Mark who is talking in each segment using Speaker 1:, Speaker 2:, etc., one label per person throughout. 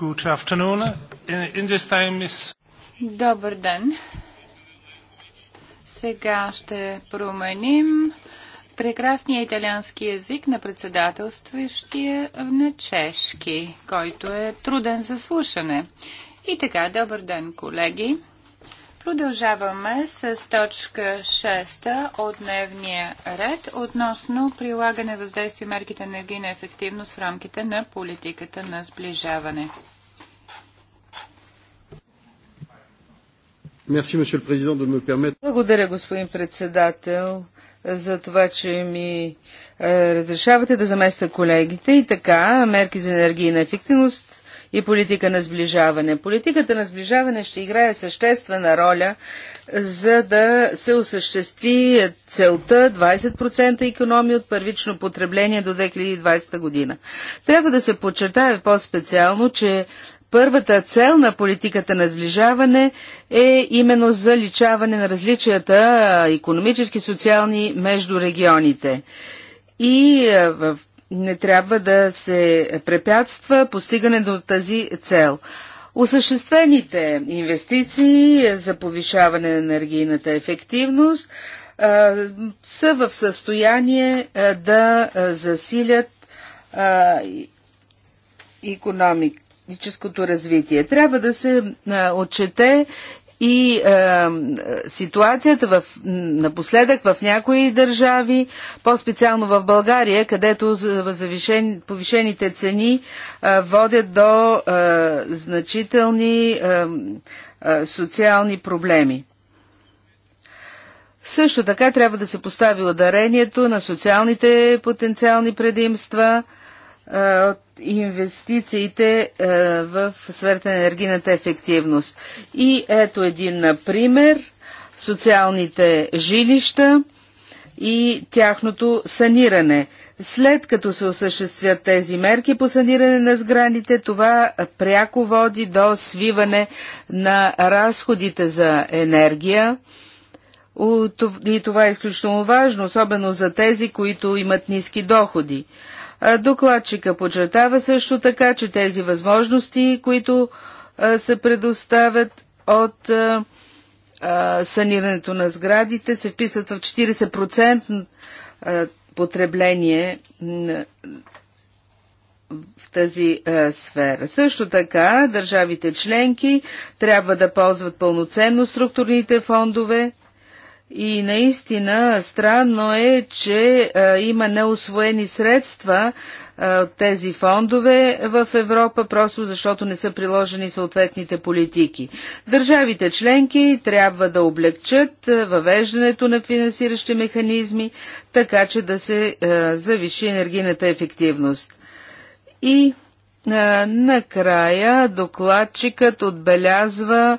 Speaker 1: Good afternoon. In this time is...
Speaker 2: Добър ден. Сега ще променим прекрасния италиански язик на председателстващия на чешки, който е труден за слушане. И така, добър ден, колеги. Продължаваме с точка 6 от дневния ред относно прилагане въздействие мерките на енергийна ефективност в рамките на политиката на сближаване. Благодаря, господин
Speaker 3: председател, за това, че ми е, разрешавате да заместя колегите. И така, мерки за енергийна ефективност и политика на сближаване. Политиката на сближаване ще играе съществена роля, за да се осъществи целта 20% економия от първично потребление до 2020 година. Трябва да се подчертае по-специално, че първата цел на политиката на сближаване е именно заличаване на различията економически, социални между регионите. И в не трябва да се препятства постигане до тази цел. Осъществените инвестиции за повишаване на енергийната ефективност а, са в състояние а, да засилят а, економическото развитие. Трябва да се отчете и е, ситуацията в, напоследък в някои държави, по-специално в България, където завишен, повишените цени е, водят до е, значителни е, е, социални проблеми. Също така трябва да се постави ударението на социалните потенциални предимства – от инвестициите в сферата на енергийната ефективност. И ето един пример, социалните жилища и тяхното саниране. След като се осъществят тези мерки по саниране на сградите, това пряко води до свиване на разходите за енергия. И това е изключително важно, особено за тези, които имат ниски доходи. Докладчика подчертава също така, че тези възможности, които се предоставят от санирането на сградите, се вписват в 40% потребление в тази сфера. Също така, държавите членки трябва да ползват пълноценно структурните фондове и наистина странно е, че а, има неосвоени средства от тези фондове в Европа, просто защото не са приложени съответните политики. Държавите членки трябва да облегчат въвеждането на финансиращи механизми, така че да се а, завиши енергийната ефективност. И накрая докладчикът отбелязва а,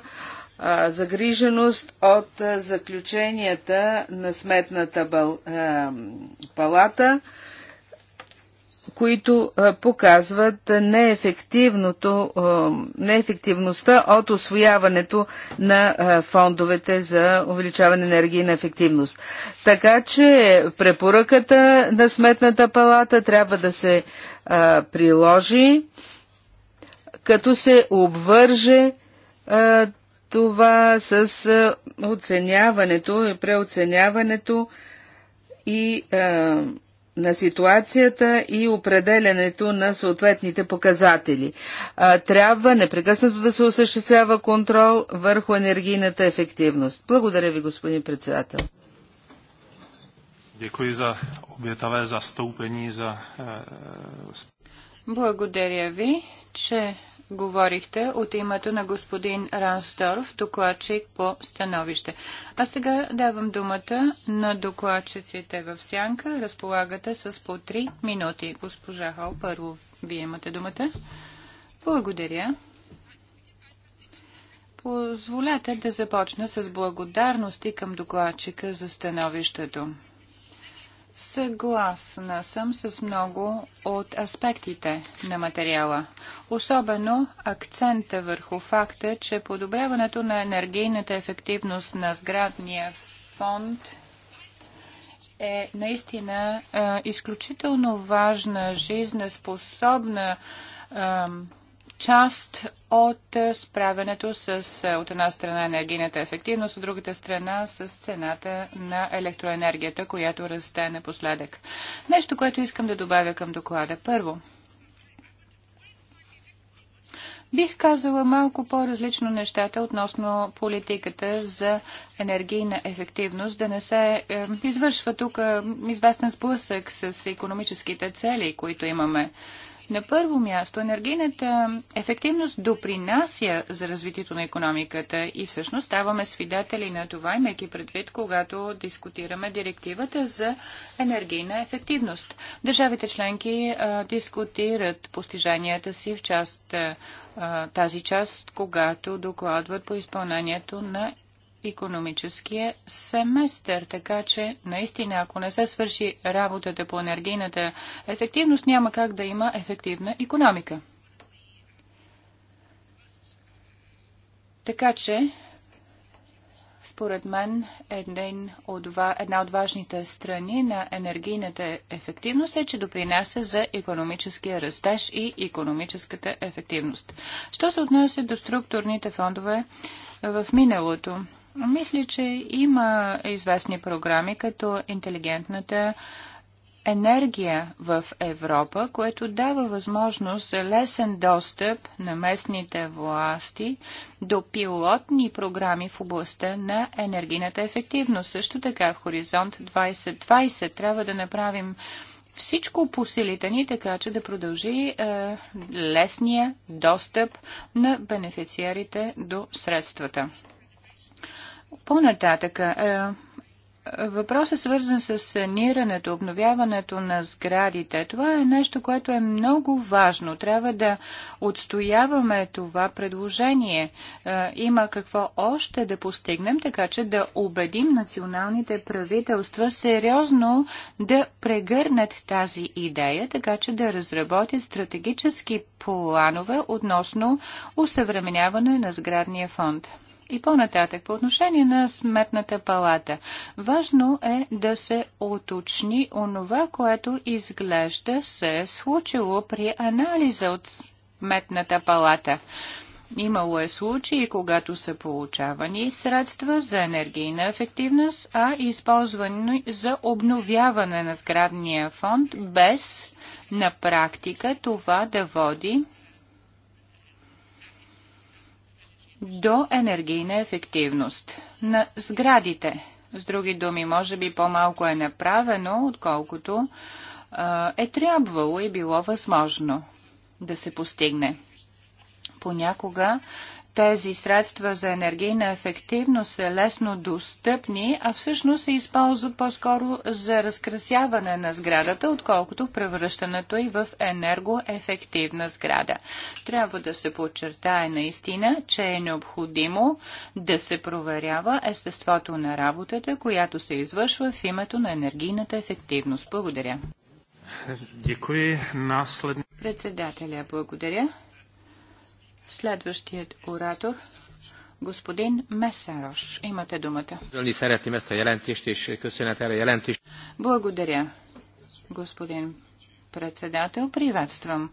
Speaker 3: загриженост от заключенията на Сметната палата, които показват неефективността от освояването на фондовете за увеличаване на ефективност. Така че препоръката на Сметната палата трябва да се приложи, като се обвърже това с оценяването и е преоценяването и а, на ситуацията и определенето на съответните показатели. А, трябва непрекъснато да се осъществява контрол върху енергийната ефективност. Благодаря ви, господин председател.
Speaker 1: Děkuji за обетаве застъпени за...
Speaker 2: Благодаря ви, че говорихте от името на господин Рансторф, докладчик по становище. А сега давам думата на докладчиците в сянка. Разполагате с по 3 минути. Госпожа Хал, първо вие имате думата. Благодаря. Позволете да започна с благодарности към докладчика за становището. Съгласна съм с много от аспектите на материала. Особено акцента върху факта, че подобряването на енергийната ефективност на сградния фонд е наистина е, изключително важна, жизнеспособна е, част от е, справянето с, е, от една страна, енергийната ефективност, от другата страна с цената на електроенергията, която расте напоследък. Нещо, което искам да добавя към доклада. Първо, Бих казала малко по-различно нещата относно политиката за енергийна ефективност, да не се е, извършва тук е, известен сблъсък с економическите цели, които имаме на първо място, енергийната ефективност допринася за развитието на економиката и всъщност ставаме свидетели на това, имайки предвид, когато дискутираме директивата за енергийна ефективност. Държавите членки а, дискутират постиженията си в част а, тази част, когато докладват по изпълнението на економическия семестър. Така че, наистина, ако не се свърши работата по енергийната ефективност, няма как да има ефективна економика. Така че, според мен, един от, една от важните страни на енергийната ефективност е, че допринася за економическия растеж и економическата ефективност. Що се отнася до структурните фондове в миналото? Мисля, че има известни програми, като интелигентната енергия в Европа, което дава възможност за лесен достъп на местните власти до пилотни програми в областта на енергийната ефективност. Също така в Хоризонт 2020 трябва да направим всичко по силите ни, така че да продължи е, лесния достъп на бенефициарите до средствата. По-нататък, е, въпросът е свързан с санирането, обновяването на сградите, това е нещо, което е много важно. Трябва да отстояваме това предложение. Е, има какво още да постигнем, така че да убедим националните правителства сериозно да прегърнат тази идея, така че да разработят стратегически планове относно усъвременяване на сградния фонд. И по-нататък, по отношение на сметната палата, важно е да се уточни онова, което изглежда се е случило при анализа от сметната палата. Имало е случаи, когато са получавани средства за енергийна ефективност, а използвани за обновяване на сградния фонд, без на практика това да води до енергийна ефективност на сградите. С други думи, може би по-малко е направено, отколкото а, е трябвало и било възможно да се постигне. Понякога тези средства за енергийна ефективност са лесно достъпни, а всъщност се използват по-скоро за разкрасяване на сградата, отколкото превръщането и в енергоефективна сграда. Трябва да се подчертае наистина, че е необходимо да се проверява естеството на работата, която се извършва в името на енергийната ефективност. Благодаря. Председателя, благодаря. Следващият оратор, господин Месарош. Имате думата. Благодаря, господин председател. Приветствам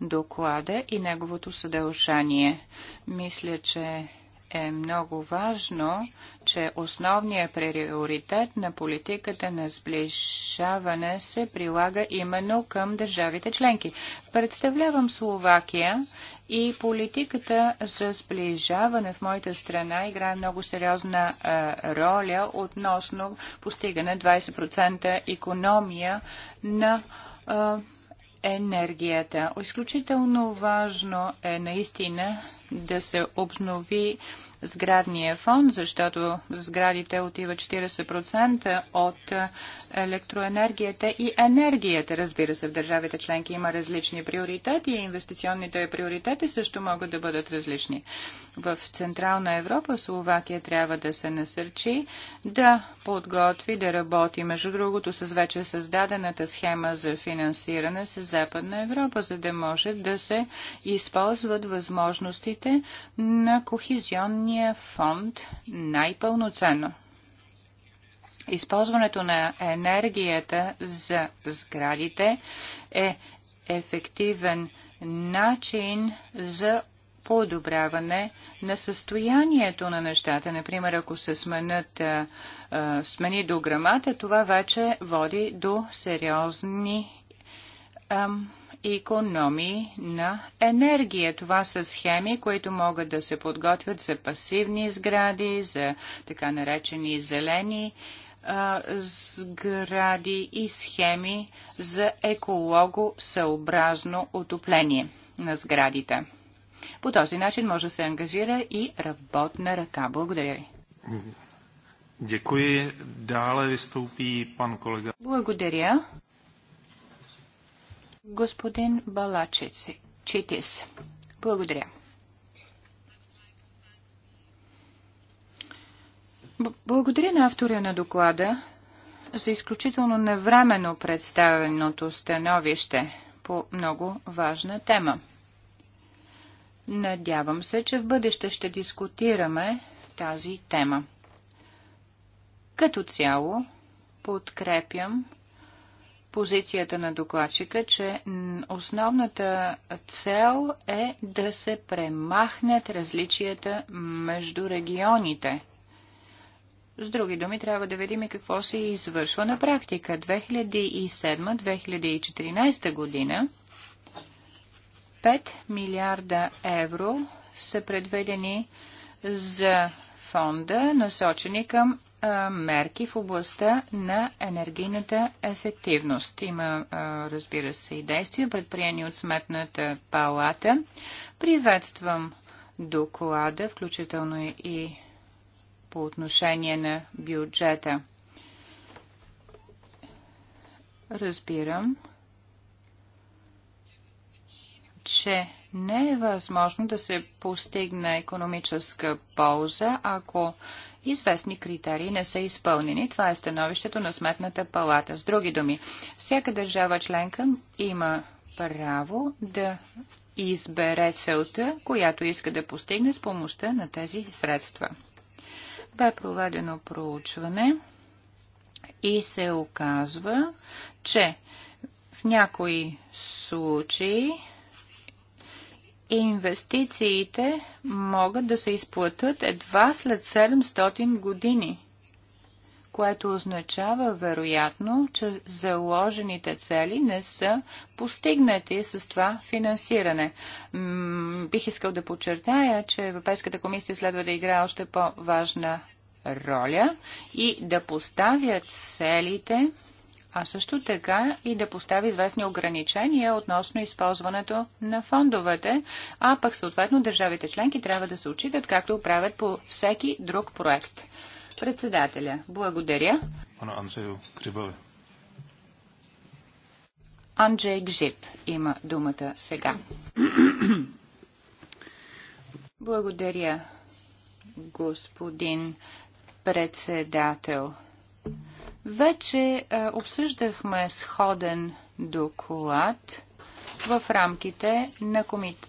Speaker 2: доклада и неговото съдължание. Мисля, че е много важно, че основният приоритет на политиката на сближаване се прилага именно към държавите членки. Представлявам Словакия и политиката за сближаване в моята страна играе много сериозна роля относно постигане 20% економия на енергията. Изключително важно е наистина да се обнови сградния фонд, защото сградите отива 40% от електроенергията и енергията. Разбира се, в държавите членки има различни приоритети и инвестиционните приоритети също могат да бъдат различни. В Централна Европа Словакия трябва да се насърчи да подготви, да работи, между другото, с вече създадената схема за финансиране с Западна Европа, за да може да се използват възможностите на кохезионни енергийния фонд най-пълноценно. Използването на енергията за сградите е ефективен начин за подобряване на състоянието на нещата. Например, ако се сменят, смени до грамата, това вече води до сериозни ам, економии на енергия. Това са схеми, които могат да се подготвят за пасивни сгради, за така наречени зелени а, сгради и схеми за екологосъобразно отопление на сградите. По този начин може да се ангажира и работна ръка. Благодаря ви.
Speaker 1: Дякую. Dále vystoupí пан kolega.
Speaker 2: Благодаря. Господин Балачитис. Благодаря. Благодаря на автора на доклада за изключително навременно представеното становище по много важна тема. Надявам се, че в бъдеще ще дискутираме тази тема. Като цяло подкрепям позицията на докладчика, че основната цел е да се премахнат различията между регионите. С други думи, трябва да видим и какво се извършва на практика. 2007-2014 година 5 милиарда евро са предведени за фонда, насочени към а, мерки в областта на енергийната ефективност. Има, а, разбира се, и действия, предприени от Сметната палата. Приветствам доклада, включително и по отношение на бюджета. Разбирам, че не е възможно да се постигне економическа полза, ако известни критерии не са изпълнени. Това е становището на Сметната палата. С други думи, всяка държава членка има право да избере целта, която иска да постигне с помощта на тези средства. Бе проведено проучване и се оказва, че в някои случаи инвестициите могат да се изплатят едва след 700 години, което означава вероятно, че заложените цели не са постигнати с това финансиране. М бих искал да подчертая, че Европейската комисия следва да играе още по-важна роля и да поставя целите а също така и да постави известни ограничения относно използването на фондовете, а пък съответно държавите членки трябва да се учитат както правят по всеки друг проект. Председателя, благодаря. Анджей Гжип има думата сега. Благодаря, господин председател. Вече а, е, обсъждахме сходен доклад в рамките на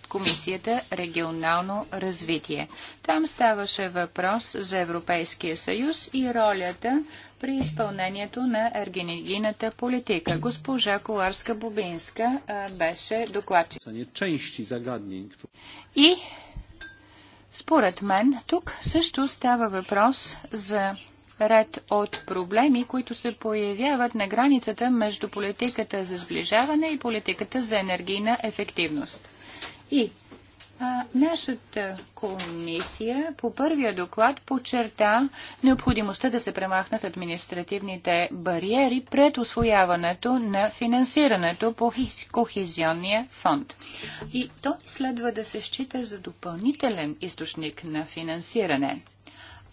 Speaker 2: Комисията регионално развитие. Там ставаше въпрос за Европейския съюз и ролята при изпълнението на енергийната политика. Госпожа Коларска-Бубинска е, беше докладчик. И според мен тук също става въпрос за ред от проблеми, които се появяват на границата между политиката за сближаване и политиката за енергийна ефективност. И а, нашата комисия по първия доклад подчерта необходимостта да се премахнат административните бариери пред освояването на финансирането по Кохизионния фонд. И той следва да се счита за допълнителен източник на финансиране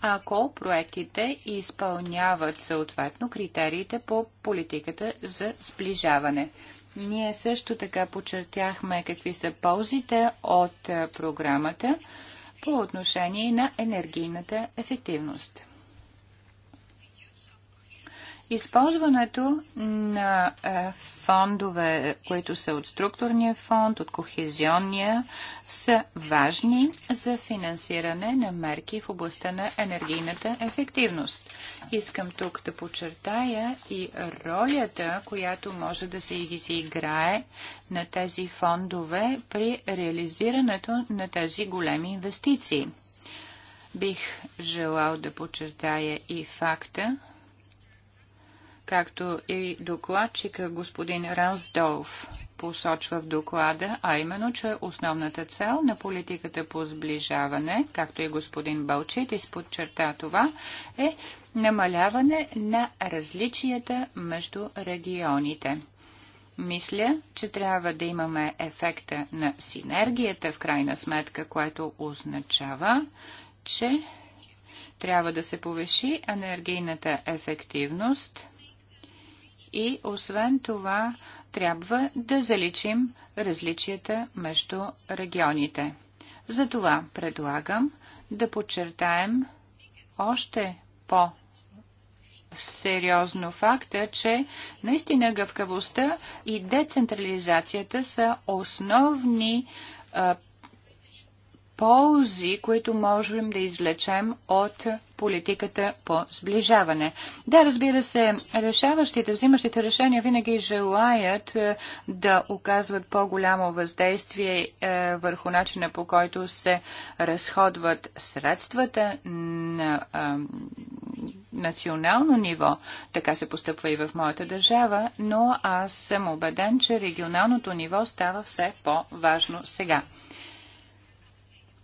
Speaker 2: ако проектите изпълняват съответно критериите по политиката за сближаване. Ние също така подчертяхме какви са ползите от програмата по отношение на енергийната ефективност. Използването на е, фондове, които са от структурния фонд, от кохезионния, са важни за финансиране на мерки в областта на енергийната ефективност. Искам тук да подчертая и ролята, която може да се изиграе на тези фондове при реализирането на тези големи инвестиции. Бих желал да подчертая и факта, както и докладчика господин Рансдолф посочва в доклада, а именно, че основната цел на политиката по сближаване, както и господин Балчит изподчерта това, е намаляване на различията между регионите. Мисля, че трябва да имаме ефекта на синергията в крайна сметка, което означава, че трябва да се повиши енергийната ефективност – и освен това, трябва да заличим различията между регионите. Затова предлагам да подчертаем още по сериозно факта, че наистина гъвкавостта и децентрализацията са основни ползи, които можем да извлечем от политиката по сближаване. Да, разбира се, решаващите, взимащите решения винаги желаят е, да оказват по-голямо въздействие е, върху начина по който се разходват средствата на е, национално ниво. Така се постъпва и в моята държава, но аз съм убеден, че регионалното ниво става все по-важно сега.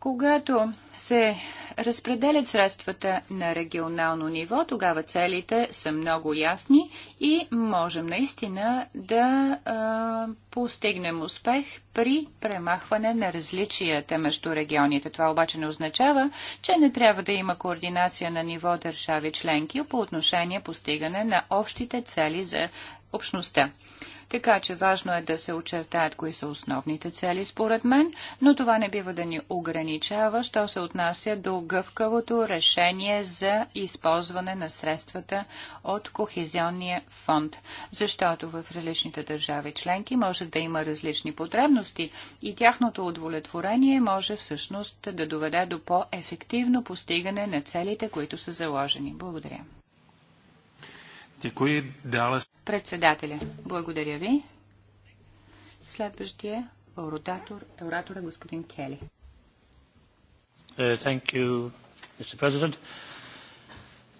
Speaker 2: Когато се разпределят средствата на регионално ниво, тогава целите са много ясни и можем наистина да а, постигнем успех при премахване на различията между регионите. Това обаче не означава, че не трябва да има координация на ниво държави членки по отношение постигане на общите цели за общността. Така че важно е да се очертаят кои са основните цели според мен, но това не бива да ни ограничава, що се отнася до гъвкавото решение за използване на средствата от Кохезионния фонд. Защото в различните държави членки може да има различни потребности и тяхното удовлетворение може всъщност да доведе до по-ефективно постигане на целите, които са заложени. Благодаря. Председателя, благодаря ви. Следващия оратор, оратор е господин Кели.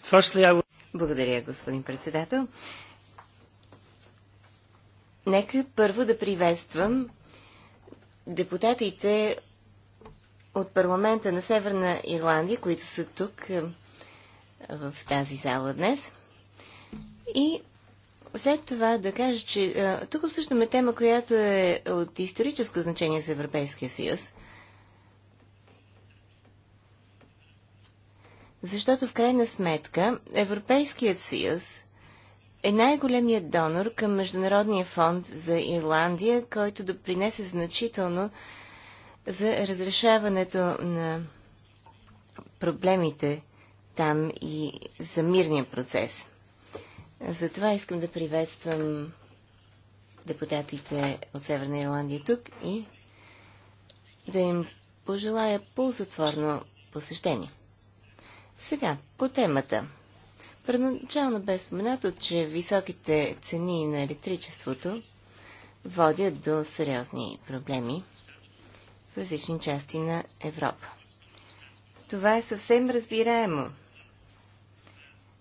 Speaker 4: Uh, благодаря, господин председател. Нека първо да приветствам депутатите от парламента на Северна Ирландия, които са тук е, в тази зала днес. И след това да кажа, че а, тук обсъждаме тема, която е от историческо значение за Европейския съюз. Защото в крайна сметка Европейският съюз е най-големият донор към Международния фонд за Ирландия, който допринесе значително за разрешаването на проблемите там и за мирния процес. Затова искам да приветствам депутатите от Северна Ирландия тук и да им пожелая ползотворно посещение. Сега, по темата. Първоначално бе споменато, че високите цени на електричеството водят до сериозни проблеми в различни части на Европа. Това е съвсем разбираемо.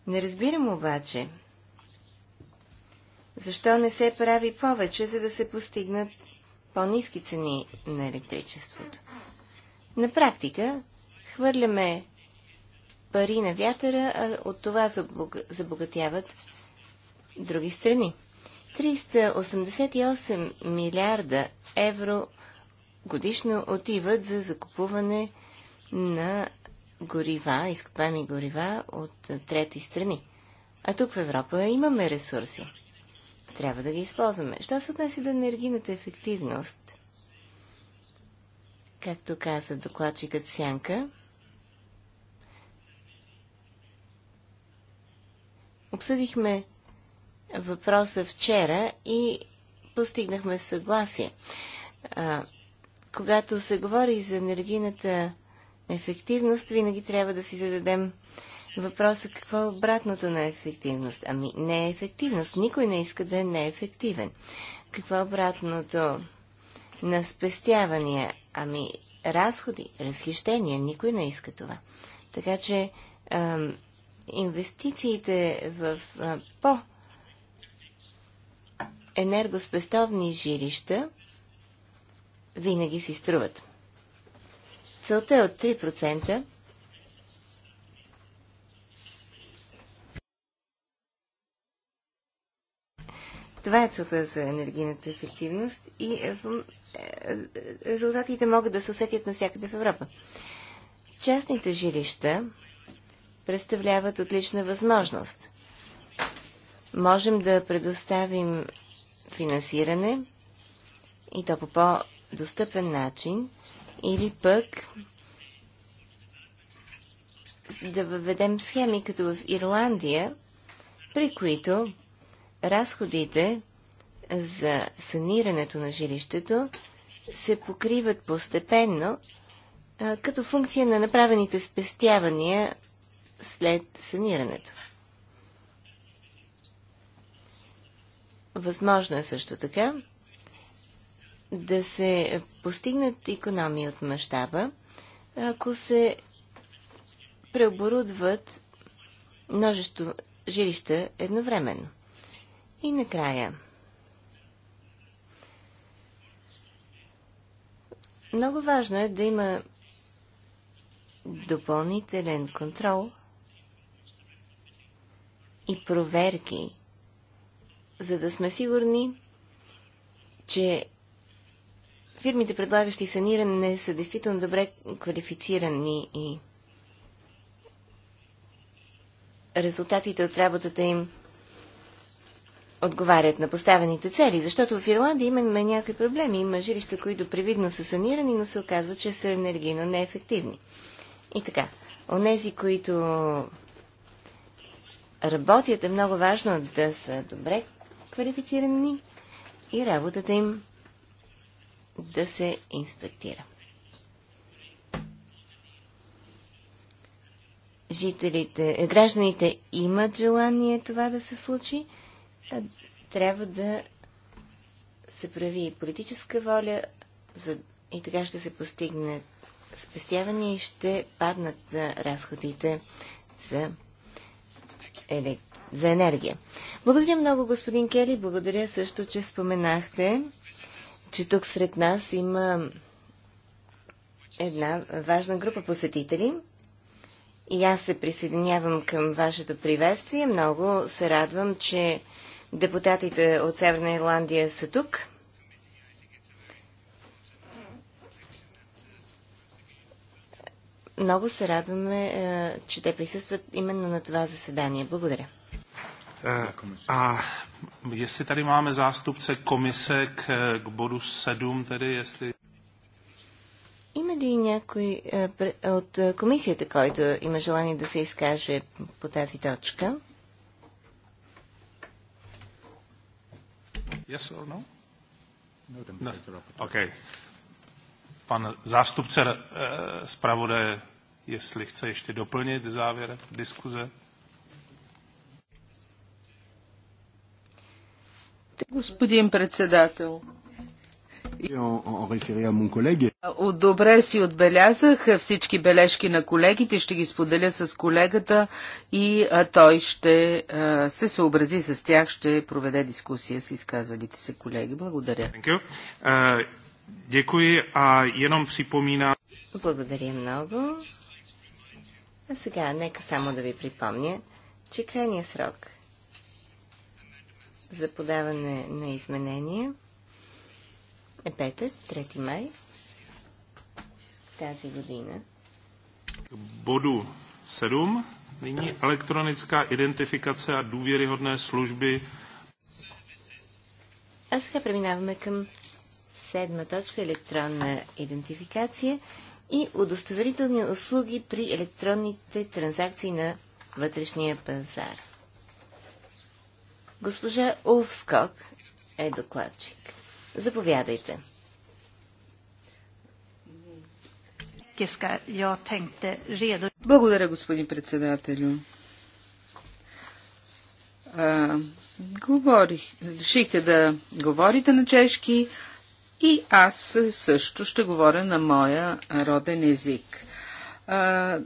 Speaker 4: Не разбирам обаче защо не се прави повече, за да се постигнат по-низки цени на електричеството? На практика хвърляме пари на вятъра, а от това забогатяват други страни. 388 милиарда евро годишно отиват за закупуване на горива, изкопани горива от трети страни. А тук в Европа имаме ресурси трябва да ги използваме. Що се отнася до енергийната ефективност? Както каза докладчикът Сянка, обсъдихме въпроса вчера и постигнахме съгласие. А, когато се говори за енергийната ефективност, винаги трябва да си зададем Въпросът е какво е обратното на ефективност? Ами не е ефективност. Никой не иска да е неефективен. Какво е обратното на спестявания? Ами разходи, разхищения. Никой не иска това. Така че ам, инвестициите в а, по енергоспестовни жилища винаги си струват. Целта е от 3%, Това е целта за енергийната ефективност и е, е, резултатите могат да се усетят навсякъде в Европа. Частните жилища представляват отлична възможност. Можем да предоставим финансиране и то по по-достъпен начин или пък да въведем схеми като в Ирландия, при които разходите за санирането на жилището се покриват постепенно като функция на направените спестявания след санирането. Възможно е също така да се постигнат економии от мащаба, ако се преоборудват множество жилища едновременно. И накрая. Много важно е да има допълнителен контрол и проверки, за да сме сигурни, че фирмите, предлагащи саниране, са действително добре квалифицирани и резултатите от работата им отговарят на поставените цели, защото в Ирландия имаме някакви проблеми. Има жилища, които привидно са санирани, но се оказва, че са енергийно неефективни. И така, онези, които работят е много важно да са добре квалифицирани и работата им да се инспектира. Жителите, гражданите имат желание това да се случи, трябва да се прави и политическа воля за... и така ще се постигне спестяване и ще паднат разходите за, еле... за енергия. Благодаря много, господин Кели. Благодаря също, че споменахте, че тук сред нас има една важна група посетители. И аз се присъединявам към вашето приветствие. Много се радвам, че Депутатите от Северна Ирландия са тук. Много се радваме, е, че те присъстват именно на това заседание. Благодаря.
Speaker 1: Е, а, если тали имаме заступце комисе к, k bodu 7, tedy если...
Speaker 4: Има ли някой е, от комисията, който има желание да се изкаже по тази точка? Yes or no?
Speaker 1: No. Okay. Pan zástupce zpravodaje, jestli chce ještě doplnit závěr diskuze.
Speaker 3: Господин председател, Добре си отбелязах всички бележки на колегите, ще ги споделя с колегата и той ще се съобрази с тях,
Speaker 1: ще проведе дискусия с изказалите се колеги. Благодаря.
Speaker 4: Благодаря много. А сега нека само да ви припомня, че крайният срок за подаване на изменения е петък, 3 май тази година.
Speaker 1: Боду 7. Nyní elektronická identifikace a důvěryhodné служби.
Speaker 4: А сега преминаваме към седма точка електронна идентификация и удостоверителни услуги при електронните транзакции на вътрешния пазар. Госпожа Улфскок е докладчик. Заповядайте. Благодаря,
Speaker 3: господин председателю. А, говорих, решихте да говорите на чешки и аз също ще говоря на моя роден език. А,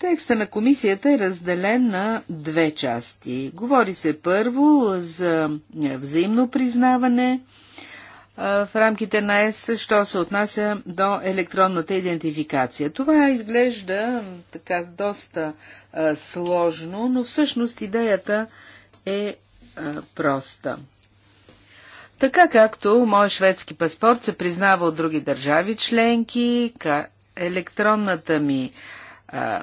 Speaker 3: Текста на комисията е разделен на две части. Говори се първо за е, взаимно признаване е, в рамките на ЕС, що се отнася до електронната идентификация. Това изглежда така доста а, е, сложно, но всъщност идеята е а, проста. Така както моят шведски паспорт се признава от други държави членки, електронната ми а,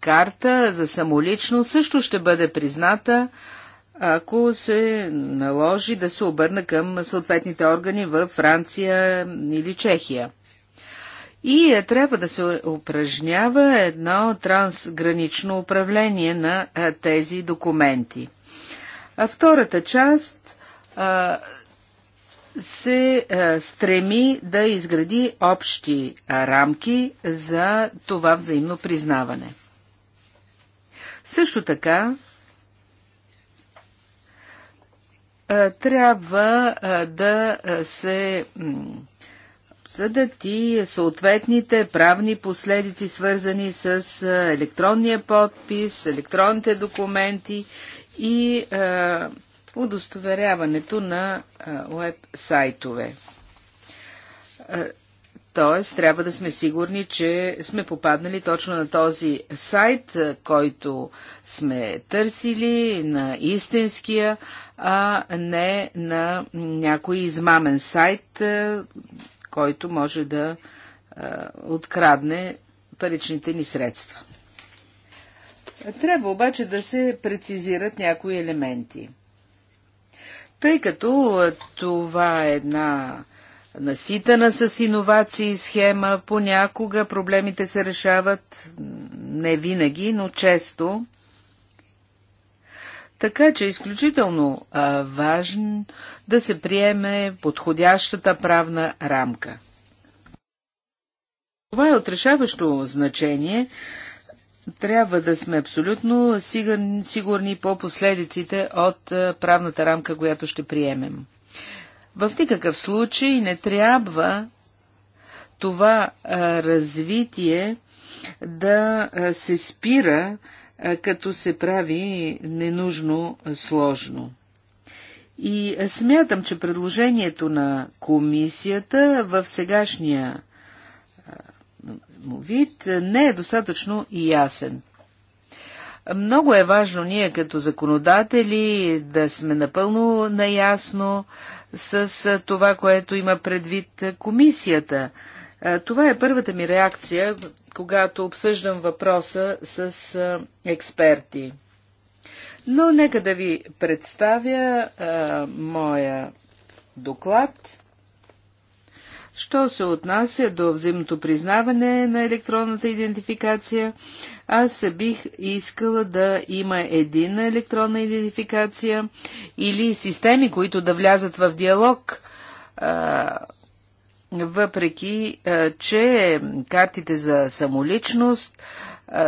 Speaker 3: карта за самолично също ще бъде призната, ако се наложи да се обърна към съответните органи в Франция или Чехия. И е, трябва да се упражнява едно трансгранично управление на е, тези документи. А втората част а, се а, е, стреми да изгради общи а, рамки за това взаимно признаване. Също така, трябва да се съдат и съответните правни последици, свързани с електронния подпис, електронните документи и удостоверяването на веб сайтове Тоест, трябва да сме сигурни, че сме попаднали точно на този сайт, който сме търсили, на истинския, а не на някой измамен сайт, който може да открадне паричните ни средства. Трябва обаче да се прецизират някои елементи. Тъй като това е една наситена с иновации схема. Понякога проблемите се решават не винаги, но често. Така че е изключително а, важно да се приеме подходящата правна рамка. Това е отрешаващо значение. Трябва да сме абсолютно сигурни по последиците от правната рамка, която ще приемем. В никакъв случай не трябва това а, развитие да се спира, а, като се прави ненужно сложно. И смятам, че предложението на комисията в сегашния му вид не е достатъчно ясен. Много е важно ние като законодатели да сме напълно наясно с това, което има предвид комисията. Това е първата ми реакция, когато обсъждам въпроса с експерти. Но нека да ви представя а, моя доклад. Що се отнася до взаимното признаване на електронната идентификация, аз бих искала да има една електронна идентификация или системи, които да влязат в диалог въпреки че картите за самоличност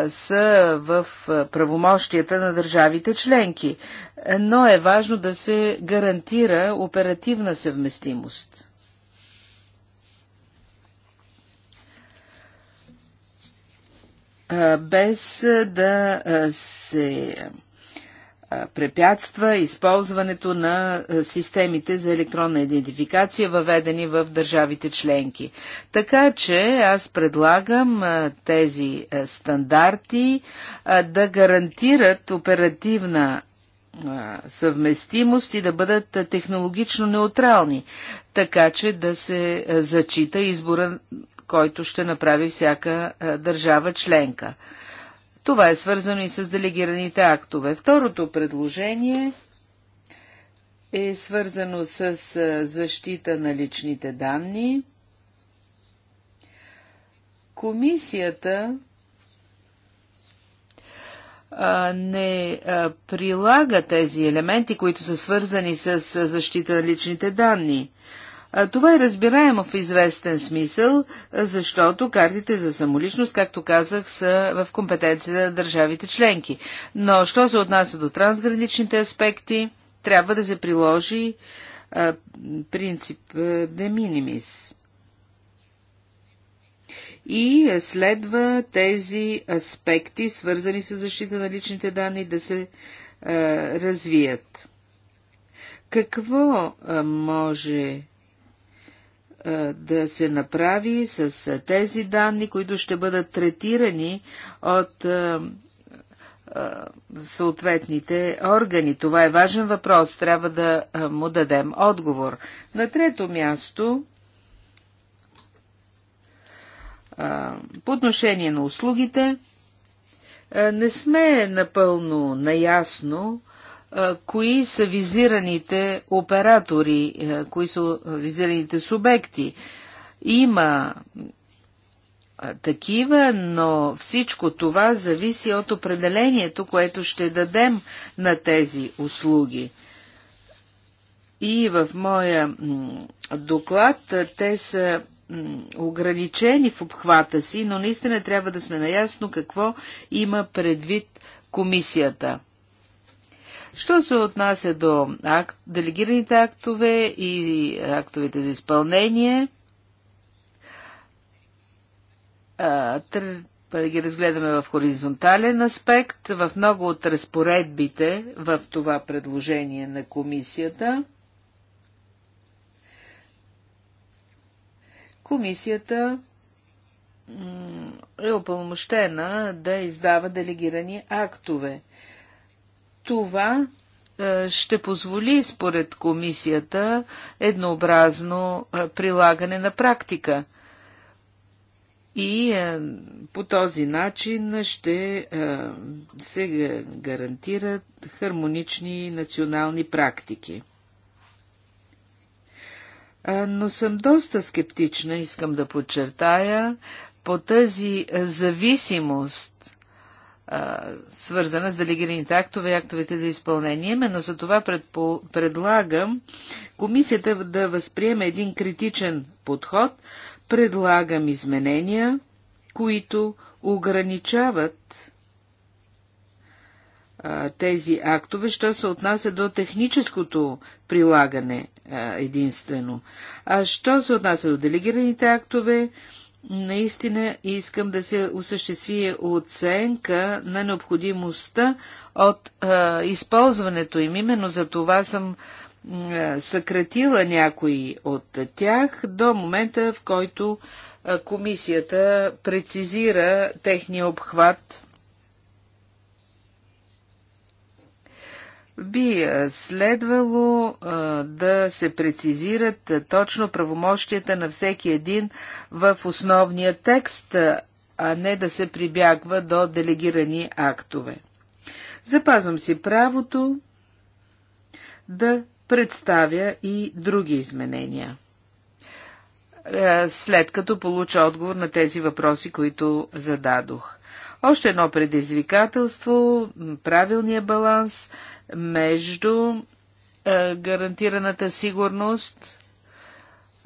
Speaker 3: са в правомощията на държавите членки, но е важно да се гарантира оперативна съвместимост. без да се препятства използването на системите за електронна идентификация, въведени в държавите членки. Така че аз предлагам тези стандарти да гарантират оперативна съвместимост и да бъдат технологично неутрални, така че да се зачита избора който ще направи всяка е, държава членка. Това е свързано и с делегираните актове. Второто предложение е свързано с е, защита на личните данни. Комисията е, не прилага тези елементи, които са свързани с защита на личните данни. Това е разбираемо в известен смисъл, защото картите за самоличност, както казах, са в компетенцията на държавите членки. Но що се отнася до трансграничните аспекти, трябва да се приложи а, принцип de minimis. И е, следва тези аспекти, свързани с защита на личните данни, да се а, развият. Какво а, може да се направи с тези данни, които ще бъдат третирани от съответните органи? Това е важен въпрос. Трябва да му дадем отговор. На трето място, по отношение на услугите, не сме напълно наясно кои са визираните оператори, кои са визираните субекти. Има такива, но всичко това зависи от определението, което ще дадем на тези услуги. И в моя доклад те са ограничени в обхвата си, но наистина трябва да сме наясно какво има предвид комисията. Що се отнася до акт, делегираните актове и актовете за изпълнение, трябва да ги разгледаме в хоризонтален аспект. В много от разпоредбите в това предложение на комисията, комисията е опълномощена да издава делегирани актове. Това е, ще позволи, според комисията, еднообразно е, прилагане на практика. И е, по този начин ще се гарантират хармонични национални практики. Но съм доста скептична, искам да подчертая, по тази зависимост свързана с делегираните актове и актовете за изпълнение. Именно за това предпо... предлагам комисията да възприеме един критичен подход. Предлагам изменения, които ограничават а, тези актове, що се отнася до техническото прилагане а, единствено. А що се отнася до делегираните актове, наистина искам да се осъществи оценка на необходимостта от а, използването им. Именно за това съм а, съкратила някои от тях до момента, в който а, комисията прецизира техния обхват би е, следвало е, да се прецизират е, точно правомощията на всеки един в основния текст, а не да се прибягва до делегирани актове. Запазвам си правото да представя и други изменения, след като получа отговор на тези въпроси, които зададох. Още едно предизвикателство, правилния баланс между е, гарантираната сигурност,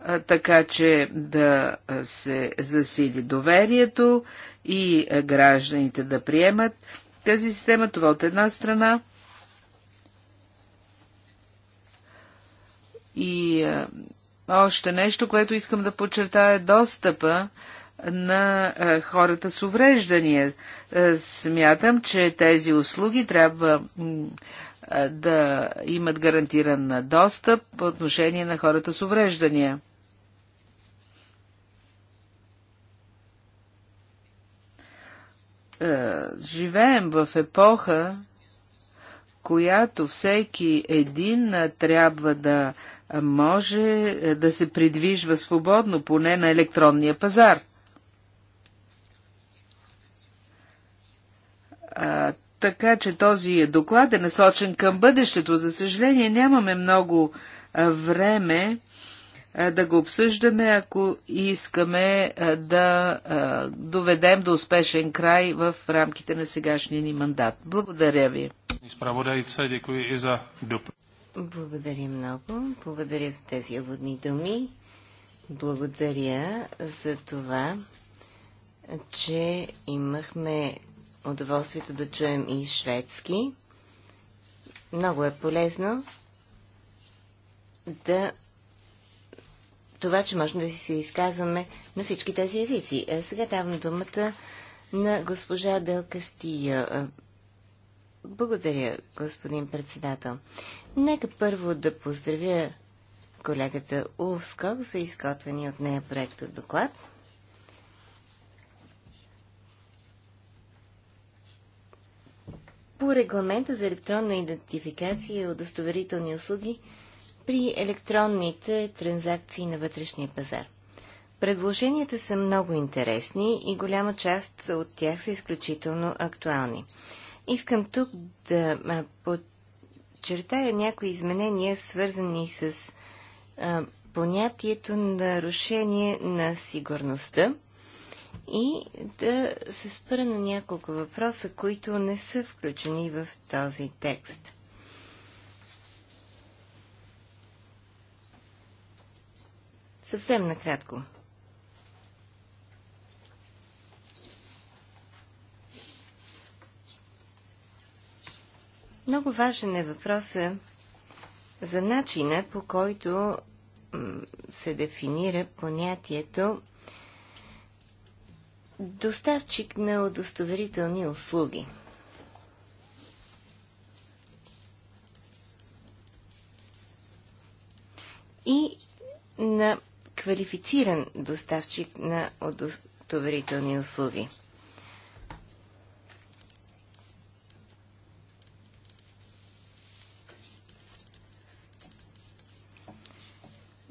Speaker 3: е, така че да се засили доверието и е, гражданите да приемат тази система. Това от една страна. И още нещо, което искам да подчертая е достъпа на хората с увреждания. Смятам, че тези услуги трябва да имат гарантиран достъп по отношение на хората с увреждания. Живеем в епоха, която всеки един трябва да може да се придвижва свободно, поне на електронния пазар така че този доклад е насочен към бъдещето. За съжаление, нямаме много време да го обсъждаме, ако искаме да доведем до успешен край в рамките на сегашния ни мандат. Благодаря ви.
Speaker 4: Благодаря много. Благодаря за тези водни думи. Благодаря за това, че имахме удоволствието да чуем и шведски. Много е полезно да това, че можем да си се изказваме на всички тези езици. Е, сега давам думата на госпожа Дел Кастия. Е, благодаря, господин председател. Нека първо да поздравя колегата Улскок за изготвени от нея проект от доклад. регламента за електронна идентификация и удостоверителни услуги при електронните транзакции на вътрешния пазар. Предложенията са много интересни и голяма част от тях са изключително актуални. Искам тук да подчертая някои изменения, свързани с понятието нарушение на сигурността и да се спра на няколко въпроса, които не са включени в този текст. Съвсем накратко. Много важен е въпросът за начина по който се дефинира понятието Доставчик на удостоверителни услуги. И на квалифициран доставчик на удостоверителни услуги.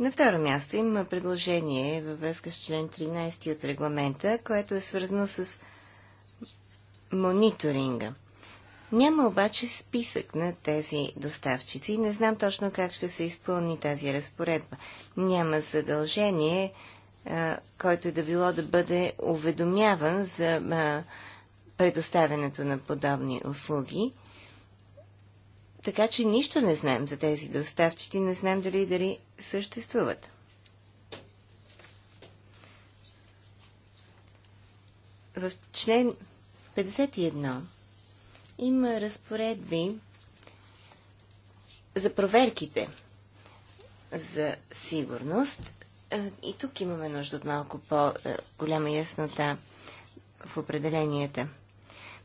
Speaker 4: На второ място има предложение във връзка с член 13 от регламента, което е свързано с мониторинга. Няма обаче списък на тези доставчици и не знам точно как ще се изпълни тази разпоредба. Няма задължение, а, който е да било да бъде уведомяван за а, предоставянето на подобни услуги така че нищо не знаем за тези доставчици, не знаем дали дали съществуват. В член 51 има разпоредби за проверките за сигурност. Е, и тук имаме нужда от малко по-голяма яснота в определенията.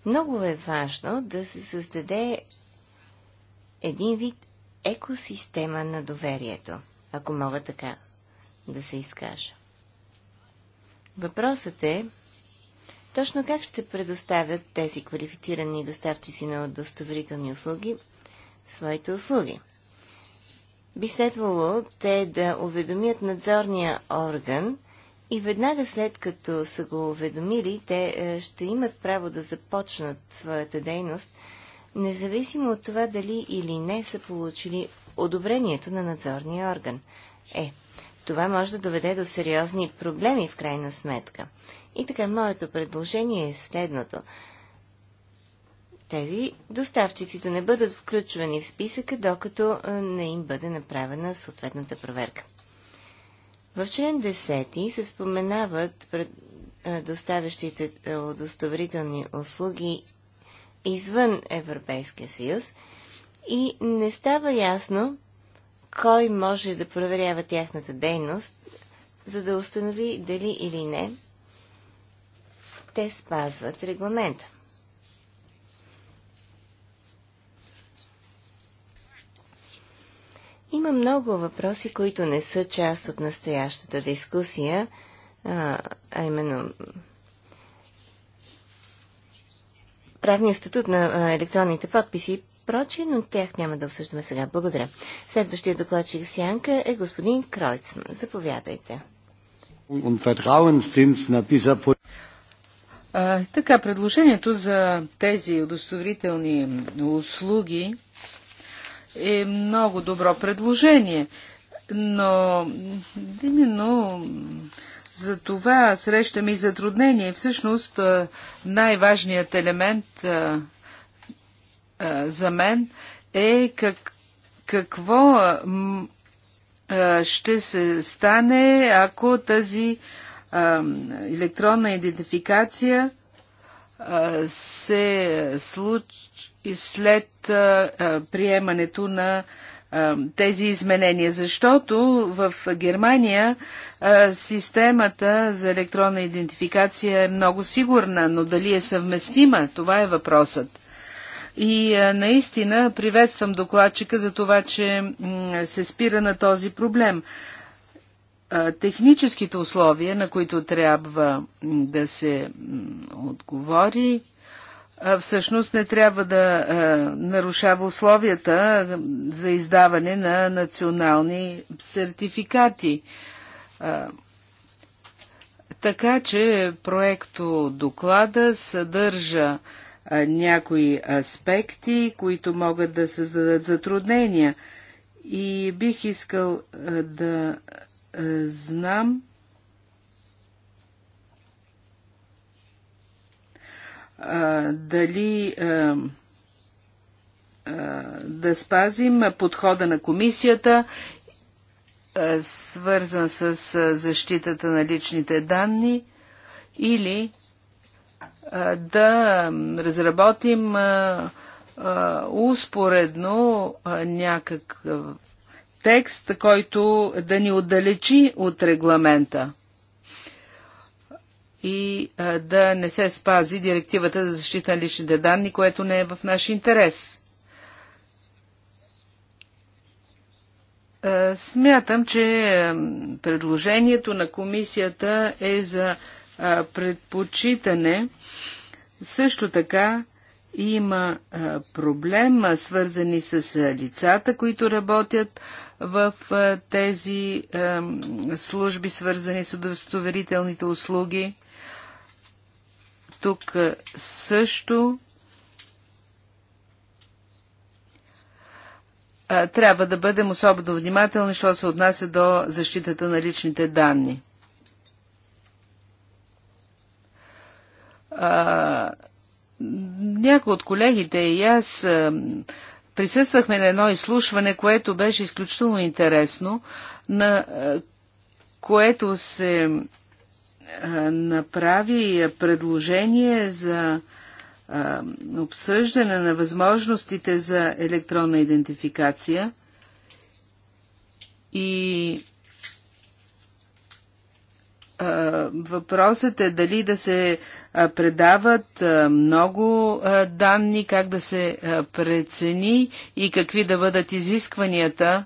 Speaker 4: Много е важно да се създаде един вид екосистема на доверието, ако мога така да се изкажа. Въпросът е, точно как ще предоставят тези квалифицирани доставчици на удостоверителни услуги своите услуги? Би следвало те да уведомят надзорния орган и веднага след като са го уведомили, те е, ще имат право да започнат своята дейност – независимо от това дали или не са получили одобрението на надзорния орган. Е, това може да доведе до сериозни проблеми в крайна сметка. И така, моето предложение е следното. Тези доставчици да не бъдат включвани в списъка, докато не им бъде направена съответната проверка. В член 10 се споменават пред доставящите удостоверителни услуги извън Европейския съюз и не става ясно кой може да проверява тяхната дейност, за да установи дали или не те спазват регламента. Има много въпроси, които не са част от настоящата дискусия, а, именно правния статут на електронните подписи и прочие, но тях няма да обсъждаме сега. Благодаря. Следващия докладчик Сянка е господин Кройцман. Заповядайте. А, така, предложението
Speaker 3: за тези удостоверителни услуги е много добро предложение, но именно за това срещаме и затруднение. Всъщност най-важният елемент а, а, за мен е как, какво а, ще се стане, ако тази електронна идентификация се случи след приемането на тези изменения, защото в Германия системата за електронна идентификация е много сигурна, но дали е съвместима, това е въпросът. И наистина приветствам докладчика за това, че се спира на този проблем. Техническите условия, на които трябва да се отговори, всъщност не трябва да нарушава условията за издаване на национални сертификати. Така че проекто доклада съдържа някои аспекти, които могат да създадат затруднения. И бих искал да знам дали да спазим подхода на комисията, свързан с защитата на личните данни или да разработим успоредно някакъв текст, който да ни отдалечи от регламента и а, да не се спази директивата за защита на личните данни, което не е в наш интерес. А, смятам, че а, предложението на комисията е за а, предпочитане. Също така има а, проблема, свързани с а, лицата, които работят в а, тези служби, свързани с удостоверителните услуги. Тук също трябва да бъдем особено внимателни, що се отнася до защитата на личните данни. някои от колегите и аз присъствахме на едно изслушване, което беше изключително интересно, на което се направи предложение за обсъждане на възможностите за електронна идентификация и въпросът е дали да се предават много данни, как да се прецени и какви да бъдат изискванията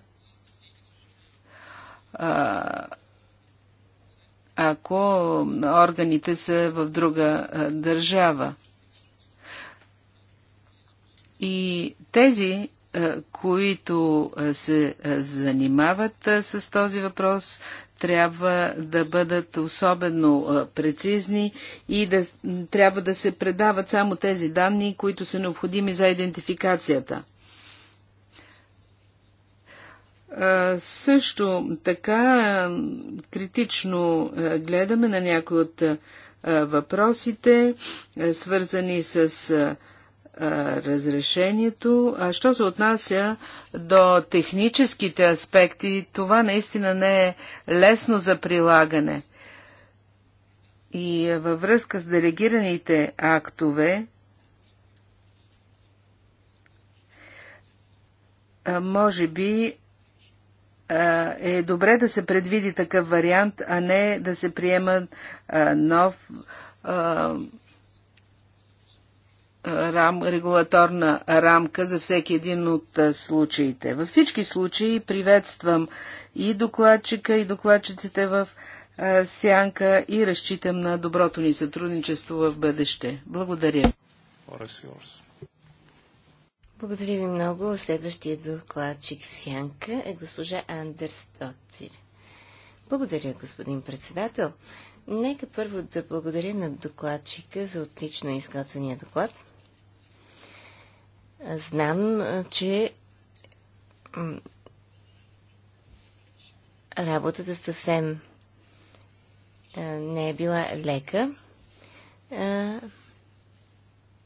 Speaker 3: ако органите са в друга държава. И тези, които се занимават с този въпрос, трябва да бъдат особено прецизни и да, трябва да се предават само тези данни, които са необходими за идентификацията. Също така критично гледаме на някои от въпросите, свързани с разрешението. А що се отнася до техническите аспекти, това наистина не е лесно за прилагане. И във връзка с делегираните актове, може би е добре да се предвиди такъв вариант, а не да се приема нов рам, регулаторна рамка за всеки един от случаите. Във всички случаи приветствам и докладчика, и докладчиците в сянка и разчитам на доброто ни сътрудничество в бъдеще. Благодаря.
Speaker 1: Оресиорс.
Speaker 4: Благодаря ви много. Следващия докладчик в Сянка е госпожа Андерс Стоцир. Благодаря, господин председател. Нека първо да благодаря на докладчика за отлично изготвения доклад. Знам, че работата съвсем не е била лека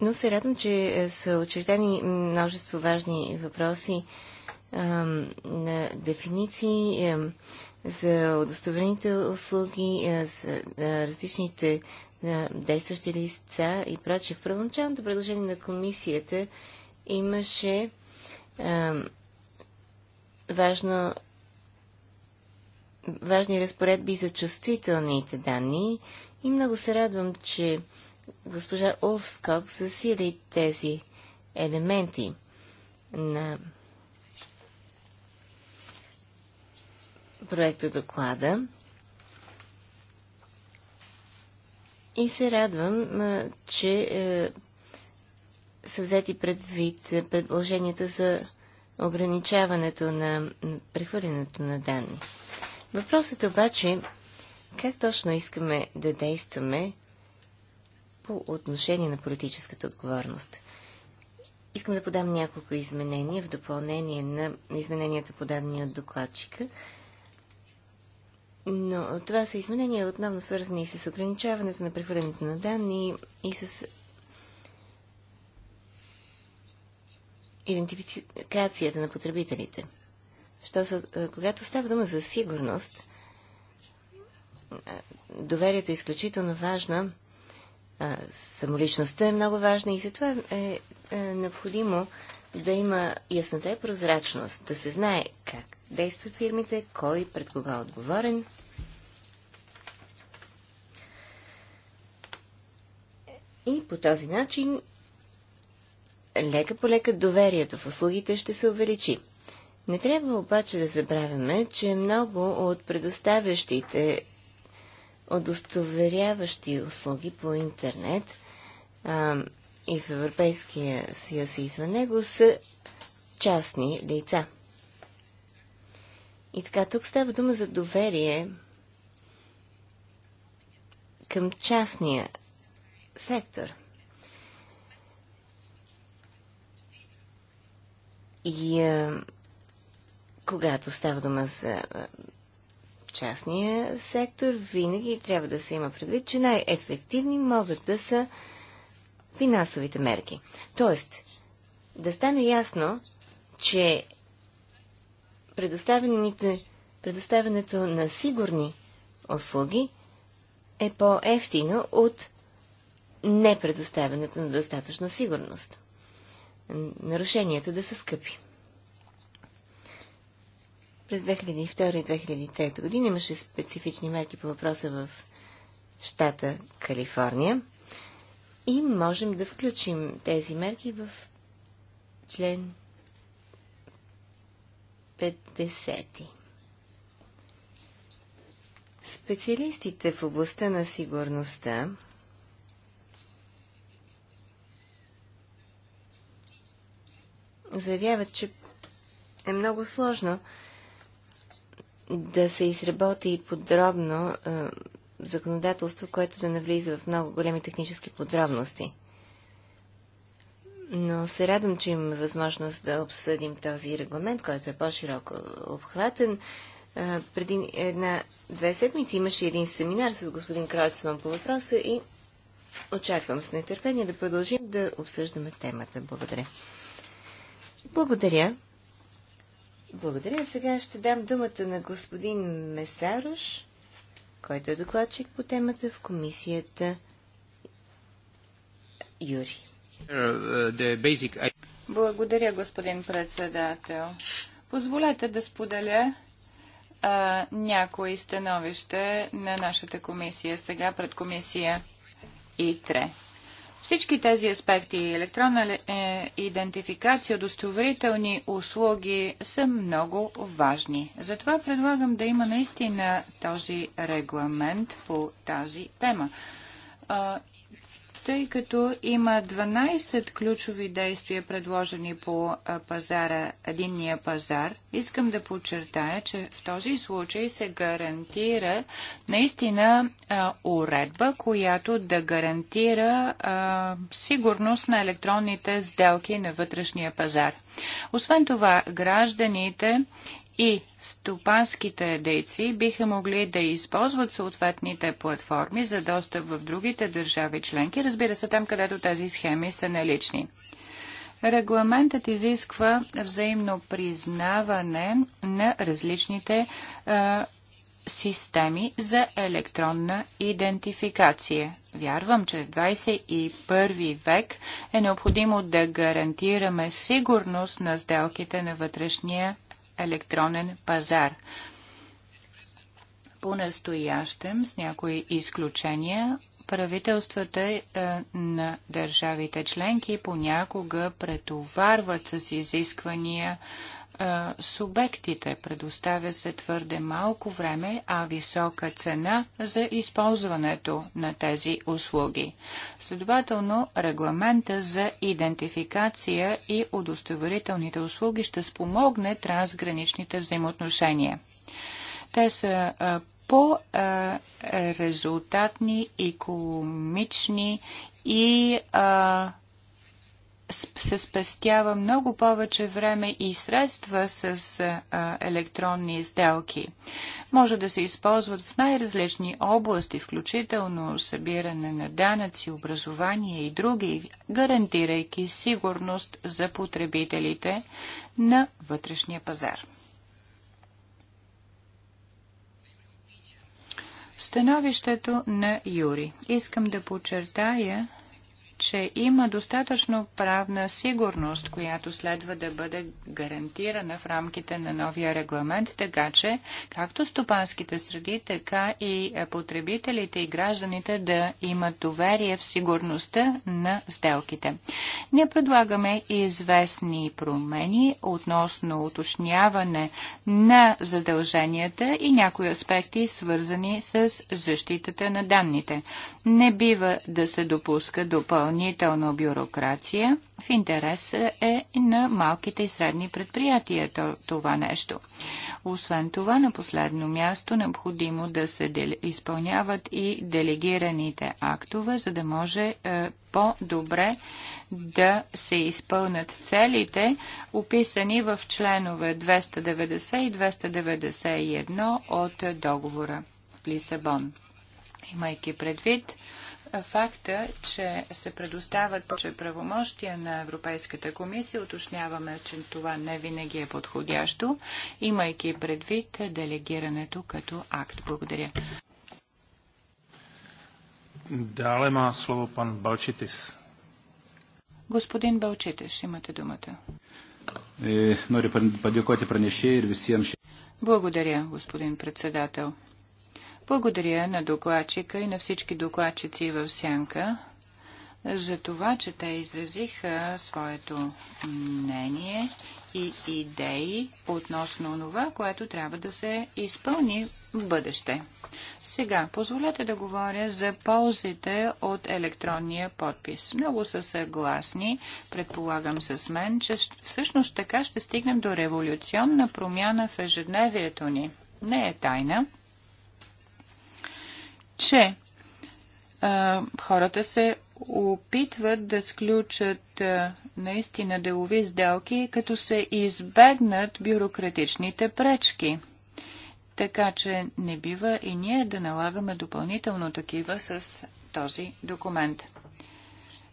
Speaker 4: но се радвам, че е, са очертани множество важни въпроси на дефиниции за удостоверените услуги, е, за е, различните действащи лица и прочее. В първоначалното предложение на комисията имаше важно, важни разпоредби за чувствителните данни и много се радвам, че госпожа Овскок засили тези елементи на проекта доклада. И се радвам, че са взети предвид предложенията за ограничаването на прехвърлянето на данни. Въпросът е обаче, как точно искаме да действаме, по отношение на политическата отговорност. Искам да подам няколко изменения в допълнение на измененията подадени от докладчика. Но това са изменения отново свързани и с ограничаването на прехвърлянето на данни и с идентификацията на потребителите. Що са, е, когато става дума за сигурност, е, доверието е изключително важно самоличността е много важна и затова е, е необходимо да има яснота и прозрачност, да се знае как действат фирмите, кой пред кога е отговорен. И по този начин лека по лека доверието в услугите ще се увеличи. Не трябва обаче да забравяме, че много от предоставящите удостоверяващи услуги по интернет а, и в Европейския съюз и извън него са частни лица. И така, тук става дума за доверие към частния сектор. И а, когато става дума за частния сектор, винаги трябва да се има предвид, че най-ефективни могат да са финансовите мерки. Тоест, да стане ясно, че предоставянето на сигурни услуги е по-ефтино от непредоставянето на достатъчно сигурност. Нарушенията да са скъпи. През 2002-2003 година имаше специфични мерки по въпроса в щата Калифорния и можем да включим тези мерки в член 50. Специалистите в областта на сигурността заявяват, че е много сложно да се изработи подробно е, законодателство, което да навлиза в много големи технически подробности. Но се радвам, че имаме възможност да обсъдим този регламент, който е по-широко обхватен. Е, преди една-две седмици имаше един семинар с господин Кройцман по въпроса и очаквам с нетърпение да продължим да обсъждаме темата. Благодаря. Благодаря. Благодаря. Сега ще дам думата на господин Месарош, който е докладчик по темата в комисията Юри.
Speaker 2: Благодаря, господин председател. Позволете да споделя а, някои становище на нашата комисия сега пред комисия ИТРЕ. Всички тези аспекти, електронна е, идентификация, удостоверителни услуги са много важни. Затова предлагам да има наистина този регламент по тази тема тъй като има 12 ключови действия, предложени по пазара, единния пазар, искам да подчертая, че в този случай се гарантира наистина а, уредба, която да гарантира а, сигурност на електронните сделки на вътрешния пазар. Освен това, гражданите и стопанските дейци биха могли да използват съответните платформи за достъп в другите държави членки, разбира се там, където тези схеми са налични. Регламентът изисква взаимно признаване на различните а, системи за електронна идентификация. Вярвам, че 21 век е необходимо да гарантираме сигурност на сделките на вътрешния електронен пазар. По-настоящем, с някои изключения, правителствата е, на държавите членки понякога претоварват с изисквания субектите. Предоставя се твърде малко време, а висока цена за използването на тези услуги. Следователно, регламента за идентификация и удостоверителните услуги ще спомогне трансграничните взаимоотношения. Те са по-резултатни, економични и а, се спестява много повече време и средства с а, електронни сделки. Може да се използват в най-различни области, включително събиране на данъци, образование и други, гарантирайки сигурност за потребителите на вътрешния пазар. Становището на Юри. Искам да подчертая, че има достатъчно правна сигурност, която следва да бъде гарантирана в рамките на новия регламент, така че както стопанските среди, така и потребителите и гражданите да имат доверие в сигурността на сделките. Ние предлагаме известни промени относно уточняване на задълженията и някои аспекти, свързани с защитата на данните. Не бива да се допуска допълнително допълнителна бюрокрация. В интерес е на малките и средни предприятия това нещо. Освен това, на последно място, необходимо да се изпълняват и делегираните актове, за да може е, по-добре да се изпълнят целите, описани в членове 290 и 291 от договора в Лисабон. Имайки предвид, факта, че се предоставят че правомощия на Европейската комисия, уточняваме, че това не винаги е подходящо, имайки предвид делегирането като акт. Благодаря.
Speaker 1: Дале ма слово пан Балчитис.
Speaker 2: Господин Балчитис, имате думата. Е, Благодаря, господин председател. Благодаря на докладчика и на всички докладчици в Сянка за това, че те изразиха своето мнение и идеи относно това, което трябва да се изпълни в бъдеще. Сега, позволете да говоря за ползите от електронния подпис. Много са съгласни, предполагам с мен, че всъщност така ще стигнем до революционна промяна в ежедневието ни. Не е тайна, че а, хората се опитват да сключат а, наистина делови сделки, като се избегнат бюрократичните пречки. Така че не бива и ние да налагаме допълнително такива с този документ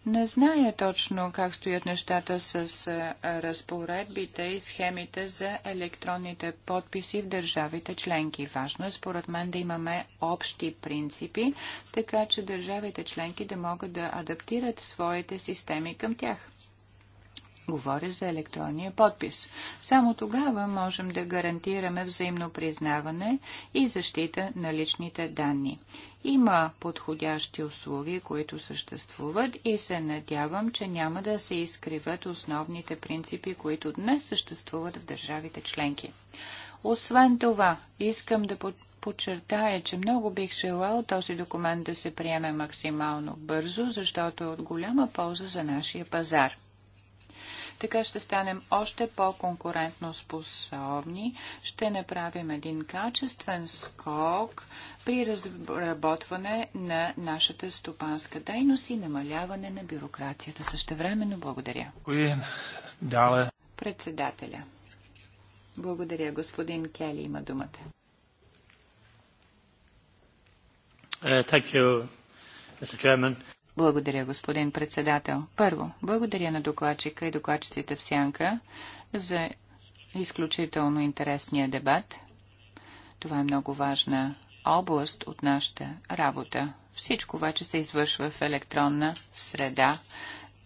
Speaker 2: не знае точно как стоят нещата с е, разпоредбите и схемите за електронните подписи в държавите членки. Важно е според мен да имаме общи принципи, така че държавите членки да могат да адаптират своите системи към тях. Говоря за електронния подпис. Само тогава можем да гарантираме взаимно признаване и защита на личните данни. Има подходящи услуги, които съществуват и се надявам, че няма да се изкриват основните принципи, които днес съществуват в държавите членки. Освен това, искам да подчертая, че много бих желал този документ да се приеме максимално бързо, защото е от голяма полза за нашия пазар. Така ще станем още по-конкурентно способни. Ще направим един качествен скок при разработване на нашата стопанска дейност и намаляване на бюрокрацията. Същевременно благодаря. Председателя. Благодаря. Господин Кели има думата. Uh, thank you, Mr. Chairman. Благодаря, господин председател. Първо, благодаря на докладчика и докладчиците в Сянка за изключително интересния дебат. Това е много важна област от нашата работа. Всичко обаче се извършва в електронна среда.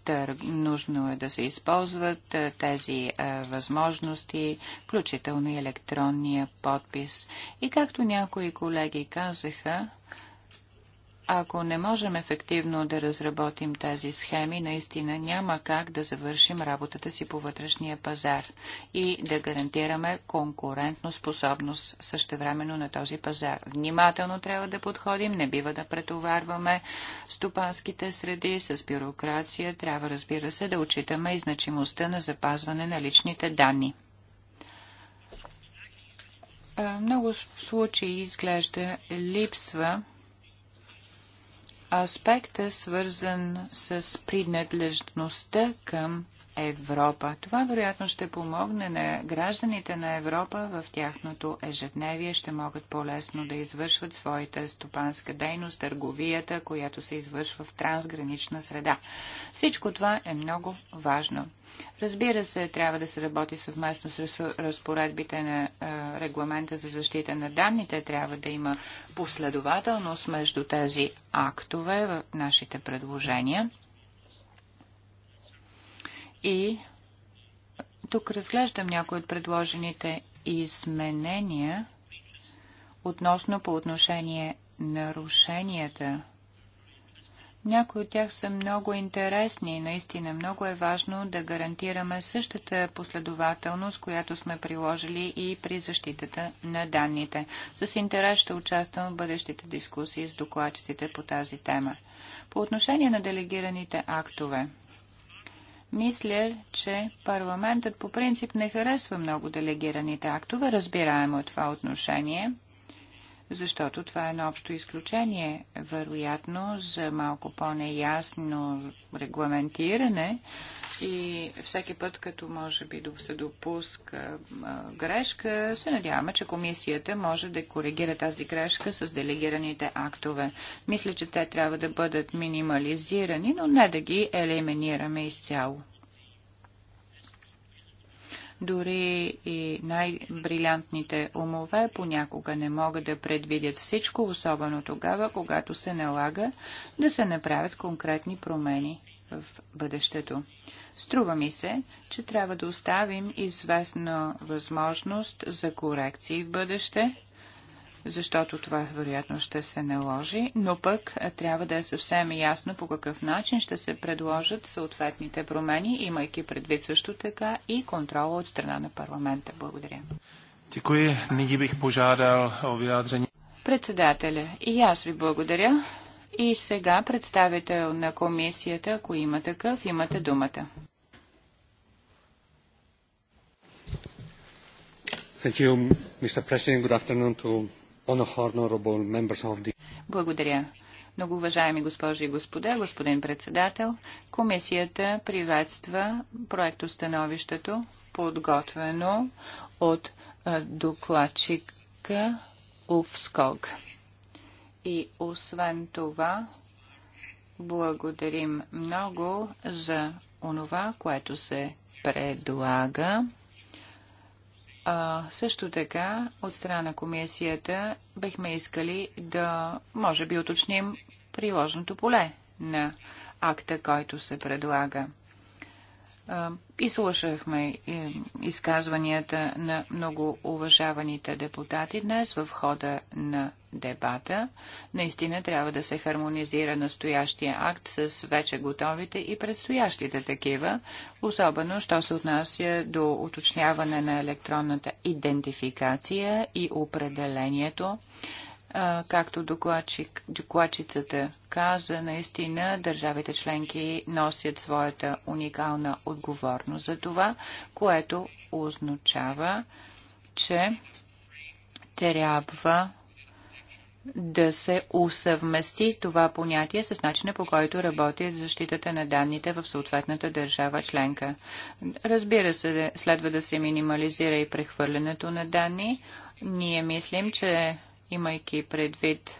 Speaker 2: Тър, нужно е да се използват тези е, възможности, включително и електронния подпис. И както някои колеги казаха, ако не можем ефективно да разработим тези схеми, наистина няма как да завършим работата си по вътрешния пазар и да гарантираме конкурентно способност същевременно на този пазар. Внимателно трябва да подходим, не бива да претоварваме стопанските среди с бюрокрация. Трябва, разбира се, да учитаме и значимостта на запазване на личните данни. Е, много случаи изглежда липсва аспекта, свързан с принадлежността към Европа. Това вероятно ще помогне на гражданите на Европа в тяхното ежедневие. Ще могат по-лесно да извършват своята стопанска дейност, търговията, която се извършва в трансгранична среда. Всичко това е много важно. Разбира се, трябва да се работи съвместно с разпоредбите на регламента за защита на данните. Трябва да има последователност между тези актове в нашите предложения. И тук разглеждам някои от предложените изменения относно по отношение нарушенията. Някои от тях са много интересни и наистина много е важно да гарантираме същата последователност, която сме приложили и при защитата на данните. С интерес ще участвам в бъдещите дискусии с докладчиците по тази тема. По отношение на делегираните актове – мисля, че парламентът по принцип не харесва много делегираните актове, разбираемо е това отношение – защото това е едно общо изключение, вероятно, за малко по-неясно регламентиране и всеки път, като може би се допуска грешка, се надяваме, че комисията може да коригира тази грешка с делегираните актове. Мисля, че те трябва да бъдат минимализирани, но не да ги елиминираме изцяло. Дори и най-брилянтните умове понякога не могат да предвидят всичко, особено тогава, когато се налага да се направят конкретни промени в бъдещето. Струва ми се, че трябва да оставим известна възможност за корекции в бъдеще, защото това вероятно ще се наложи, но пък трябва да е съвсем ясно по какъв начин ще се предложат съответните промени, имайки предвид също така и контрола от страна на парламента. Благодаря.
Speaker 1: Děkuji. Nyní bych požádal o vyjádření.
Speaker 2: Председателя, и аз ви благодаря. И сега представител на комисията, ако има такъв, имате думата.
Speaker 1: Thank you, Mr. President. Good afternoon to
Speaker 2: благодаря. Много уважаеми госпожи и господа, господин председател, комисията приветства проектостановището, подготвено от докладчика Увског. И освен това, благодарим много за онова, което се предлага а, също така, от страна на комисията, бихме искали да, може би, уточним приложното поле на акта, който се предлага и слушахме е, изказванията на много уважаваните депутати днес в хода на дебата. Наистина трябва да се хармонизира настоящия акт с вече готовите и предстоящите такива, особено, що се отнася до уточняване на електронната идентификация и определението Както докладчик, докладчицата каза, наистина държавите членки носят своята уникална отговорност за това, което означава, че трябва да се усъвмести това понятие с начина по който работи защитата на данните в съответната държава членка. Разбира се, следва да се минимализира и прехвърлянето на данни. Ние мислим, че имайки предвид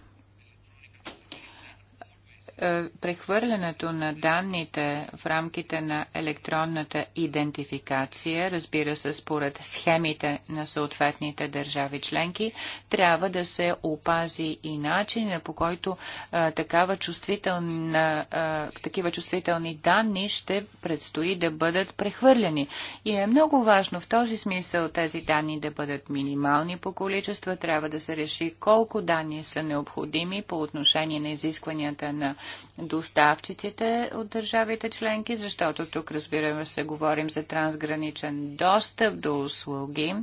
Speaker 2: е, прехвърлянето на данните в рамките на електронната идентификация, разбира се, според схемите на съответните държави членки, трябва да се опази и начина по който а, е, такава чувствителна, а, е, такива чувствителни данни ще предстои да бъдат прехвърляни. И е много важно в този смисъл тези данни да бъдат минимални по количества, трябва да се реши колко данни са необходими по отношение на изискванията на доставчиците от държавите членки, защото тук, разбираме, се говорим за трансграничен достъп до услуги.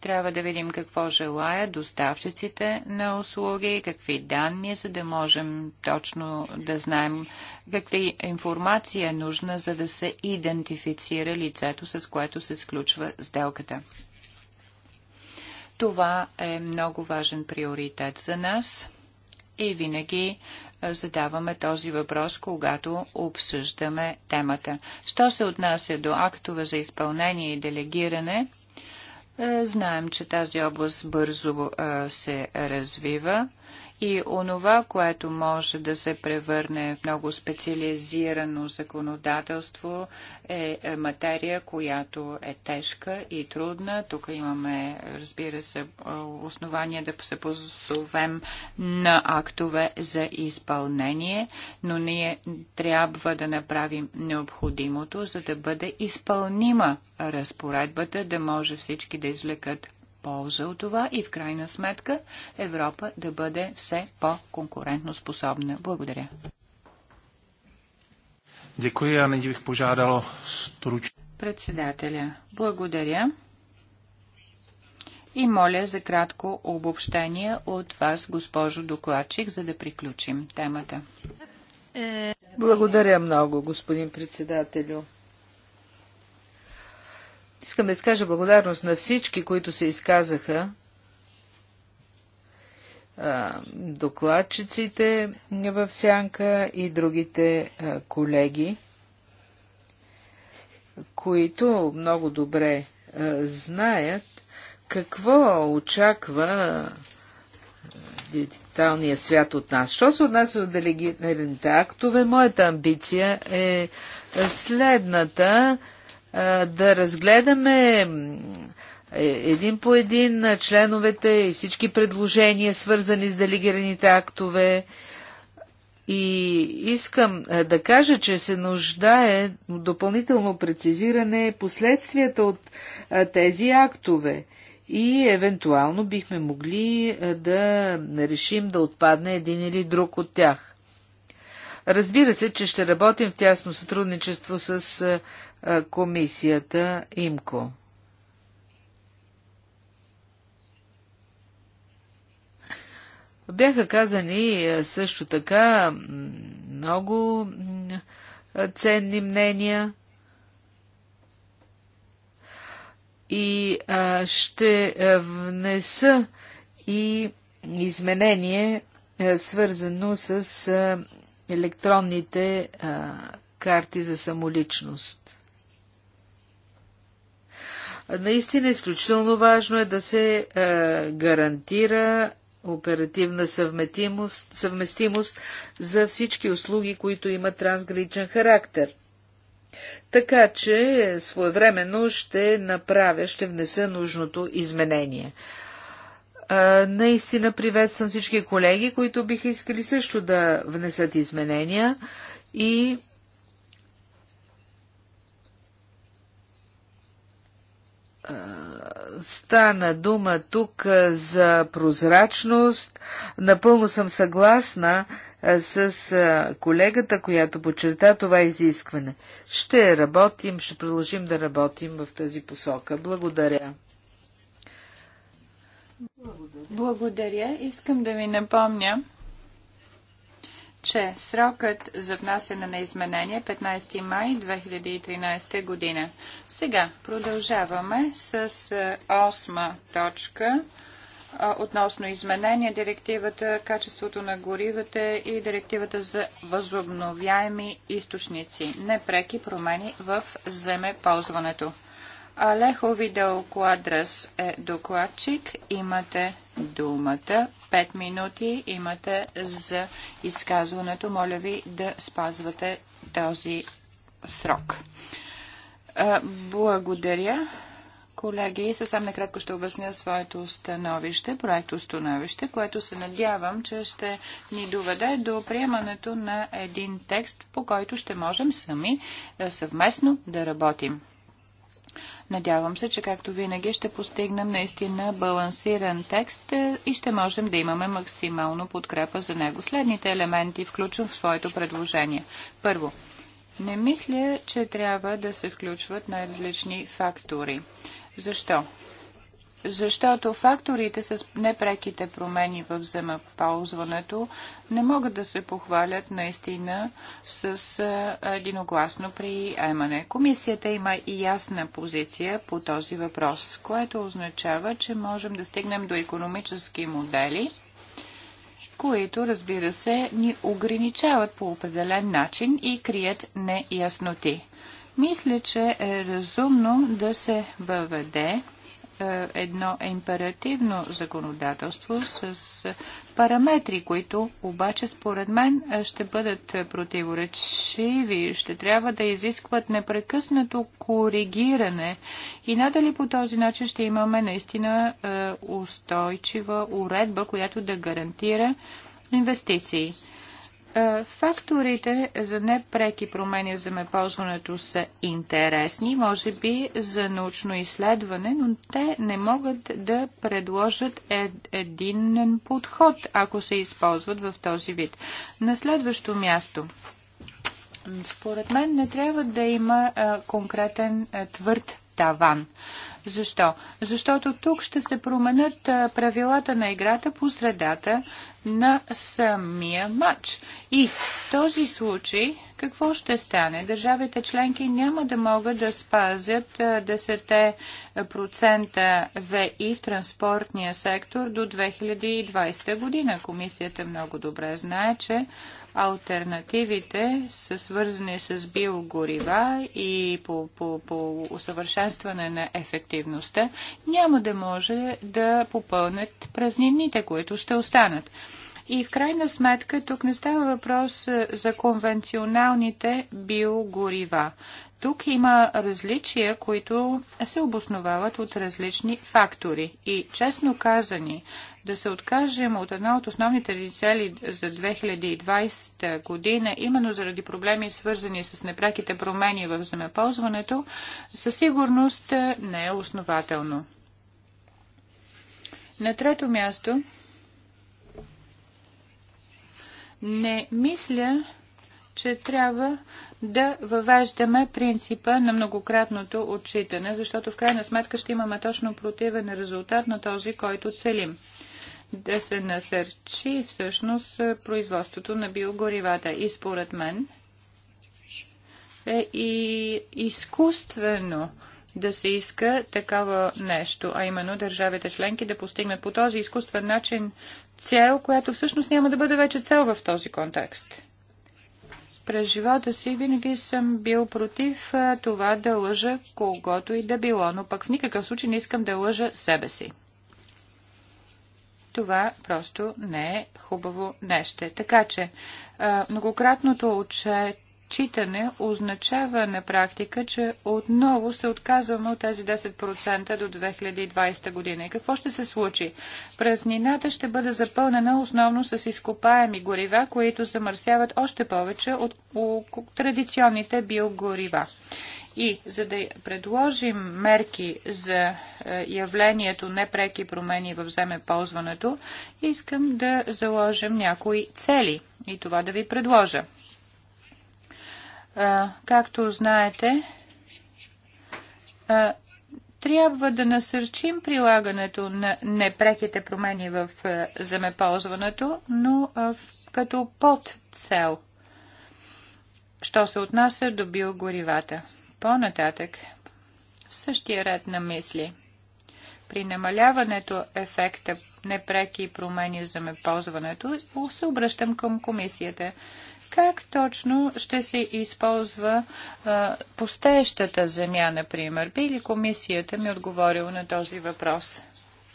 Speaker 2: Трябва да видим какво желаят доставчиците на услуги, какви данни, за да можем точно да знаем какви информация е нужна, за да се идентифицира лицето, с което се сключва сделката. Това е много важен приоритет за нас. И винаги задаваме този въпрос, когато обсъждаме темата. Що се отнася до актове за изпълнение и делегиране, знаем, че тази област бързо се развива и онова, което може да се превърне в много специализирано законодателство е, е материя, която е тежка и трудна. Тук имаме, разбира се, е, основания да се позовем на актове за изпълнение, но ние трябва да направим необходимото, за да бъде изпълнима разпоредбата, да може всички да извлекат полза от това и в крайна сметка Европа да бъде все по-конкурентно способна. Благодаря. Председателя, благодаря. И моля за кратко обобщение от вас, госпожо докладчик, за да приключим темата.
Speaker 1: Е,
Speaker 3: благодаря много, господин председателю. Искам да изкажа благодарност на всички, които се изказаха. Докладчиците в Сянка и другите колеги, които много добре знаят какво очаква дигиталния свят от нас. Що се отнася до делегираните актове, моята амбиция е следната да разгледаме е, един по един членовете и всички предложения, свързани с делегираните актове. И искам да кажа, че се нуждае допълнително прецизиране последствията от тези актове. И евентуално бихме могли да решим да отпадне един или друг от тях. Разбира се, че ще работим в тясно сътрудничество с комисията ИМКО. Бяха казани също така много ценни мнения и ще внеса и изменение, свързано с електронните карти за самоличност. Наистина изключително важно е да се е, гарантира оперативна съвместимост, съвместимост за всички услуги, които имат трансграничен характер. Така че своевременно ще направя, ще внеса нужното изменение. А, наистина приветствам всички колеги, които биха искали също да внесат изменения и стана дума тук за прозрачност. Напълно съм съгласна с колегата, която подчерта това изискване. Ще работим, ще продължим да работим в тази посока. Благодаря.
Speaker 2: Благодаря. Благодаря. Искам да ви напомня, че срокът за внасяне на изменения 15 е май 2013 година. Сега продължаваме с 8 е, точка относно изменения директивата качеството на горивата и директивата за възобновяеми източници. Непреки промени в земеползването. Алехо Видео Квадрас е докладчик. Имате думата Пет минути имате за изказването. Моля ви да спазвате този срок. Благодаря. Колеги, съвсем накратко ще обясня своето установище, проект установище, което се надявам, че ще ни доведе до приемането на един текст, по който ще можем сами е, съвместно да работим. Надявам се, че както винаги ще постигнем наистина балансиран текст е, и ще можем да имаме максимално подкрепа за него. Следните елементи включвам в своето предложение. Първо, не мисля, че трябва да се включват най-различни фактори. Защо? защото факторите с непреките промени в земеползването не могат да се похвалят наистина с единогласно приемане. Комисията има и ясна позиция по този въпрос, което означава, че можем да стигнем до економически модели, които, разбира се, ни ограничават по определен начин и крият неясноти. Мисля, че е разумно да се въведе е, едно императивно законодателство с е, параметри, които обаче според мен е, ще бъдат противоречиви, ще трябва да изискват непрекъснато коригиране и надали по този начин ще имаме наистина устойчива уредба, която да гарантира инвестиции. Е, факторите за непреки промени в земеползването са интересни, може би за научно изследване, но те не могат да предложат ед, единен подход, ако се използват в този вид. На следващо място. Според мен не трябва да има е, конкретен е, твърд таван. Защо? Защото тук ще се променят правилата на играта по средата на самия матч. И в този случай какво ще стане? Държавите членки няма да могат да спазят 10% ВИ в транспортния сектор до 2020 година. Комисията много добре знае, че Альтернативите са свързани с биогорива и по, по, по усъвършенстване на ефективността няма да може да попълнят празнините, които ще останат. И в крайна сметка тук не става въпрос е, за конвенционалните биогорива. Тук има различия, които се обосновават от различни фактори. И честно казани, да се откажем от една от основните ни цели за 2020 година, именно заради проблеми свързани с непреките промени в земеползването, със сигурност не е основателно. На трето място, не мисля, че трябва да въвеждаме принципа на многократното отчитане, защото в крайна сметка ще имаме точно противен резултат на този, който целим да се насърчи всъщност производството на биогоривата. И според мен е и изкуствено да се иска такава нещо, а именно държавите членки да постигнат по този изкуствен начин цел, която всъщност няма да бъде вече цел в този контекст. През живота си винаги съм бил против това да лъжа когото и да било, но пък в никакъв случай не искам да лъжа себе си това просто не е хубаво нещо. Така че многократното отчитане означава на практика, че отново се отказваме от тези 10% до 2020 година. И какво ще се случи? Празнината ще бъде запълнена основно с изкопаеми горива, които замърсяват още повече от традиционните биогорива. И за да предложим мерки за е, явлението непреки промени в земеползването, искам да заложим някои цели и това да ви предложа. Е, както знаете, е, трябва да насърчим прилагането на непреките промени в земеползването, но като под цел, що се отнася до биогоривата. По-нататък, в същия ред на мисли, при намаляването ефекта непреки промени за ползването, се обръщам към комисията. Как точно ще се използва а, земя, например? Би ли комисията ми отговорила на този въпрос?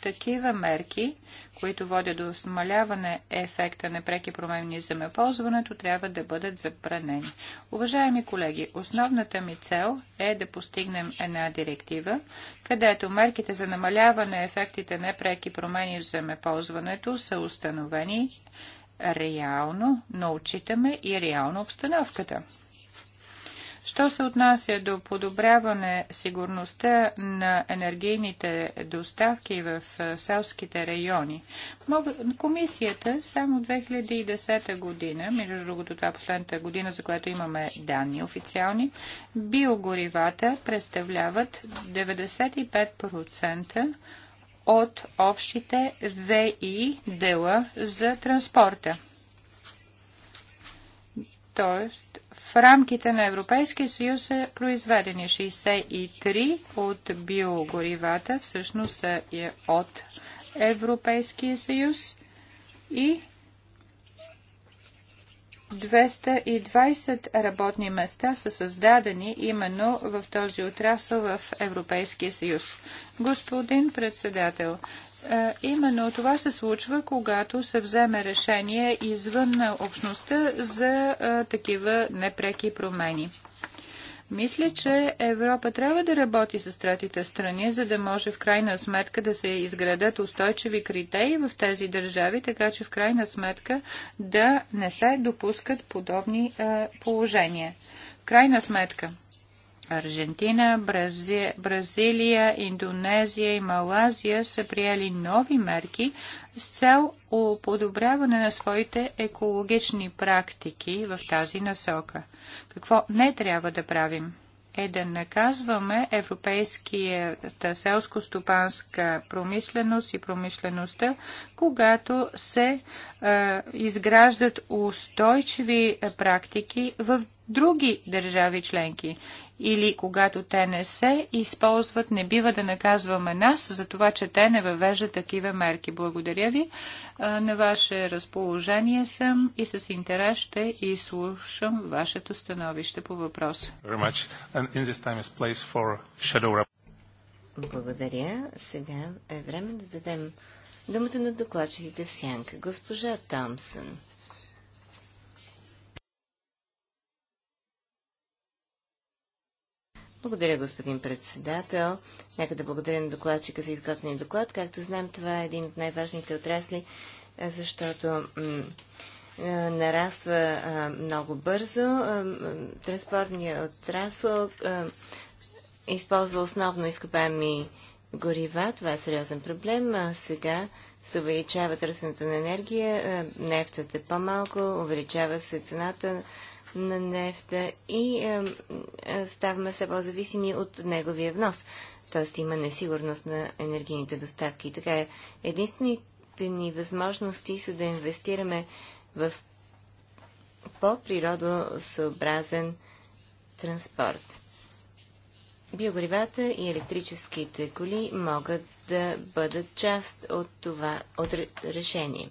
Speaker 2: такива мерки, които водят до смаляване ефекта на преки промени за земеползването, трябва да бъдат забранени. Уважаеми колеги, основната ми цел е да постигнем една директива, където мерките за намаляване ефектите на преки промени в земеползването са установени реално, научитаме и реално обстановката. Що се отнася до подобряване сигурността на енергийните доставки в селските райони, комисията само 2010 година, между другото това е последната година, за която имаме данни официални, биогоривата представляват 95% от общите ВИ дела за транспорта. Тоест, в рамките на Европейския съюз са произведени 63 от биогоривата, всъщност са е от Европейския съюз и 220 работни места са създадени именно в този отрасъл в Европейския съюз. Господин председател, е, Именно това се случва, когато се вземе решение извън общността за е, такива непреки промени. Мисля, че Европа трябва да работи с третите страни, за да може в крайна сметка да се изградат устойчиви критерии в тези държави, така че в крайна сметка да не се допускат подобни е, положения. В крайна сметка, Аржентина, Бразилия, Индонезия и Малазия са приели нови мерки с цел подобряване на своите екологични практики в тази насока. Какво не трябва да правим? е да наказваме европейската селско-стопанска промишленост и промишлеността, когато се е, изграждат устойчиви практики в други държави членки или когато те не се използват, не бива да наказваме нас за това, че те не въвеждат такива мерки. Благодаря ви. На ваше разположение съм и с интерес ще изслушам вашето становище по въпроса.
Speaker 4: Благодаря. Сега е време да дадем думата на докладчиците в сянка. Госпожа Томсън. Благодаря, господин председател. Нека да благодаря на докладчика за изготвения доклад. Както знаем, това е един от най-важните отрасли, защото нараства много бързо. Транспортният отрасъл използва основно изкопаеми горива. Това е сериозен проблем. А сега се увеличава търсенето на енергия, нефтът е по-малко, увеличава се цената на нефта и е, ставаме все по-зависими от неговия внос. Тоест има несигурност на енергийните доставки. така е. Единствените ни възможности са да инвестираме в по-природосъобразен транспорт. Биогоривата и електрическите коли могат да бъдат част от това от решение.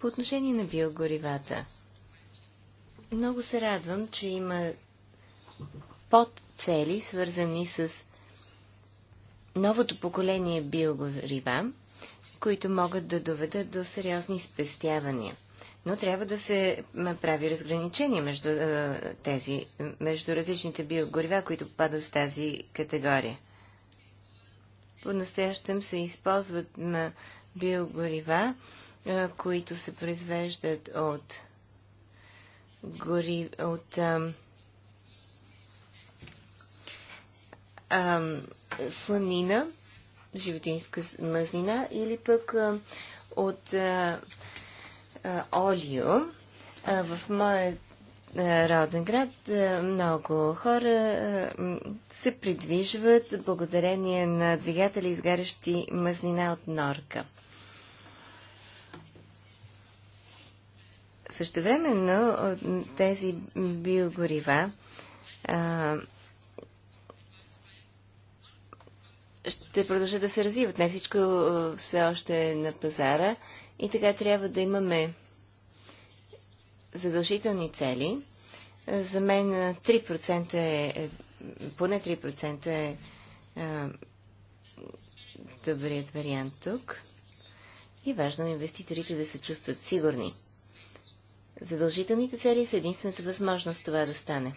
Speaker 4: По отношение на биогоривата, много се радвам, че има подцели, свързани с новото поколение биогорива, които могат да доведат до сериозни спестявания. Но трябва да се прави разграничение между, тези, между различните биогорива, които падат в тази категория. По-настоящем се използват биогорива, които се произвеждат от гори, от ам, ам, сланина, животинска мазнина или пък ам, от а, а, олио. А, в моя роден град много хора се придвижват благодарение на двигатели, изгарящи мазнина от норка. Същевременно тези биогорива а, ще продължат да се развиват. Не всичко все още е на пазара и така трябва да имаме задължителни цели. За мен 3% е, е, поне 3% е а, добрият вариант тук. И важно е инвеститорите да се чувстват сигурни. Задължителните цели са единствената възможност това да стане.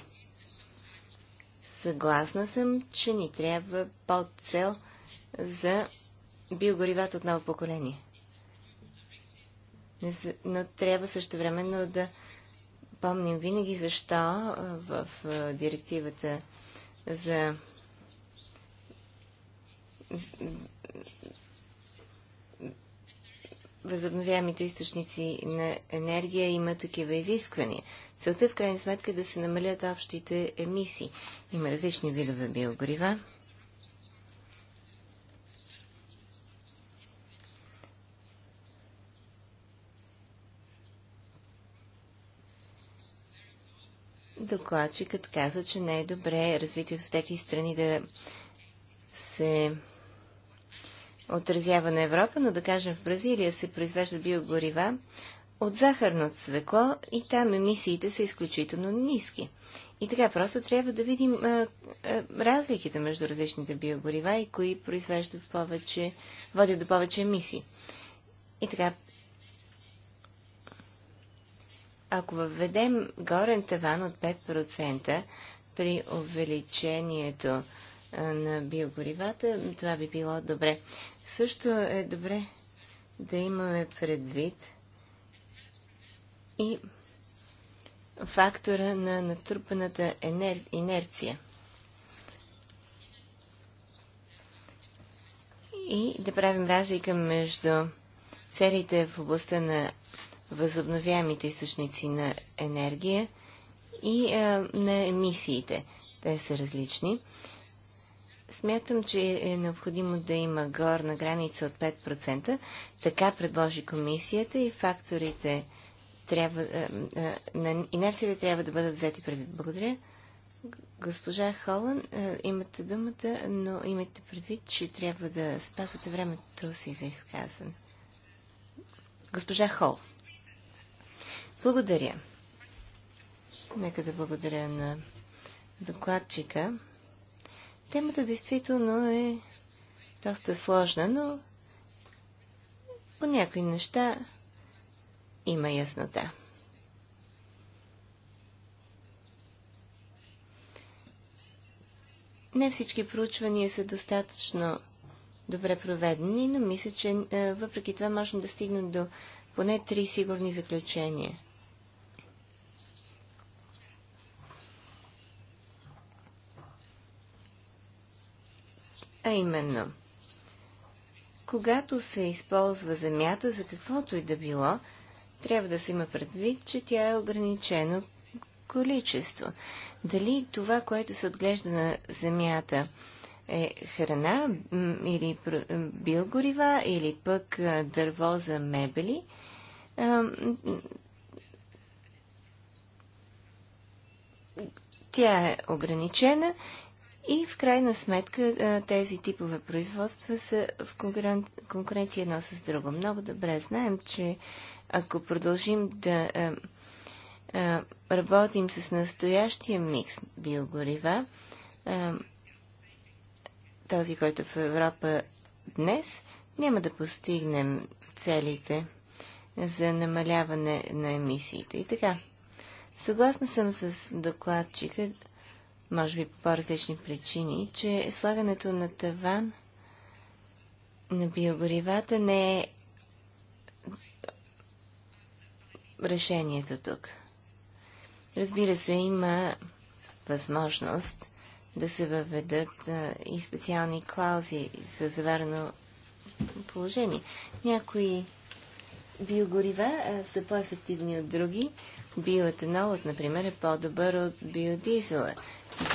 Speaker 4: Съгласна съм, че ни трябва по-цел за биогоривата от ново поколение. Но трябва също времено да помним винаги защо в директивата за възобновяемите източници на енергия има такива изисквания. Целта в крайна сметка е да се намалят общите емисии. Има различни видове биогорива. Докладчикът каза, че не е добре развитието в тези страни да се отразява на Европа, но да кажем в Бразилия се произвеждат биогорива от захарно свекло и там емисиите са изключително ниски. И така просто трябва да видим а, а, разликите между различните биогорива и кои произвеждат повече, водят до повече емисии. И така, ако въведем горен таван от 5% при увеличението на биогоривата, това би било добре. Също е добре да имаме предвид и фактора на натрупаната енер... инерция. И да правим разлика между целите в областта на възобновяемите източници на енергия и а, на емисиите. Те са различни. Смятам, че е необходимо да има горна граница от 5%. Така предложи комисията и факторите трябва, а, е, а, е, на инерцията трябва да бъдат взети предвид. Благодаря. Госпожа Холан, е, имате думата, но имате предвид, че трябва да спазвате времето си за изказване. Госпожа Хол. Благодаря. Нека да благодаря на докладчика. Темата действително е доста сложна, но по някои неща има яснота. Не всички проучвания са достатъчно добре проведени, но мисля, че въпреки това можем да стигнем до поне три сигурни заключения. а именно когато се използва земята за каквото и да било, трябва да се има предвид, че тя е ограничено количество. Дали това, което се отглежда на земята, е храна или биогорива, или пък дърво за мебели, тя е ограничена и в крайна сметка тези типове производства са в конкурен... конкуренция едно с друго. Много добре знаем, че ако продължим да а, а, работим с настоящия микс биогорива, а, този, който е в Европа днес, няма да постигнем целите за намаляване на емисиите. И така, съгласна съм с докладчика, може би по-различни причини, че слагането на таван на биогоривата не е решението тук. Разбира се, има възможност да се въведат а, и специални клаузи за заварено положение. Някои биогорива а, са по-ефективни от други. Биоетанолът, например, е по-добър от биодизела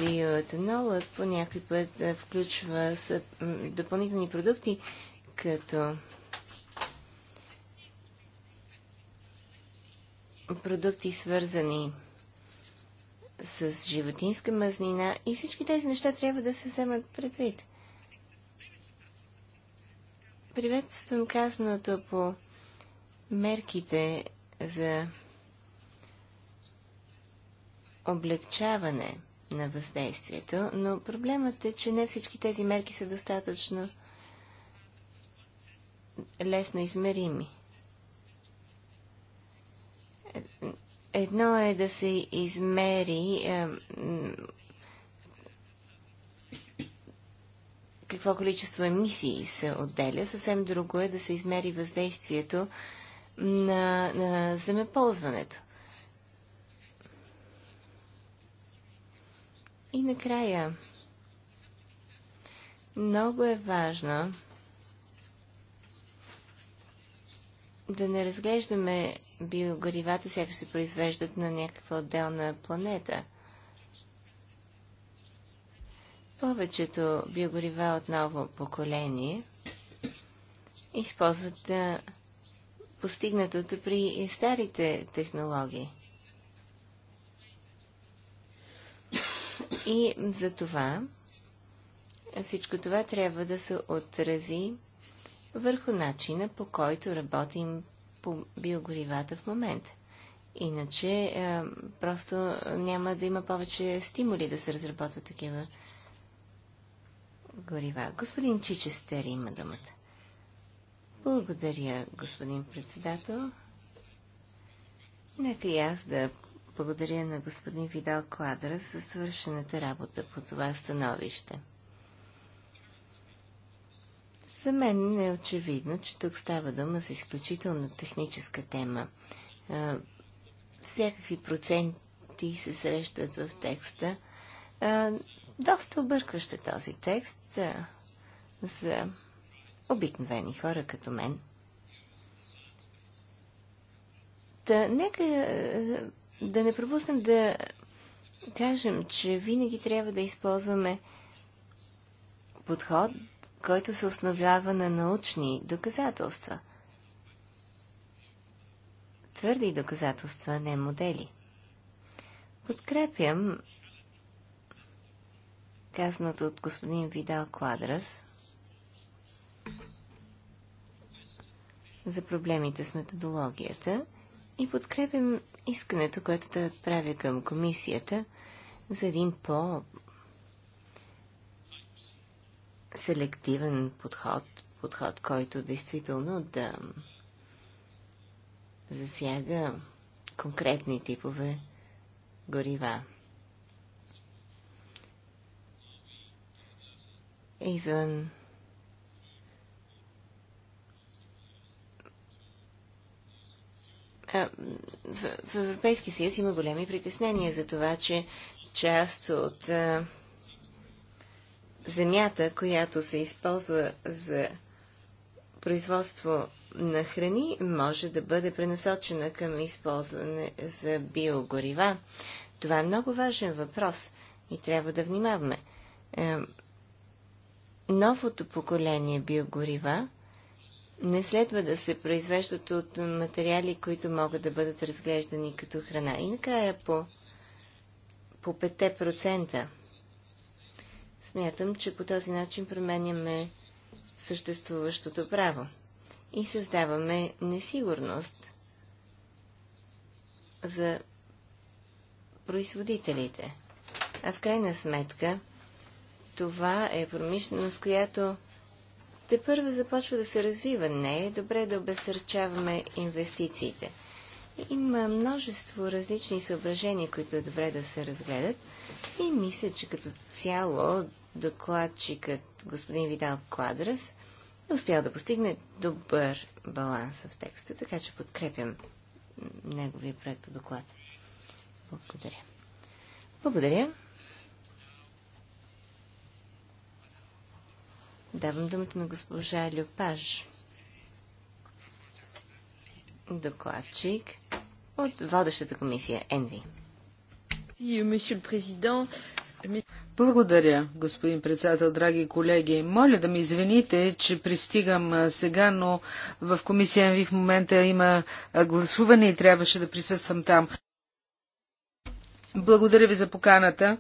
Speaker 4: биоетанолът по някой път включва допълнителни продукти, като продукти свързани с животинска мазнина и всички тези неща трябва да се вземат предвид. Приветствам казаното по мерките за облегчаване – на въздействието, но проблемът е, че не всички тези мерки са достатъчно лесно измерими. Едно е да се измери е, какво количество емисии се отделя, съвсем друго е да се измери въздействието на, на земеползването. И накрая, много е важно да не разглеждаме биогоривата, сега се произвеждат на някаква отделна планета. Повечето биогорива от ново поколение използват постигнатото при старите технологии. И за това всичко това трябва да се отрази върху начина по който работим по биогоривата в момента. Иначе е, просто няма да има повече стимули да се разработват такива горива. Господин Чичестер има думата. Благодаря, господин председател. Нека и аз да благодаря на господин Видал Квадра за свършената работа по това становище. За мен е очевидно, че тук става дума за изключително техническа тема. всякакви проценти се срещат в текста. доста объркващ е този текст за обикновени хора като мен. Та, нека да не пропуснем да кажем, че винаги трябва да използваме подход, който се основява на научни доказателства. Твърди доказателства, не модели. Подкрепям казаното от господин Видал Квадрас за проблемите с методологията и подкрепям искането, което той отправя към комисията за един по селективен подход, подход, който действително да засяга конкретни типове горива. Извън в Европейския съюз има големи притеснения за това, че част от земята, която се използва за производство на храни, може да бъде пренасочена към използване за биогорива. Това е много важен въпрос и трябва да внимаваме. Новото поколение биогорива не следва да се произвеждат от материали, които могат да бъдат разглеждани като храна. И накрая по, по 5%. Смятам, че по този начин променяме съществуващото право и създаваме несигурност за производителите. А в крайна сметка това е промишленост, която те първо започва да се развива. Не е добре да обесърчаваме инвестициите. Има множество различни съображения, които е добре да се разгледат. И мисля, че като цяло докладчикът господин Видал Квадрас е успял да постигне добър баланс в текста, така че подкрепям неговия проект доклад. Благодаря. Благодаря. Давам думата на госпожа Люпаж, докладчик от водещата комисия ЕНВИ.
Speaker 3: Благодаря, господин председател, драги колеги. Моля да ми извините, че пристигам сега, но в комисия ЕНВИ в момента има гласуване и трябваше да присъствам там. Благодаря ви за поканата.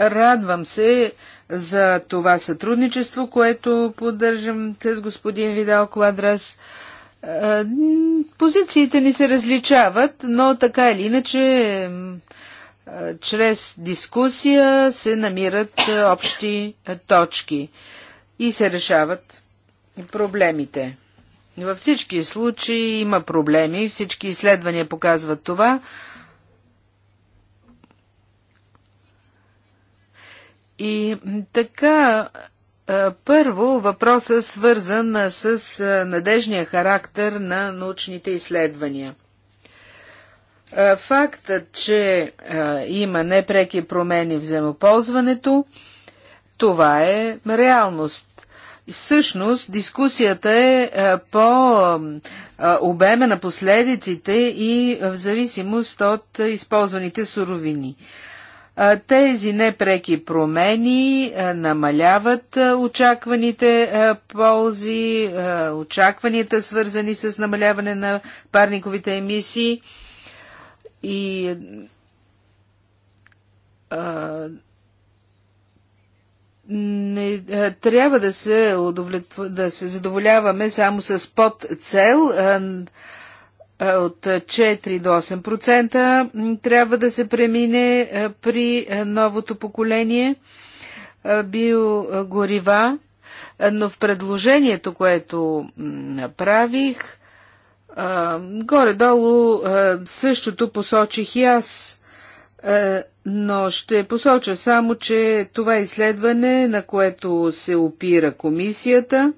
Speaker 3: Радвам се, за това сътрудничество, което поддържам с господин Видал Квадрас. Е, позициите ни се различават, но така или иначе е, чрез дискусия се намират е, общи точки и се решават проблемите. Във всички случаи има проблеми, всички изследвания показват това, И така, първо въпроса свързан с надежния характер на научните изследвания. Фактът, че има непреки промени в вземоползването, това е реалност. Всъщност, дискусията е по обема на последиците и в зависимост от използваните суровини. Тези непреки промени намаляват очакваните ползи, очакванията свързани с намаляване на парниковите емисии и не трябва да се, да се задоволяваме само с под цел от 4 до 8% трябва да се премине при новото поколение биогорива, но в предложението, което направих, горе-долу същото посочих и аз, но ще посоча само, че това изследване, на което се опира комисията,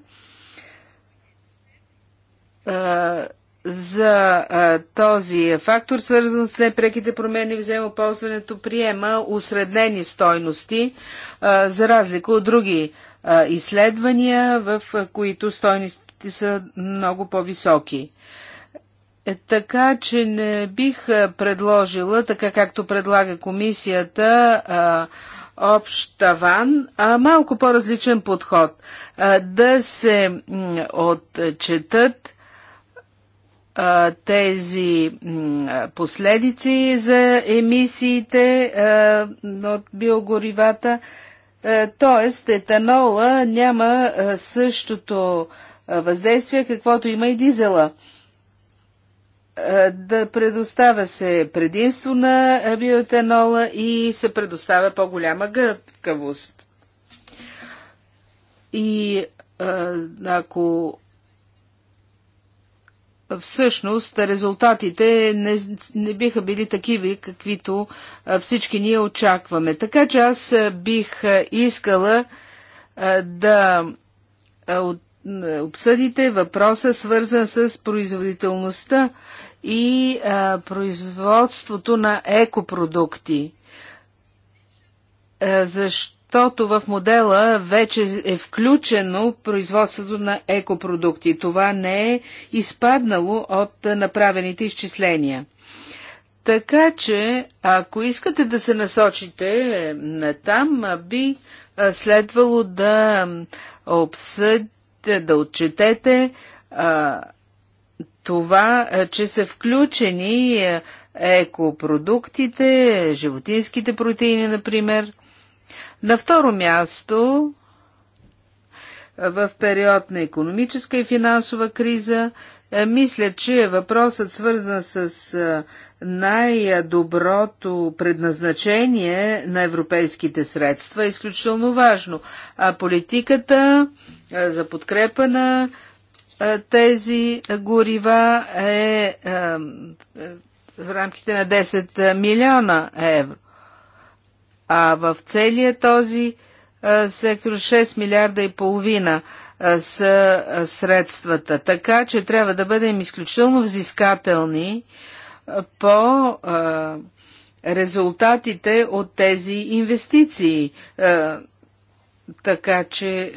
Speaker 3: за а, този фактор, свързан с непреките промени в взаимоползването, приема усреднени стойности, а, за разлика от други а, изследвания, в а, които стойностите са много по-високи. Е, така че не бих предложила, така както предлага комисията, а, общ таван, а малко по-различен подход. А, да се отчетат тези последици за емисиите от биогоривата. Тоест, етанола няма същото въздействие, каквото има и дизела. Да предоставя се предимство на биоетанола и се предоставя по-голяма гъвкавост. И ако всъщност резултатите не, не биха били такива, каквито всички ние очакваме. Така че аз бих искала да обсъдите въпроса, свързан с производителността и производството на екопродукти. Защо? защото в модела вече е включено производството на екопродукти. Това не е изпаднало от направените изчисления. Така че, ако искате да се насочите на там, би следвало да обсъдите, да отчетете а, това, че са включени екопродуктите, животинските протеини, например, на второ място, в период на економическа и финансова криза, е, мисля, че въпросът свързан с е, най-доброто предназначение на европейските средства е изключително важно. А политиката е, за подкрепа на тези горива е в рамките на 10 милиона евро а в целия този сектор 6 милиарда и половина са средствата. Така че трябва да бъдем изключително взискателни по резултатите от тези инвестиции. Така че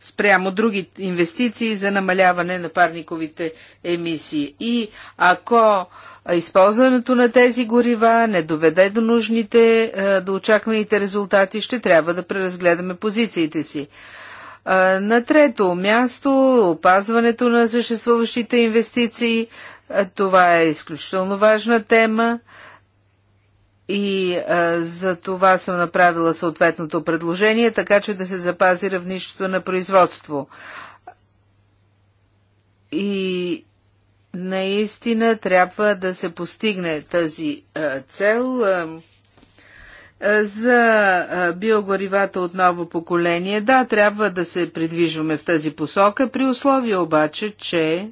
Speaker 3: спрямо други инвестиции за намаляване на парниковите емисии. И ако използването на тези горива не доведе до нужните, до очакваните резултати, ще трябва да преразгледаме позициите си. На трето място, опазването на съществуващите инвестиции. Това е изключително важна тема и за това съм направила съответното предложение, така че да се запази равнището на производство. И наистина трябва да се постигне тази цел. За биогоривата от ново поколение, да, трябва да се придвижваме в тази посока, при условие обаче, че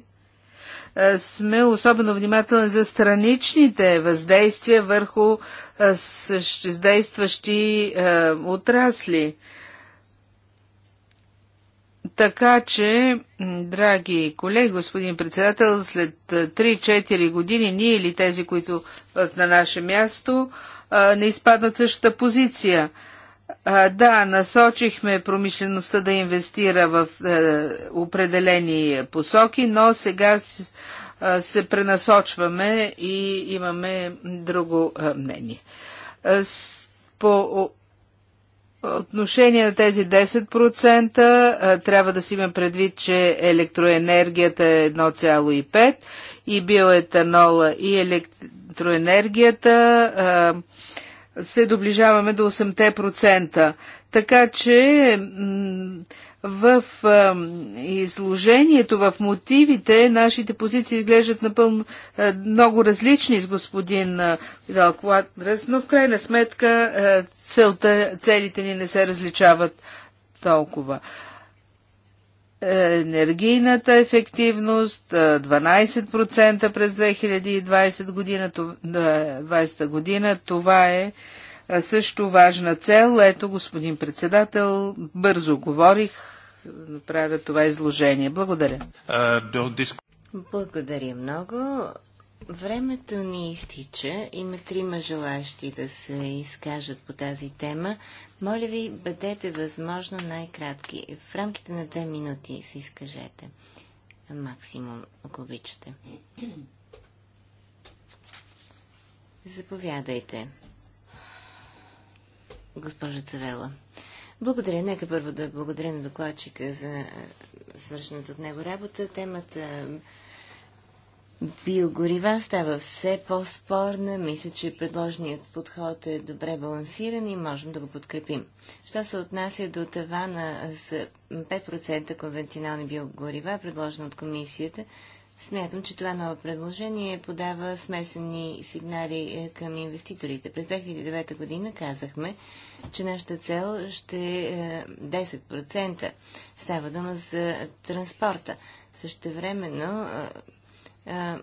Speaker 3: сме особено внимателни за страничните въздействия върху съществуващи отрасли. Така че, драги колеги, господин председател, след 3-4 години ние или тези, които на наше място, не изпаднат същата позиция. Да, насочихме промишлеността да инвестира в определени посоки, но сега се пренасочваме и имаме друго мнение. По отношение на тези 10% трябва да си има предвид, че електроенергията е 1,5 и биоетанола и електроенергията се доближаваме до 8%. Така че в изложението, в мотивите, нашите позиции изглеждат напълно много различни с господин Далкуатрес, но в крайна сметка целта, целите ни не се различават толкова е, енергийната ефективност 12% през 2020 година, 2020 година. Това е също важна цел. Ето, господин председател, бързо говорих,
Speaker 4: направя това изложение. Благодаря. Благодаря много. Времето ни изтича. Има трима желаящи да се изкажат по тази тема. Моля ви, бъдете възможно най-кратки. В рамките на две минути се изкажете. Максимум, ако обичате. Заповядайте госпожа Цавела. Благодаря. Нека първо да благодаря на докладчика за е, свършената от него работа. Темата е, биогорива става все по-спорна. Мисля, че предложният подход е добре балансиран и можем да го подкрепим. Що се отнася до тавана за 5% конвенционални биогорива, предложено от комисията, Смятам, че това ново предложение подава смесени сигнали е, към инвеститорите. През 2009 година казахме, че нашата цел ще е 10%. Става дума за транспорта. времено, е, е,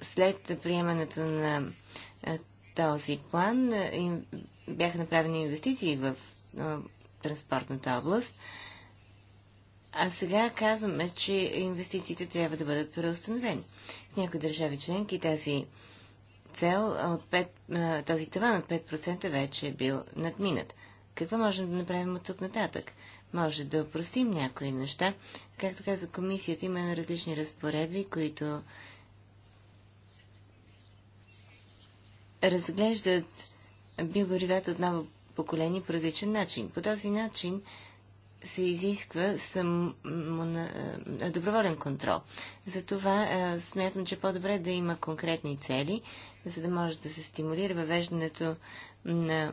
Speaker 4: след приемането на този план, бяха направени инвестиции в транспортната област – а сега казваме, че инвестициите трябва да бъдат преустановени. В някои държави членки тази цел от 5, този таван от 5% вече е бил надминат. Какво можем да направим от тук нататък? Може да опростим някои неща. Както каза комисията, има различни разпоредби, които разглеждат биогоривата от ново поколение по различен начин. По този начин се изисква съм е, доброволен контрол. Затова е, смятам, че по-добре да има конкретни цели, за да може да се стимулира въвеждането на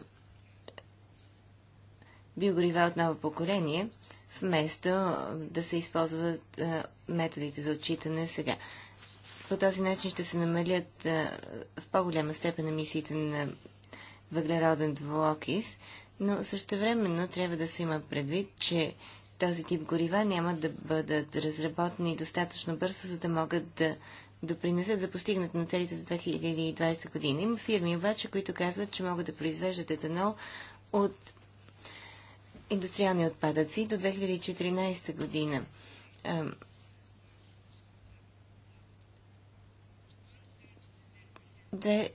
Speaker 4: биогорива от ново поколение, вместо е, да се използват методите за отчитане сега. По този начин ще се намалят в по-голяма степен емисиите на въглероден двуокис, но същевременно трябва да се има предвид, че този тип горива няма да бъдат разработени достатъчно бързо, за да могат да допринесат за постигнат на целите за 2020 година. Има фирми обаче, които казват, че могат да произвеждат етанол от индустриални отпадъци до 2014 година. Две,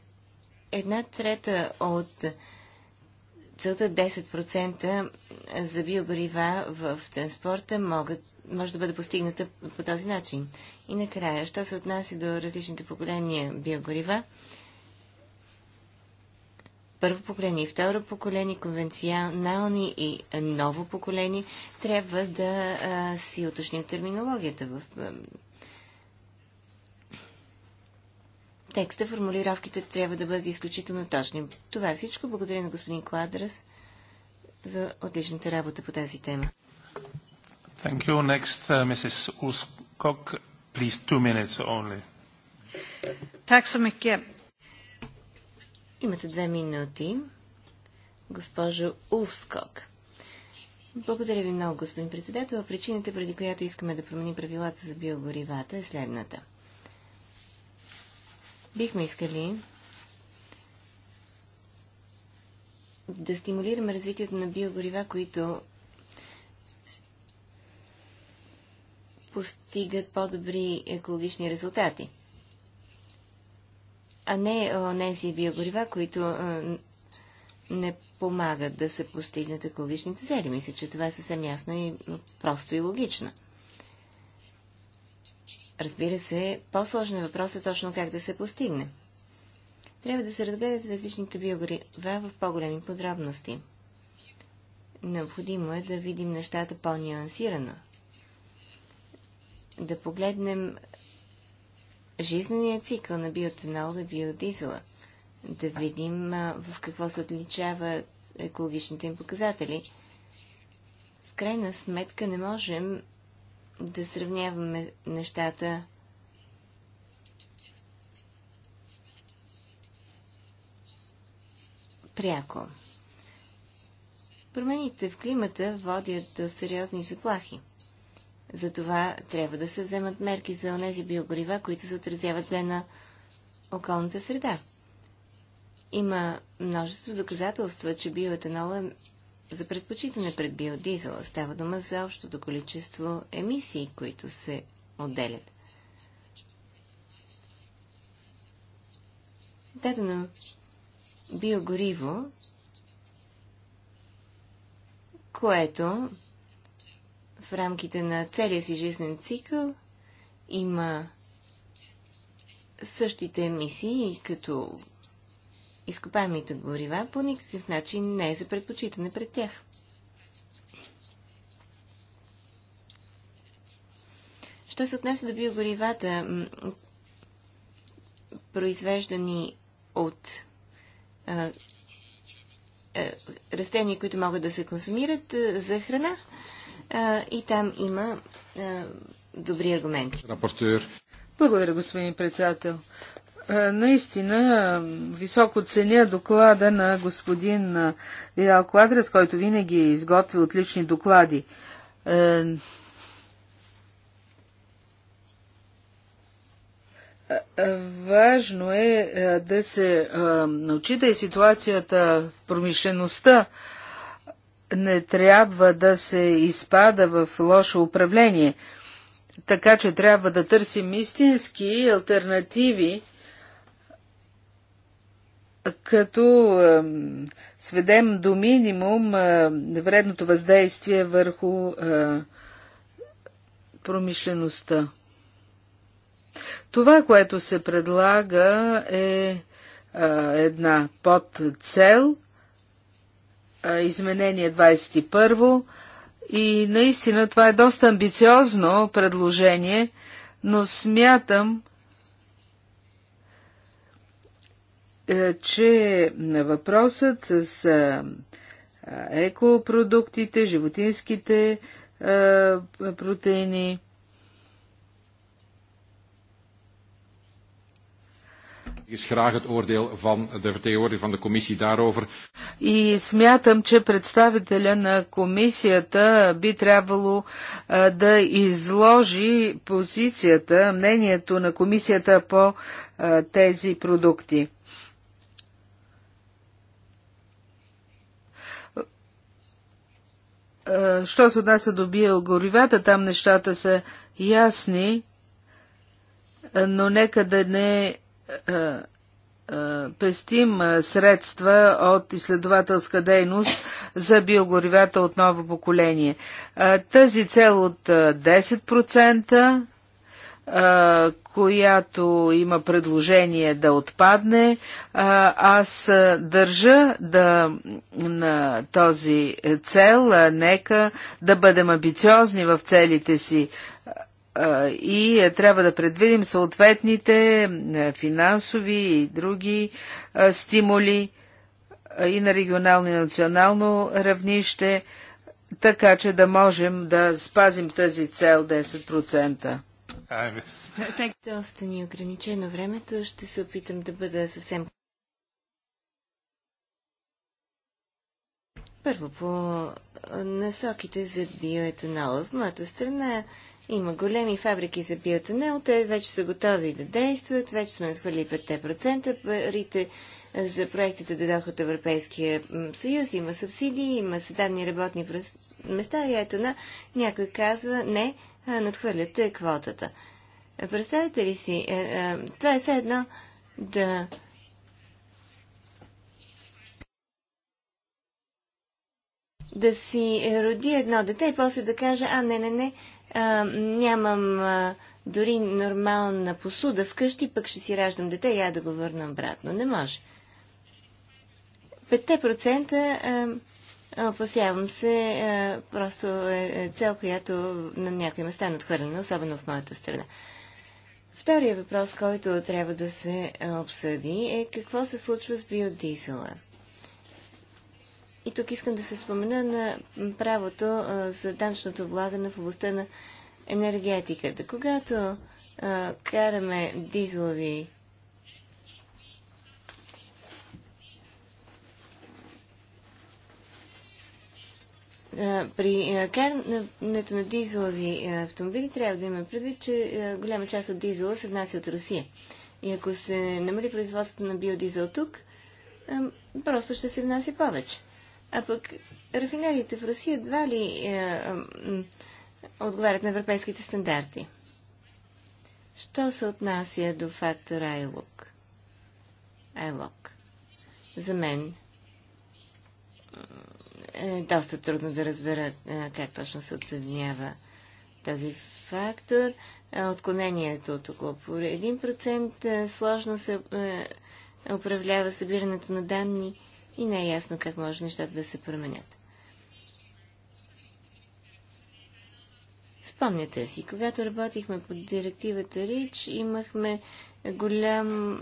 Speaker 4: една трета от целта 10% за биогорива в транспорта могат, може да бъде постигната по този начин. И накрая, що се отнася до различните поколения биогорива, първо поколение и второ поколение, конвенционални и ново поколение, трябва да а, си уточним терминологията в текста, формулировките трябва да бъдат изключително точни. Това е всичко. Благодаря на господин Квадрас за отличната работа по тази тема.
Speaker 1: Thank you. Next, uh, Mrs. Uskok. please two minutes only.
Speaker 4: Так så mycket. Имате две минути, госпожо Ускок. Благодаря ви много, господин председател. Причината, преди която искаме да променим правилата за биогоривата е следната – Бихме искали да стимулираме развитието на биогорива, които постигат по-добри екологични резултати, а не тези биогорива, които а, не помагат да се постигнат екологичните цели. Мисля, че това е съвсем ясно и просто и логично. Разбира се, по-сложен е точно как да се постигне. Трябва да се разгледат различните биогрива в по-големи подробности. Необходимо е да видим нещата по-нюансирано. Да погледнем жизнения цикъл на биотенола и биодизела. Да видим в какво се отличават екологичните им показатели. В крайна сметка не можем да сравняваме нещата пряко. Промените в климата водят до сериозни заплахи. Затова трябва да се вземат мерки за онези биогорива, които се отразяват зле на околната среда. Има множество доказателства, че биоетанола за предпочитане пред биодизела. Става дума за общото количество емисии, които се отделят. Дадено биогориво, което в рамките на целия си жизнен цикъл има същите емисии като изкопаемите горива по никакъв начин не е за предпочитане пред тях. Що се отнесе до биогоривата, произвеждани от а, а, растения, които могат да се консумират а, за храна, и там има добри аргументи. Благодаря, господин
Speaker 3: председател. Е, наистина високо ценя доклада на господин е, Видал Квадрас, който винаги е изготвя отлични доклади. Важно е да се научи и ситуацията в промишлеността. Не трябва да се изпада в лошо управление. Така че трябва да търсим истински альтернативи като сведем до минимум вредното въздействие върху промишлеността. Това, което се предлага е една подцел, изменение 21 и наистина това е доста амбициозно предложение, но смятам, Е, че въпросът с е, е, екопродуктите, животинските протеини,
Speaker 1: is graag het oordeel van de vertegenwoordiger van de commissie daarover.
Speaker 3: И смятам, че представителя на комисията би трябвало да изложи позицията, мнението на комисията по тези продукти. Е, що се отнася до биогоривата, там нещата са ясни, е, но нека да не е, пестим средства от изследователска дейност за биогоривата от ново поколение. Тази цел от 10%, която има предложение да отпадне. Аз държа да на този цел, нека да бъдем амбициозни в целите си и трябва да предвидим съответните финансови и други стимули и на регионално и национално равнище, така че да можем да спазим тази цел 10%.
Speaker 4: Доста ни е ограничено времето. Ще се опитам да бъда съвсем. Първо по насоките за биоетанола. В моята страна има големи фабрики за биоетанол. Те вече са готови да действат. Вече сме надхвърли 5%. Парите за проектите дойдох от Европейския съюз. Има субсидии, има седадни работни места и ето на някой казва не, надхвърляте квотата. Представете ли си, е, е, това е все едно да да си роди едно дете и после да каже, а не, не, не, а, нямам а, дори нормална посуда вкъщи, пък ще си раждам дете и я да го върна обратно. Не може. 5% а, Опасявам се, е, просто е, е цел, която на някои места е надхвърлена, особено в моята страна. Втория въпрос, който трябва да се обсъди е какво се случва с биодизела. И тук искам да се спомена на правото е, за данъчното облагане в областта на енергетиката. Когато а, караме дизелови Е, при е, карането на дизелови е, автомобили трябва да има предвид, че голяма част от дизела се внася от Русия. И ако се намали производството на биодизел тук, просто ще се внася повече. А пък рафинериите в Русия едва ли е, е, отговарят на европейските стандарти. Що се отнася до фактора ILOC? ILOC. За мен е доста трудно да разбера е, как точно се оценява този фактор. Е, отклонението от около 1% е, сложно се управлява събирането на данни и не е ясно как може нещата да се променят. Спомняте си, когато работихме по директивата РИЧ, имахме голям...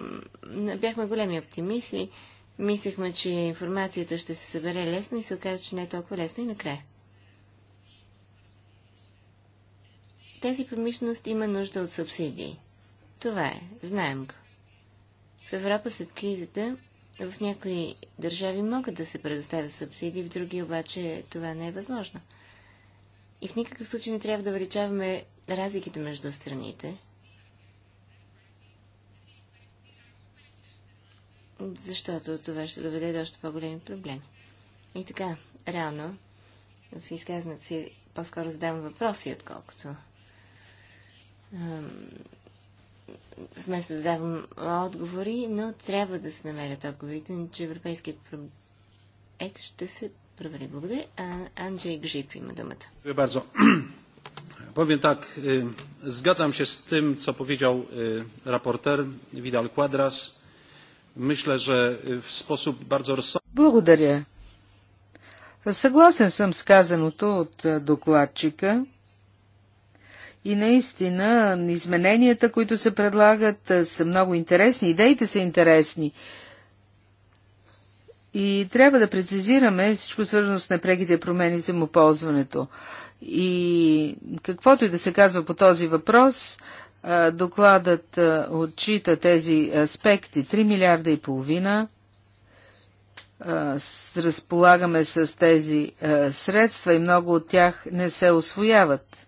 Speaker 4: бяхме големи оптимисти, Мислехме, че информацията ще се събере лесно и се оказа, че не е толкова лесно и накрая. Тази промишленост има нужда от субсидии. Това е, знаем го. В Европа след кризата в някои държави могат да се предоставят субсидии, в други обаче това не е възможно. И в никакъв случай не трябва да увеличаваме разликите между страните. защото това ще доведе до още по-големи проблеми. И така, реално, в изказването си по-скоро задавам въпроси, отколкото вместо да давам отговори, но трябва да се намерят отговорите, че европейският проект ще се провери. Благодаря. А, Анджей Гжип има думата.
Speaker 1: Powiem tak, e, zgadzam się z tym, co powiedział e, raporter Vidal Quadras. Мисля, че в способ бързо разсъм...
Speaker 3: Благодаря. Съгласен съм с казаното от е, докладчика. И наистина, измененията, които се предлагат, е, са много интересни. Идеите са интересни. И трябва да прецизираме всичко свързано с непреките промени в взаимоползването. И каквото и да се казва по този въпрос, Докладът отчита тези аспекти. 3 милиарда и половина разполагаме с тези средства и много от тях не се освояват.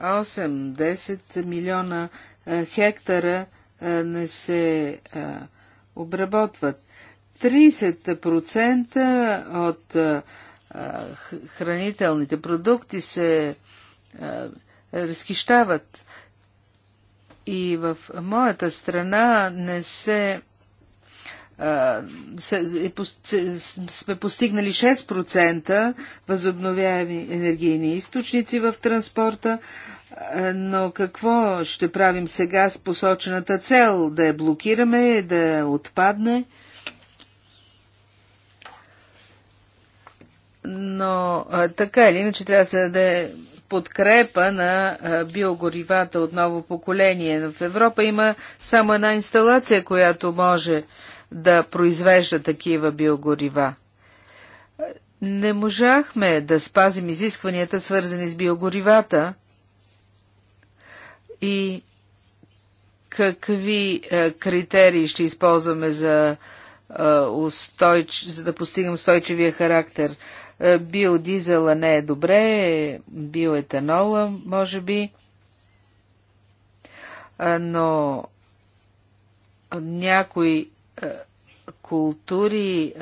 Speaker 3: 8-10 милиона хектара не се обработват. 30% от хранителните продукти се разхищават. И в моята страна не се е сме постигнали 6% възобновяеми енергийни източници в транспорта, но какво ще правим сега с посочената цел? Да я блокираме, да я отпадне? Но така или иначе трябва да се даде подкрепа на биогоривата от ново поколение. В Европа има само една инсталация, която може да произвежда такива биогорива. Не можахме да спазим изискванията, свързани с биогоривата и какви е, критерии ще използваме за, е, устойч... за да постигнем устойчивия характер е, биодизела не е добре, биоетанола може би, е, но някои е, култури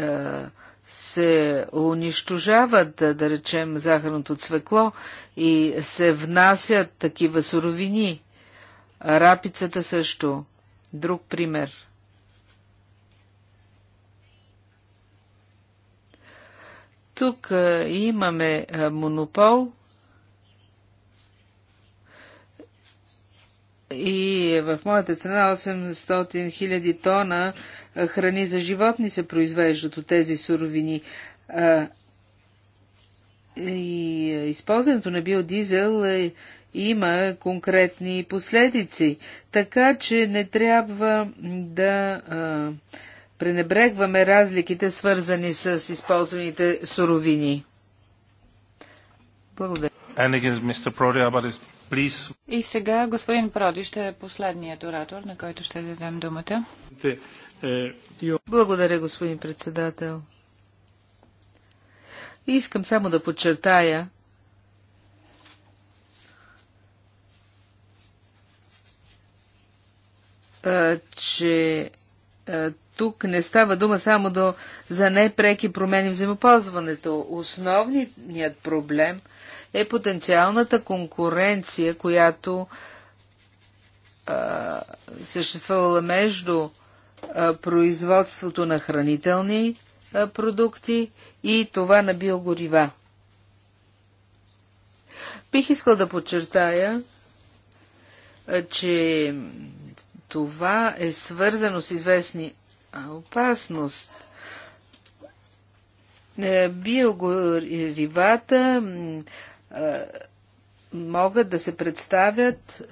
Speaker 3: се унищожават, да речем, захарното цвекло и се внасят такива суровини. Рапицата също. Друг пример. Тук имаме монопол и в моята страна 800 000 тона храни за животни се произвеждат от тези суровини. И използването на биодизел има конкретни последици, така че не трябва да а, пренебрегваме разликите, свързани с използваните суровини.
Speaker 2: Благодаря. И сега господин Проди ще е последният оратор, на който ще дадем думата. Е, Благодаря, господин председател.
Speaker 3: Искам само да подчертая, че е, тук не става дума само до, за непреки промени в взаимоползването. Основният проблем е потенциалната конкуренция, която а, е, съществувала между а, е, производството на хранителни а, продукти и това на биогорива. Бих искал да подчертая, а, че това е свързано с известни опасност. Е, биогоривата могат да се представят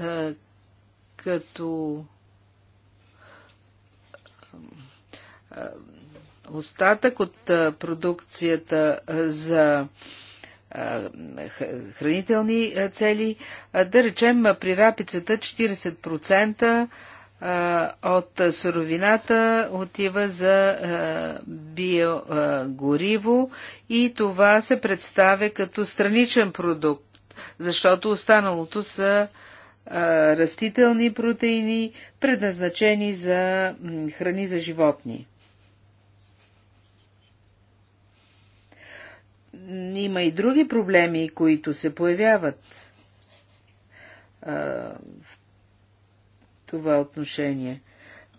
Speaker 3: като остатък от продукцията за хранителни цели. Да речем, при рапицата 40% от суровината отива за биогориво и това се представя като страничен продукт, защото останалото са растителни протеини, предназначени за храни за животни. Има и други проблеми, които се появяват това отношение.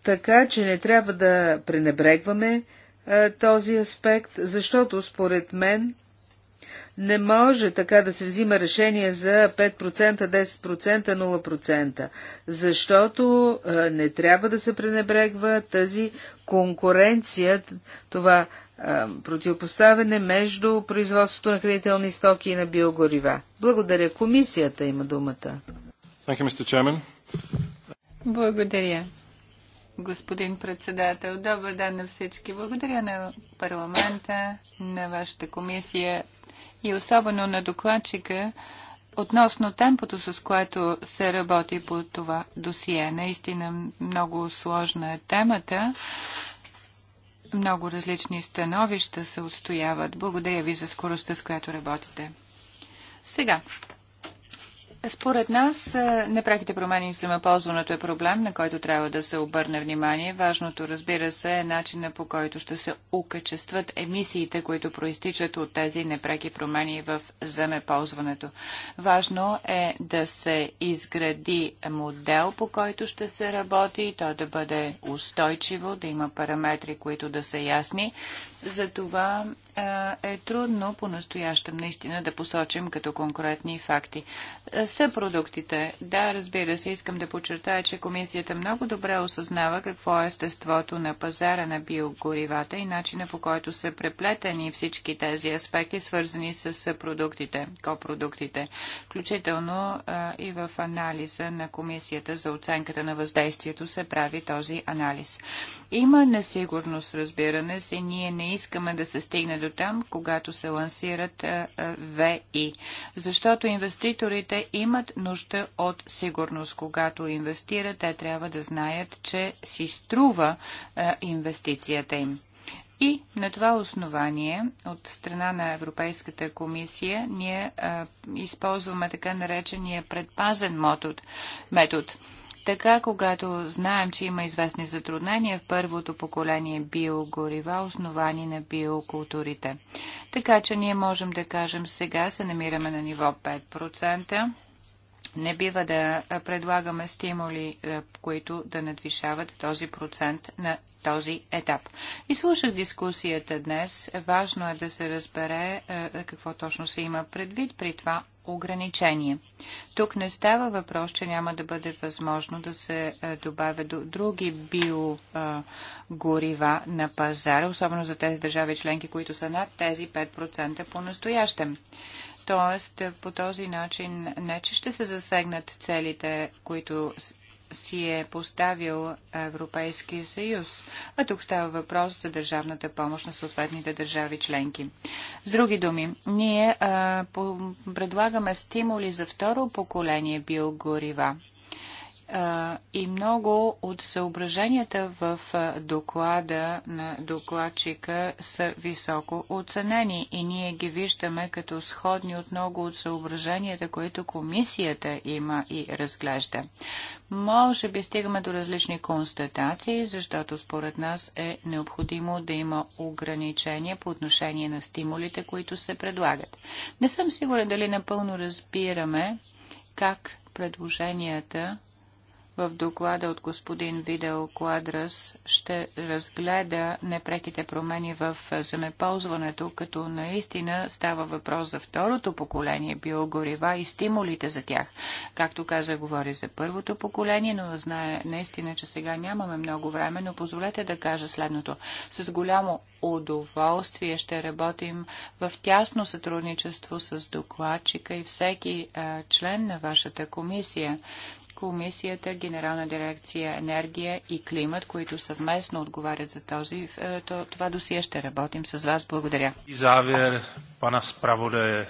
Speaker 3: Така че не трябва да пренебрегваме а, е, този аспект, защото според мен не може така да се взима решение за 5%, 10%, 0%, защото а, е, не трябва да се пренебрегва тази конкуренция, това е, противопоставяне между производството на хранителни стоки и на биогорива. Благодаря. Комисията има думата.
Speaker 1: Thank you, Mr. Chairman.
Speaker 2: Благодаря. Господин председател, добър ден на всички. Благодаря на парламента, на вашата комисия и особено на докладчика относно темпото, с което се работи по това досие. Наистина много сложна е темата. Много различни становища се устояват. Благодаря ви за скоростта, с която работите. Сега, според нас е, непреките промени в земеползването е проблем, на който трябва да се обърне внимание. Важното, разбира се, е начина по който ще се укачестват емисиите, които проистичат от тези непреки промени в земеползването. Важно е да се изгради модел, по който ще се работи, то да бъде устойчиво, да има параметри, които да са ясни затова е трудно по-настоящем наистина да посочим като конкретни факти. Са продуктите. Да, разбира се, искам да подчертая, че комисията много добре осъзнава какво е естеството на пазара на биогоривата и начина по който са преплетени всички тези аспекти, свързани с продуктите, копродуктите, включително и в анализа на комисията за оценката на въздействието се прави този анализ. Има несигурност, разбиране се, ние не искаме да се стигне до там, когато се лансират ВИ. Защото инвеститорите имат нужда от сигурност. Когато инвестират, те трябва да знаят, че си струва инвестицията им. И на това основание от страна на Европейската комисия ние а, използваме така наречения предпазен метод. Така, когато знаем, че има известни затруднения в първото поколение биогорива, основани на биокултурите. Така, че ние можем да кажем сега се намираме на ниво 5%. Не бива да предлагаме стимули, е, които да надвишават този процент на този етап. И слушах дискусията днес. Важно е да се разбере е, какво точно се има предвид при това ограничение. Тук не става въпрос, че няма да бъде възможно да се е, добавя до други биогорива е, на пазара, особено за тези държави членки, които са над тези 5% по-настоящем. Тоест, е, по този начин не че ще се засегнат целите, които си е поставил Европейския съюз. А тук става въпрос за държавната помощ на съответните държави членки. С други думи, ние а, по- предлагаме стимули за второ поколение биогорива и много от съображенията в доклада на докладчика са високо оценени и ние ги виждаме като сходни от много от съображенията, които комисията има и разглежда. Може би стигаме до различни констатации, защото според нас е необходимо да има ограничения по отношение на стимулите, които се предлагат. Не съм сигурен дали напълно разбираме как предложенията в доклада от господин Видео Квадрас ще разгледа непреките промени в земеползването, като наистина става въпрос за второто поколение биогорива и стимулите за тях. Както каза, говори за първото поколение, но знае наистина, че сега нямаме много време, но позволете да кажа следното. С голямо удоволствие ще работим в тясно сътрудничество с докладчика и всеки член на вашата комисия комисията, Генерална дирекция енергия и климат, които съвместно отговарят за този, е, това досие. Ще работим с вас. Благодаря.
Speaker 1: И завер, пана справодае.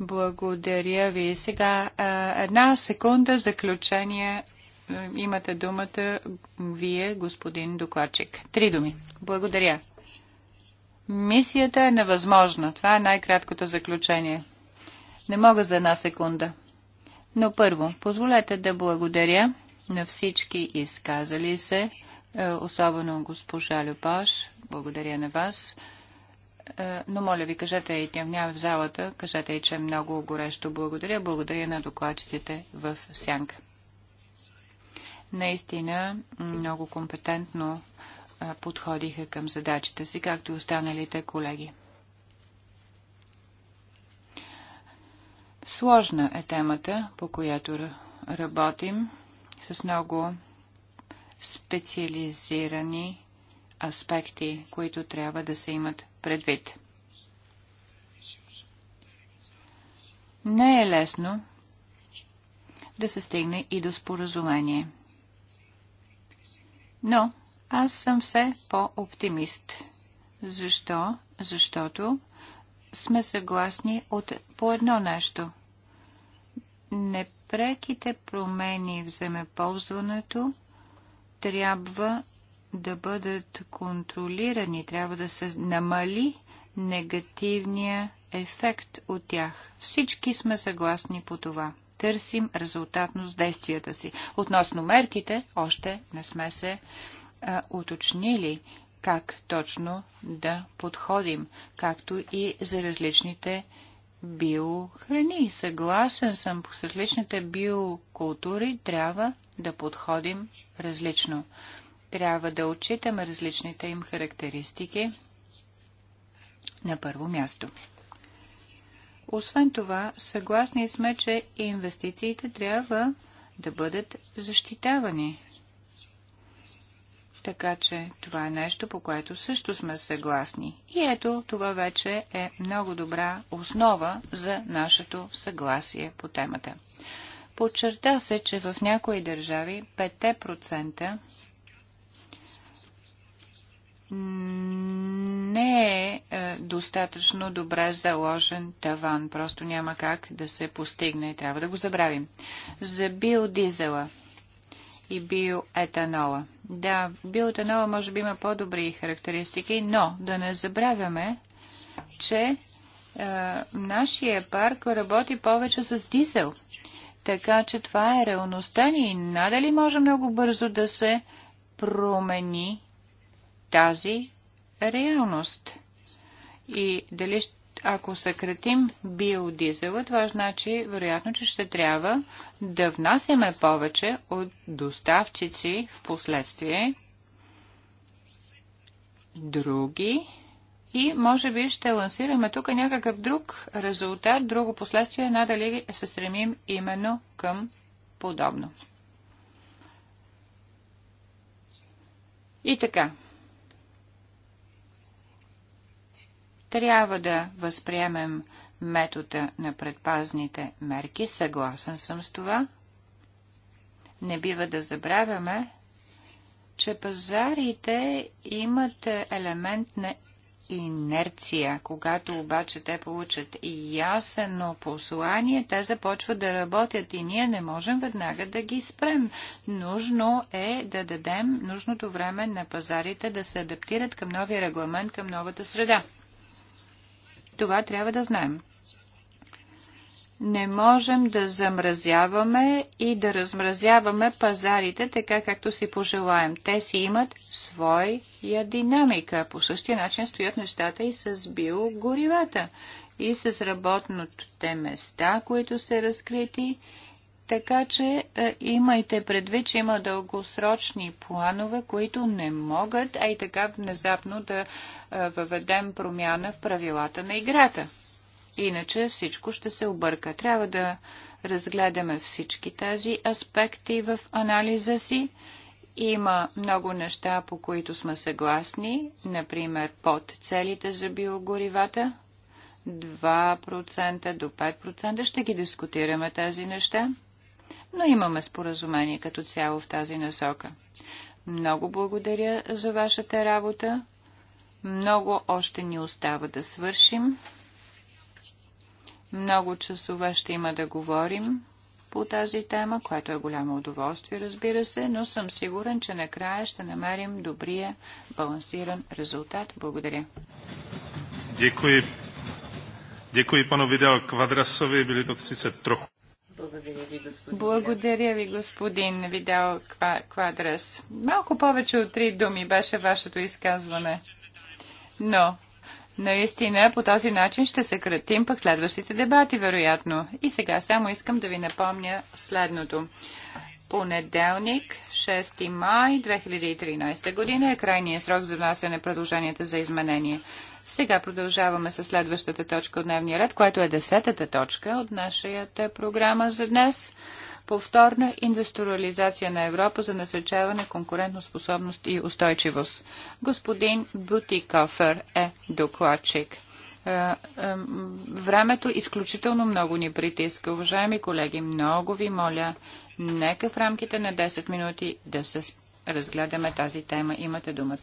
Speaker 2: Благодаря ви. Сега е, една секунда заключение. Е, имате думата вие, господин докладчик. Три думи. Благодаря. Мисията е невъзможна. Това е най-краткото заключение. Не мога за една секунда. Но първо, позволете да благодаря на всички изказали се, е, особено госпожа Люпаш. Благодаря на вас. Е, но моля ви, кажете и тя в залата, кажете и, че много горещо благодаря. Благодаря на докладчиците в Сянка. Наистина много компетентно е, подходиха към задачите си, както и останалите колеги. Сложна е темата, по която работим, с много специализирани аспекти, които трябва да се имат предвид. Не е лесно да се стигне и до споразумение. Но аз съм все по-оптимист. Защо? Защото сме съгласни от, по едно нещо. Непреките промени в земеползването трябва да бъдат контролирани, трябва да се намали негативния ефект от тях. Всички сме съгласни по това. Търсим резултатност действията си. Относно мерките, още не сме се а, уточнили как точно да подходим, както и за различните биохрани. Съгласен съм, с различните биокултури трябва да подходим различно. Трябва да отчитаме различните им характеристики на първо място. Освен това, съгласни сме, че инвестициите трябва да бъдат защитавани така че това е нещо, по което също сме съгласни. И ето, това вече е много добра основа за нашето съгласие по темата. Подчерта се, че в някои държави 5% не е, е достатъчно добре заложен таван. Просто няма как да се постигне и трябва да го забравим. За биодизела – и биоетанола. Да, биоетанола може би има по-добри характеристики, но да не забравяме, че е, нашия парк работи повече с дизел. Така че това е реалността ни и надали може много бързо да се промени тази реалност. И дали ще ако съкратим биодизела, това значи вероятно, че ще трябва да внасяме повече от доставчици в последствие, други и може би ще лансираме тук някакъв друг резултат, друго последствие, надали се стремим именно към подобно. И така, Трябва да възприемем метода на предпазните мерки. Съгласен съм с това. Не бива да забравяме, че пазарите имат елемент на инерция. Когато обаче те получат ясено послание, те започват да работят и ние не можем веднага да ги спрем. Нужно е да дадем нужното време на пазарите да се адаптират към новия регламент, към новата среда. Това трябва да знаем. Не можем да замразяваме и да размразяваме пазарите така, както си пожелаем. Те си имат своя динамика. По същия начин стоят нещата и с биогоривата, и с работното те места, които са разкрити, така че е, имайте предвид, че има дългосрочни планове, които не могат, а и така внезапно да е, въведем промяна в правилата на играта. Иначе всичко ще се обърка. Трябва да разгледаме всички тези аспекти в анализа си. Има много неща, по които сме съгласни, например под целите за биогоривата, 2% до 5%. Ще ги дискутираме тези неща но имаме споразумение като цяло в тази насока. Много благодаря за вашата работа. Много още ни остава да свършим. Много часове ще има да говорим по тази тема, което е голямо удоволствие, разбира се, но съм сигурен, че накрая ще намерим добрия, балансиран резултат. Благодаря.
Speaker 1: Děkuji. Děkuji panu Vidal Kvadrasovi, byli to sice trochu.
Speaker 2: Благодаря ви, господин. Видал Квадрес. Малко повече от три думи беше вашето изказване. Но, наистина, по този начин ще съкратим пък следващите дебати, вероятно. И сега само искам да ви напомня следното понеделник, 6 май 2013 година е крайният срок за внасяне предложенията за изменение. Сега продължаваме с следващата точка от дневния ред, което е десетата точка от нашата програма за днес. Повторна индустриализация на Европа за насърчаване, конкурентоспособност и устойчивост. Господин Бутикофер е докладчик. Е, е, времето изключително много ни притиска. Уважаеми колеги, много ви моля, Нека в рамките на 10 минути да се разгледаме тази тема. Имате думата.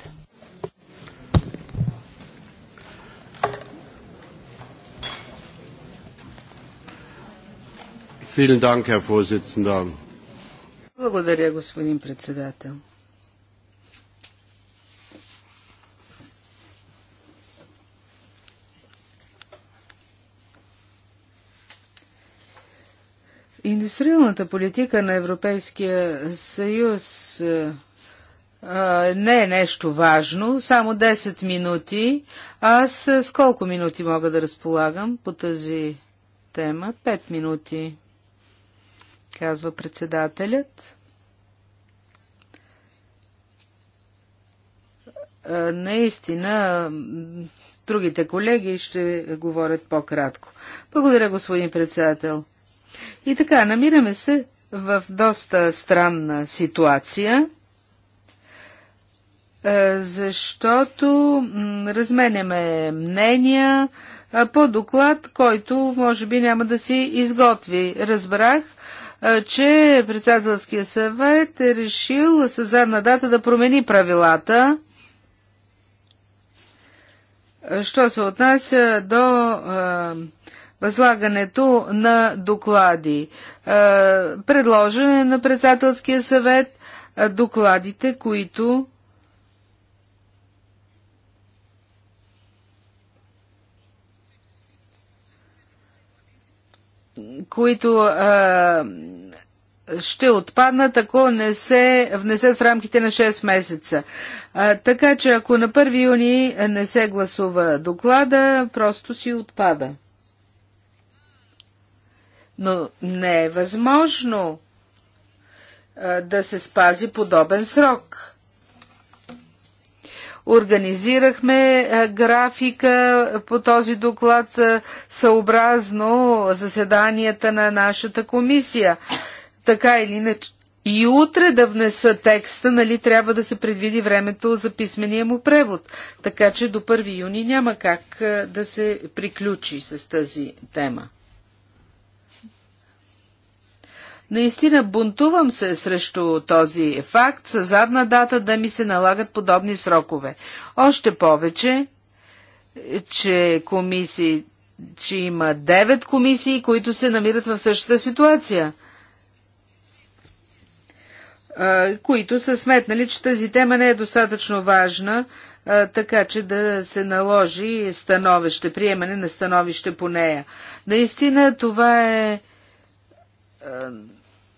Speaker 3: Благодаря, господин председател. Индустриалната политика на Европейския съюз е, а, не е нещо важно, само 10 минути. Аз с колко минути мога да разполагам по тази тема? 5 минути, казва председателят. А, наистина, другите колеги ще говорят по-кратко. Благодаря, господин председател. И така, намираме се в доста странна ситуация, е, защото разменяме мнения по доклад, който може би няма да си изготви. Разбрах, е, че председателския съвет е решил с задна дата да промени правилата, е, що се отнася до възлагането на доклади. Е, Предложене на председателския съвет е, докладите, които които а, е, ще отпаднат, ако не се внесат в рамките на 6 месеца. А, така че ако на 1 юни не се гласува доклада, просто си отпада но не е възможно да се спази подобен срок. Организирахме графика по този доклад съобразно заседанията на нашата комисия. Така или иначе, и утре да внеса текста, нали, трябва да се предвиди времето за писмения му превод. Така че до 1 юни няма как да се приключи с тази тема. Наистина бунтувам се срещу този факт с задна дата да ми се налагат подобни срокове. Още повече, че комисии, че има 9 комисии, които се намират в същата ситуация които са сметнали, че тази тема не е достатъчно важна, така че да се наложи становище, приемане на становище по нея. Наистина това е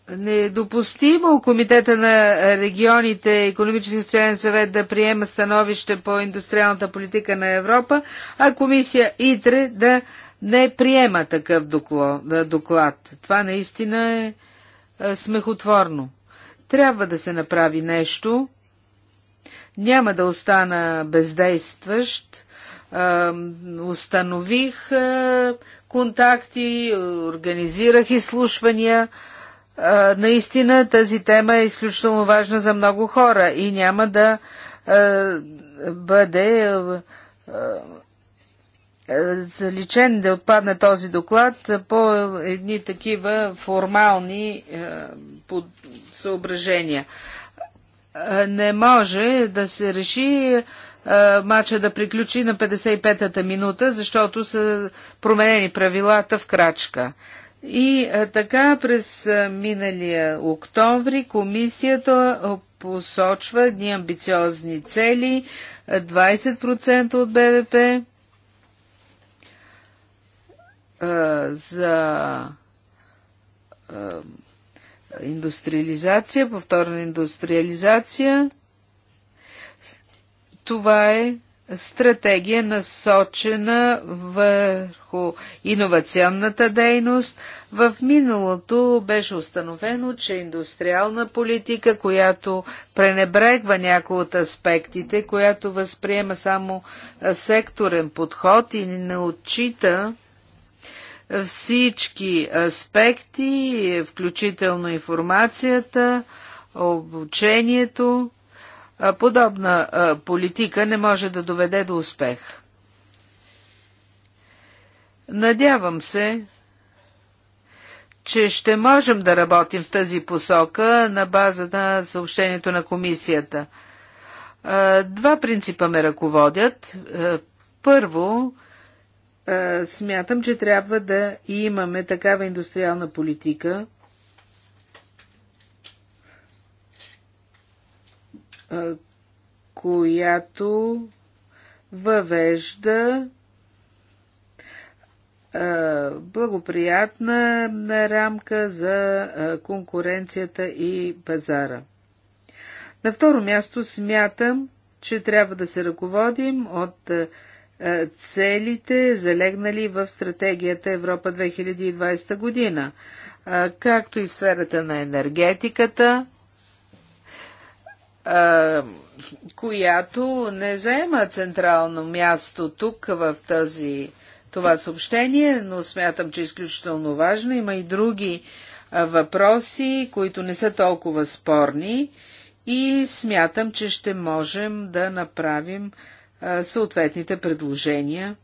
Speaker 3: недопустимо Комитета на регионите Економически социален съвет да приема становище по индустриалната политика на Европа, а комисия ИТРЕ да не приема такъв доклад. Това наистина е, е смехотворно. Трябва да се направи нещо. Няма да остана бездействащ. Установих е, контакти, организирах изслушвания наистина тази тема е изключително важна за много хора и няма да бъде заличен да отпадне този доклад по едни такива формални съображения. Не може да се реши мача да приключи на 55-та минута, защото са променени правилата в крачка. И така през миналия октомври комисията посочва едни амбициозни цели 20% от БВП за индустриализация, повторна индустриализация. Това е стратегия насочена върху иновационната дейност. В миналото беше установено, че индустриална политика, която пренебрегва някои от аспектите, която възприема само секторен подход и не отчита всички аспекти, включително информацията, обучението, подобна политика не може да доведе до успех. Надявам се, че ще можем да работим в тази посока на база на съобщението на комисията. Два принципа ме ръководят. Първо, смятам, че трябва да имаме такава индустриална политика – която въвежда благоприятна рамка за конкуренцията и пазара. На второ място смятам, че трябва да се ръководим от целите, залегнали в стратегията Европа 2020 година, както и в сферата на енергетиката, която не заема централно място тук в тази, това съобщение, но смятам, че е изключително важно. Има и други въпроси, които не са толкова спорни и смятам, че ще можем да направим съответните предложения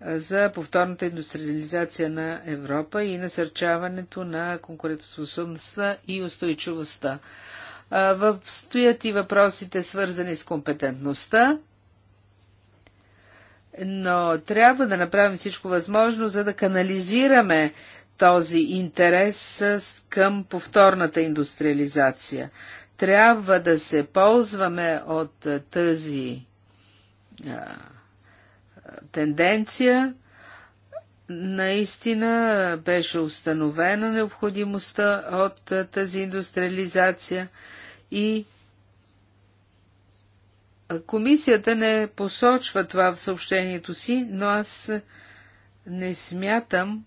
Speaker 3: за повторната индустриализация на Европа и насърчаването на конкурентоспособността и устойчивостта. Стоят и въпросите свързани с компетентността, но трябва да направим всичко възможно, за да канализираме този интерес към повторната индустриализация. Трябва да се ползваме от тази а, тенденция. Наистина беше установена необходимостта от тази индустриализация и комисията не посочва това в съобщението си, но аз не смятам,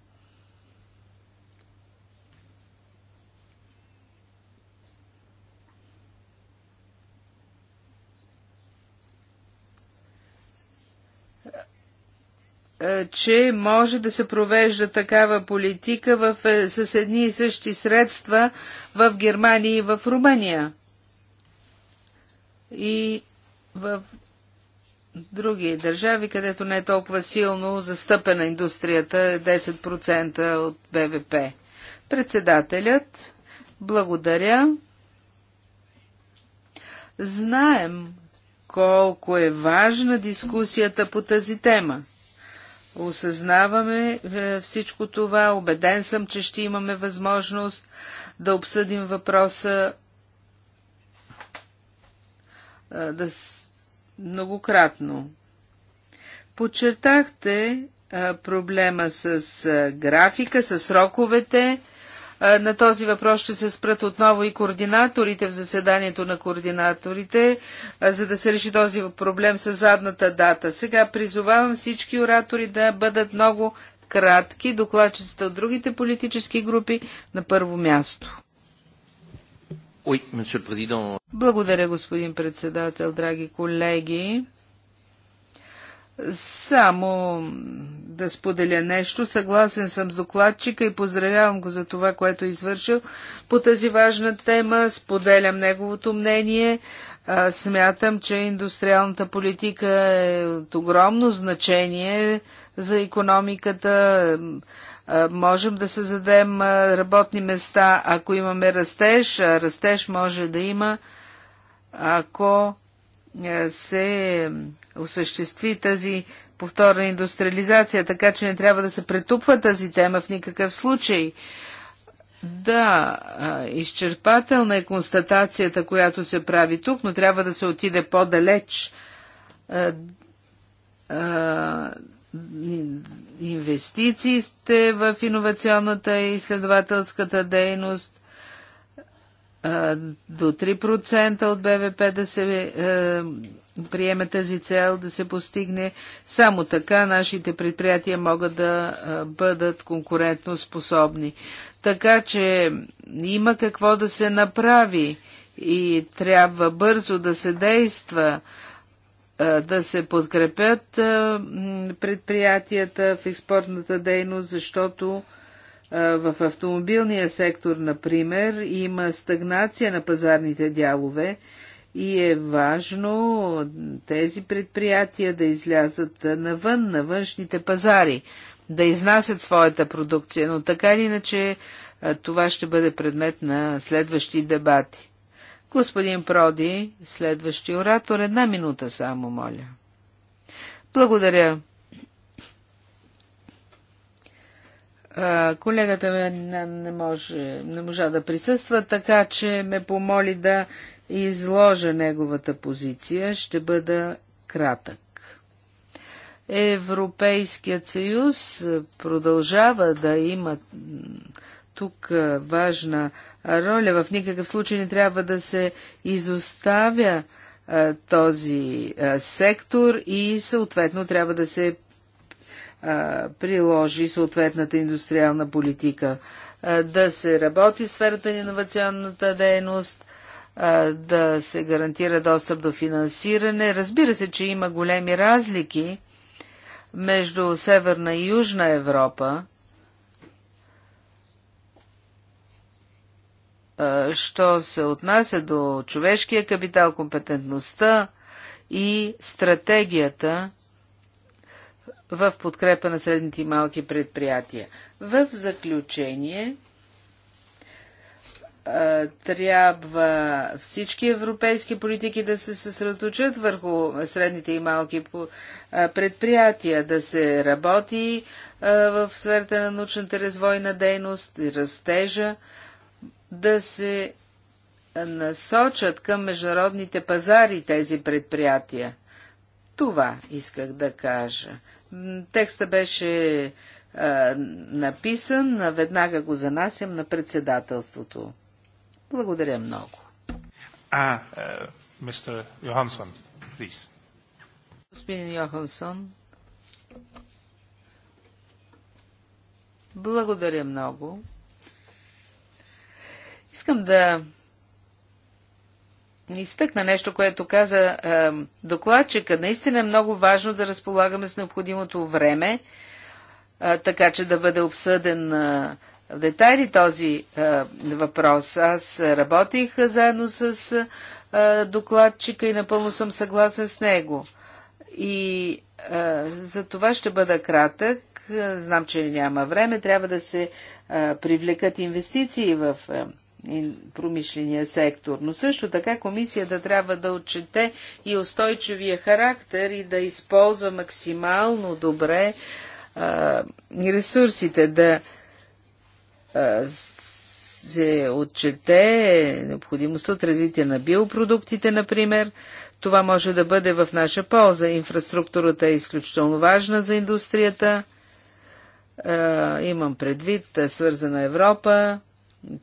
Speaker 3: че може да се провежда такава политика в, е, с едни и същи средства в Германия и в Румъния и в други държави, където не е толкова силно застъпена индустрията, 10% от БВП. Председателят, благодаря. Знаем колко е важна дискусията по тази тема. Осъзнаваме е, всичко това, убеден съм, че ще имаме възможност да обсъдим въпроса да многократно. Подчертахте проблема с графика, с сроковете. На този въпрос ще се спрат отново и координаторите в заседанието на координаторите, за да се реши този проблем с задната дата. Сега призовавам всички оратори да бъдат много кратки, докладчиците от другите политически групи на първо място.
Speaker 1: Oui,
Speaker 3: благодаря, господин председател, драги колеги. Само да споделя нещо. Съгласен съм с докладчика и поздравявам го за това, което е извършил по тази важна тема. Споделям неговото мнение. Смятам, че индустриалната политика е от огромно значение за економиката. Можем да създадем работни места, ако имаме растеж. Растеж може да има ако е, се осъществи тази повторна индустриализация, така че не трябва да се претупва тази тема в никакъв случай. Да, изчерпателна е констатацията, която се прави тук, но трябва да се отиде по-далеч. Е, е, инвестициите в иновационната и изследователската дейност до 3% от БВП да се е, приеме тази цел, да се постигне. Само така нашите предприятия могат да е, бъдат конкурентно способни. Така че има какво да се направи и трябва бързо да се действа, е, да се подкрепят предприятията в експортната дейност, защото в автомобилния сектор, например, има стагнация на пазарните дялове и е важно тези предприятия да излязат навън, на външните пазари, да изнасят своята продукция, но така или иначе това ще бъде предмет на следващи дебати. Господин Проди, следващи оратор, една минута само, моля. Благодаря, Колегата не, не, може, не можа да присъства, така че ме помоли да изложа неговата позиция. Ще бъда кратък. Европейският съюз продължава да има тук важна роля. В никакъв случай не трябва да се изоставя този сектор и съответно трябва да се приложи съответната индустриална политика. Да се работи в сферата на инновационната дейност, да се гарантира достъп до финансиране. Разбира се, че има големи разлики между Северна и Южна Европа, що се отнася до човешкия капитал, компетентността и стратегията в подкрепа на средните и малки предприятия. В заключение, трябва всички европейски политики да се съсредоточат върху средните и малки предприятия, да се работи в сферата на научната развойна дейност, и растежа, да се насочат към международните пазари тези предприятия. Това исках да кажа. Текста беше а, написан, веднага го занасям на председателството. Благодаря много.
Speaker 1: А, мистер Йохансон, please.
Speaker 3: Господин Йохансон. Благодаря много. Искам да изтъкна нещо, което каза е, докладчика. Наистина е много важно да разполагаме с необходимото време, е, така че да бъде обсъден е, в детайли този е, въпрос. Аз работих е, заедно с е, докладчика и напълно съм съгласен с него. И е, за това ще бъда кратък. Знам, че няма време. Трябва да се е, привлекат инвестиции в. Е, промишления сектор. Но също така комисията трябва да отчете и устойчивия характер и да използва максимално добре а, ресурсите, да а, се отчете необходимостта от развитие на биопродуктите, например. Това може да бъде в наша полза. Инфраструктурата е изключително важна за индустрията. имам предвид свързана Европа,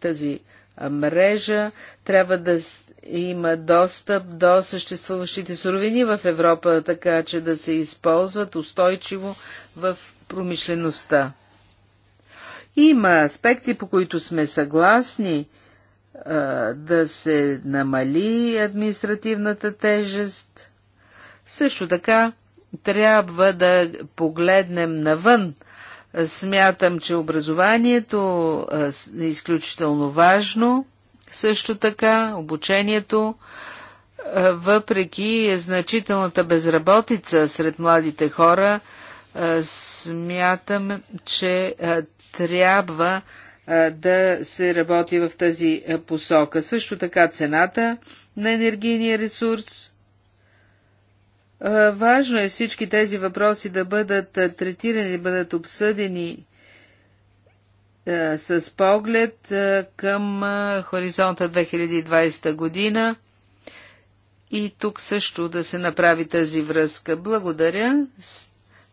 Speaker 3: тази мрежа, трябва да има достъп до съществуващите суровини в Европа, така че да се използват устойчиво в промишлеността. Има аспекти, по които сме съгласни да се намали административната тежест. Също така трябва да погледнем навън Смятам, че образованието е изключително важно, също така обучението, въпреки значителната безработица сред младите хора, смятам, че трябва да се работи в тази посока. Също така цената на енергийния ресурс Важно е всички тези въпроси да бъдат третирани, да бъдат обсъдени е, с поглед е, към е, хоризонта 2020 година и тук също да се направи тази връзка. Благодаря.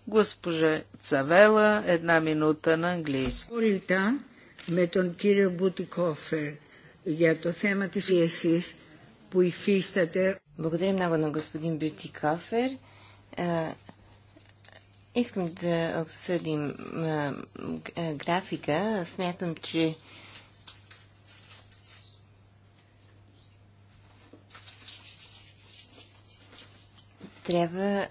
Speaker 3: Госпожа Цавела, една минута на английски.
Speaker 4: για το θέμα της που υφίσταται благодаря много на господин Бюти Кафер. Искам да обсъдим графика. Смятам, че трябва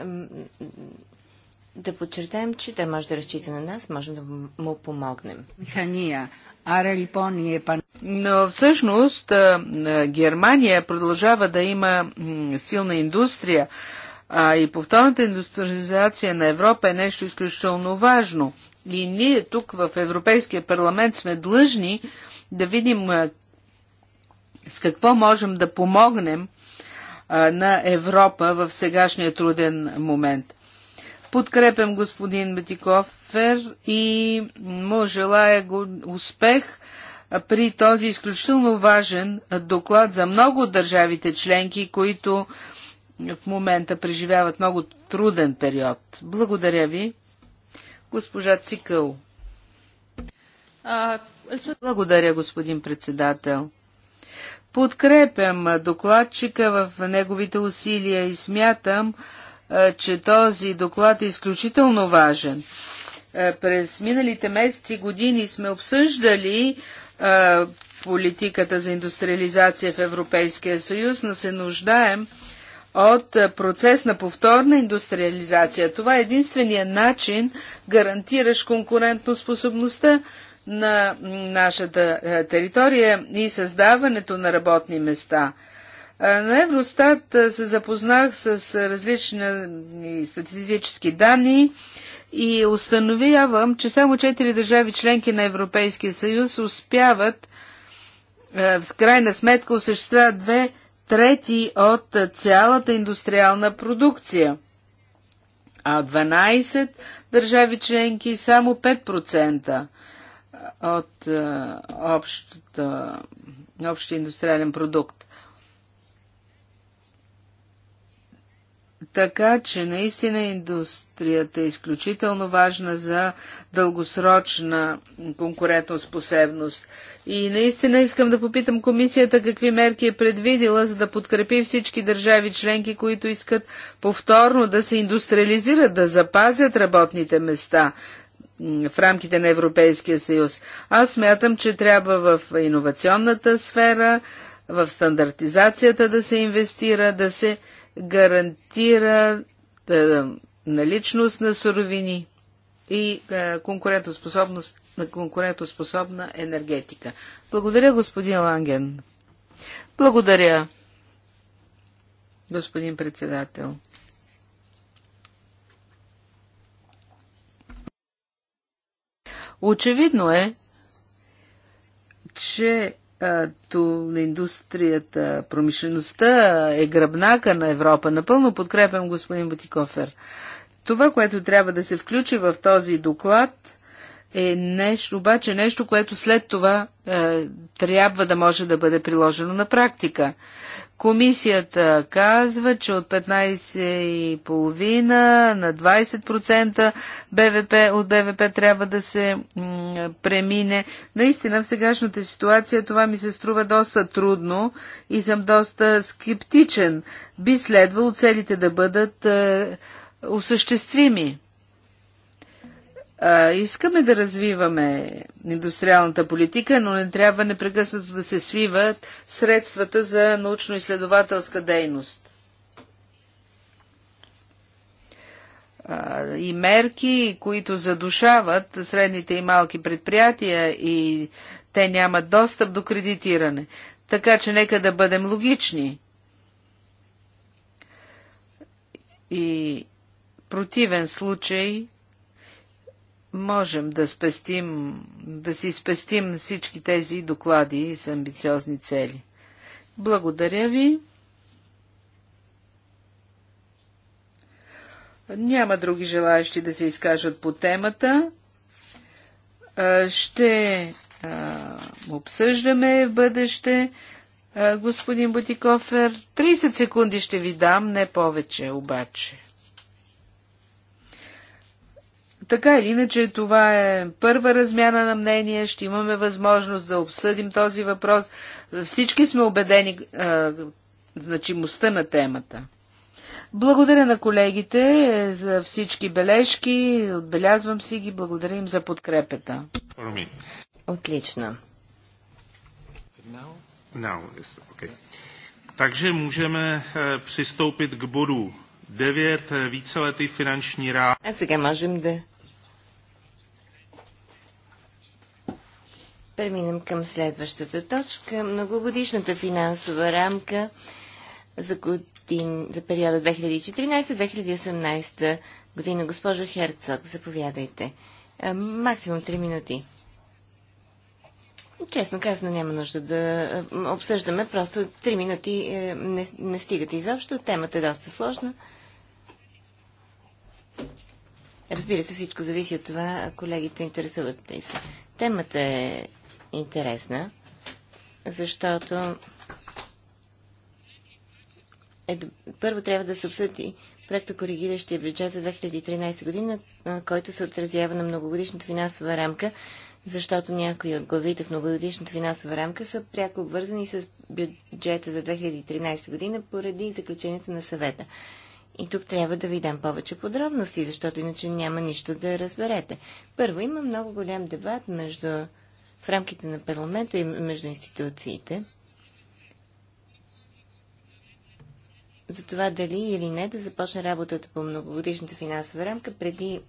Speaker 4: да подчертаем, че той да може да разчита на нас, можем да му помогнем.
Speaker 3: Механия, е Но всъщност Германия продължава да има силна индустрия а и повторната индустриализация на Европа е нещо изключително важно. И ние тук в Европейския парламент сме длъжни да видим с какво можем да помогнем на Европа в сегашния труден момент. Подкрепям господин Бетикофер и му желая го успех при този изключително важен доклад за много от държавите членки, които в момента преживяват много труден период. Благодаря ви, госпожа Цикъл. Благодаря, господин председател. Подкрепям докладчика в неговите усилия и смятам, е, че този доклад е изключително важен. Е, през миналите месеци години сме обсъждали е, политиката за индустриализация в Европейския съюз, но се нуждаем от процес на повторна индустриализация. Това е единствения начин, гарантиращ конкурентоспособността на нашата територия и създаването на работни места – на Евростат се запознах с различни статистически данни и установявам, че само 4 държави членки на Европейския съюз успяват в крайна сметка осъществяват две трети от цялата индустриална продукция, а 12 държави членки само 5% от общата, общия индустриален продукт. Така че наистина индустрията е изключително важна за дългосрочна конкурентоспособност. И наистина искам да попитам комисията какви мерки е предвидила, за да подкрепи всички държави членки, които искат повторно да се индустриализират, да запазят работните места в рамките на Европейския съюз. Аз смятам, че трябва в иновационната сфера, в стандартизацията да се инвестира, да се гарантира е, наличност на суровини и е, конкурентоспособност на конкурентоспособна енергетика. Благодаря, господин Ланген. Благодаря, господин председател. Очевидно е, че то индустрията, промишлеността е гръбнака на Европа. Напълно подкрепям господин Батикофер. Това, което трябва да се включи в този доклад, е нещо, обаче нещо, което след това е, трябва да може да бъде приложено на практика. Комисията казва, че от 15,5 на 20% БВП, от БВП трябва да се премине. Наистина в сегашната ситуация това ми се струва доста трудно и съм доста скептичен. Би следвало целите да бъдат е, осъществими. А, искаме да развиваме индустриалната политика, но не трябва непрекъснато да се свиват средствата за научно-изследователска дейност. и мерки, които задушават средните и малки предприятия и те нямат достъп до кредитиране. Така че нека да бъдем логични. И противен случай можем да спестим, да си спестим всички тези доклади с амбициозни цели. Благодаря ви. Няма други желаящи да се изкажат по темата. Ще обсъждаме в бъдеще. Господин Бутикофер, 30 секунди ще ви дам, не повече обаче. Така или иначе, това е първа размяна на мнение, ще имаме възможност да обсъдим този въпрос. Всички сме убедени а, значимостта на темата. Благодаря на колегите е, за всички бележки, отбелязвам си ги, благодаря им за подкрепата.
Speaker 4: Отлично.
Speaker 1: Now, okay. Takže můžeme e, přistoupit k bodu 9 e, víceletý finanční
Speaker 4: rámec. A сега можем преминем към следващата точка. Многогодишната финансова рамка за, годин, за периода 2014-2018 година. Госпожо Херцог, заповядайте. максимум 3 минути. Честно казано, няма нужда да обсъждаме. Просто 3 минути е, не, не стигат изобщо. Темата е доста сложна. Разбира се, всичко зависи от това, колегите интересуват ли се. Темата е интересна, защото е, първо трябва да се обсъди проекта коригиращия бюджет за 2013 година, който се отразява на многогодишната финансова рамка, защото някои от главите в многогодишната финансова рамка са пряко обвързани с бюджета за 2013 година поради заключенията на съвета. И тук трябва да ви дам повече подробности, защото иначе няма нищо да разберете. Първо, има много голям дебат между в рамките на парламента и между институциите за това дали или не да започне работата по многогодишната финансова рамка преди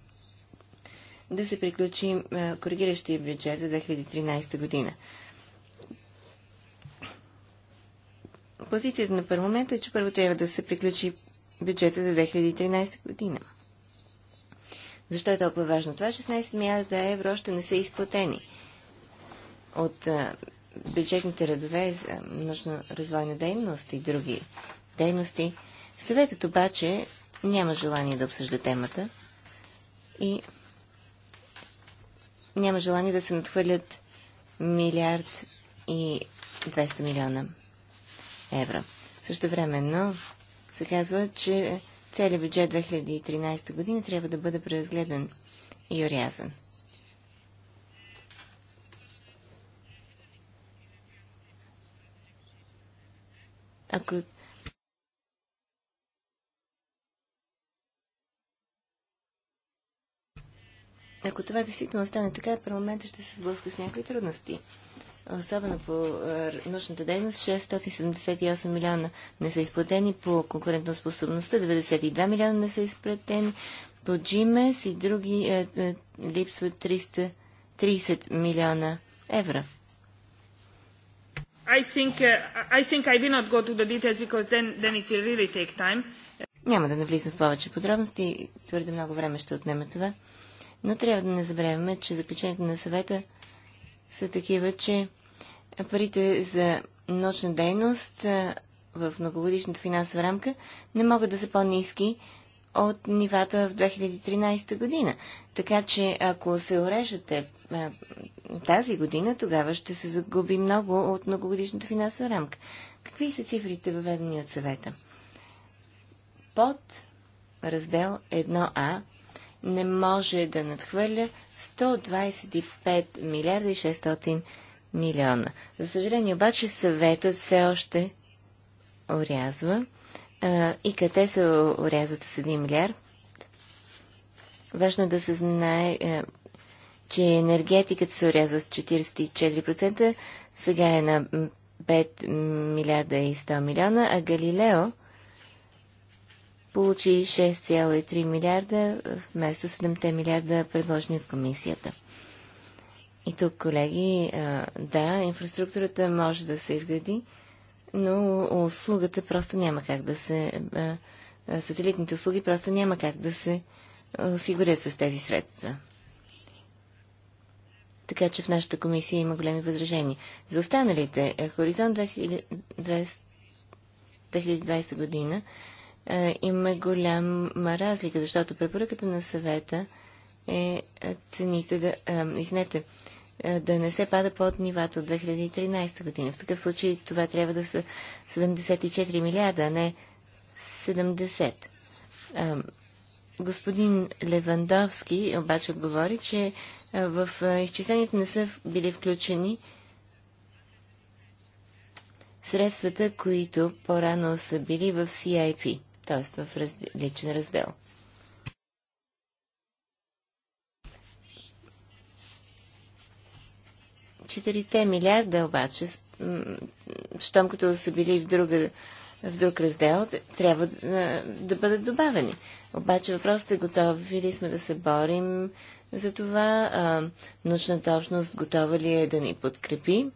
Speaker 4: да се приключи коригиращия бюджет за 2013 година. Позицията на парламента е, че първо трябва да се приключи бюджета за 2013 година. Защо е толкова важно това? 16 милиарда евро още не са изплатени от бюджетните редове за нужно-развойна дейност и други дейности. Съветът обаче няма желание да обсъжда темата и няма желание да се надхвърлят милиард и 200 милиона евро. Също времено се казва, че целият бюджет 2013 година трябва да бъде преразгледан и орязан. ако Ако това действително стане така, парламентът ще се сблъска с някои трудности. Особено по е, научната дейност 678 милиона не са изплатени, по конкурентоспособността 92 милиона не са изплатени, по GMS и други е, е, липсват 330 милиона евро.
Speaker 3: Uh,
Speaker 4: Няма да навлизам в повече подробности, твърде много време ще отнеме това. Но трябва да не забравяме, че заключенията на съвета са такива, че парите за научна дейност в многогодишната финансова рамка не могат да са по-низки от нивата в 2013 година. Така че ако се урежат те тази година, тогава ще се загуби много от многогодишната финансова рамка. Какви са цифрите въведени от съвета? Под раздел 1А не може да надхвърля 125 милиарда и 600 милиона. За съжаление обаче съветът все още орязва и къде се орязват с 1 милиард. Важно е да се знае е, че енергетиката се орязва с 44%, сега е на 5 милиарда и 100 милиона, а Галилео получи 6,3 милиарда вместо 7 милиарда предложени от комисията. И тук, колеги, да, инфраструктурата може да се изгради, но услугата просто няма как да се... Сателитните услуги просто няма как да се осигурят с тези средства така че в нашата комисия има големи възражения. За останалите, е, Хоризонт 2020, 2020 година е, има голяма разлика, защото препоръката на съвета е, е цените да, е, извинете, е, да не се пада под нивата от 2013 година. В такъв случай това трябва да са 74 милиарда, а не 70. Господин Левандовски обаче говори, че е, в е, изчисленията не са били включени средствата, които по-рано са били в CIP, т.е. в личен раздел. Четирите милиарда обаче, щом като са били в друга в друг раздел, трябва да, да бъдат добавени. Обаче въпросът е готови ли сме да се борим за това? А, научната общност готова ли е да ни подкрепи?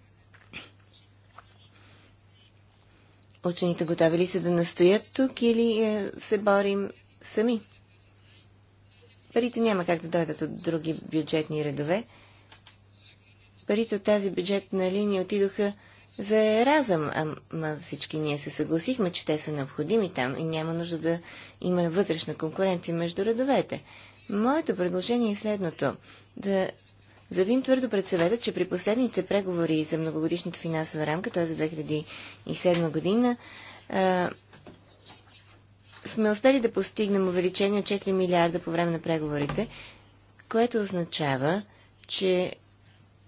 Speaker 4: Учените готови ли са да настоят тук или е, се борим сами? Парите няма как да дойдат от други бюджетни редове. Парите от тази бюджетна линия отидоха за разъм, Ама всички ние се съгласихме, че те са необходими там и няма нужда да има вътрешна конкуренция между редовете. Моето предложение е следното. Да Завим твърдо пред съвета, че при последните преговори за многогодишната финансова рамка, т.е. за 2007 година, а, сме успели да постигнем увеличение от 4 милиарда по време на преговорите, което означава, че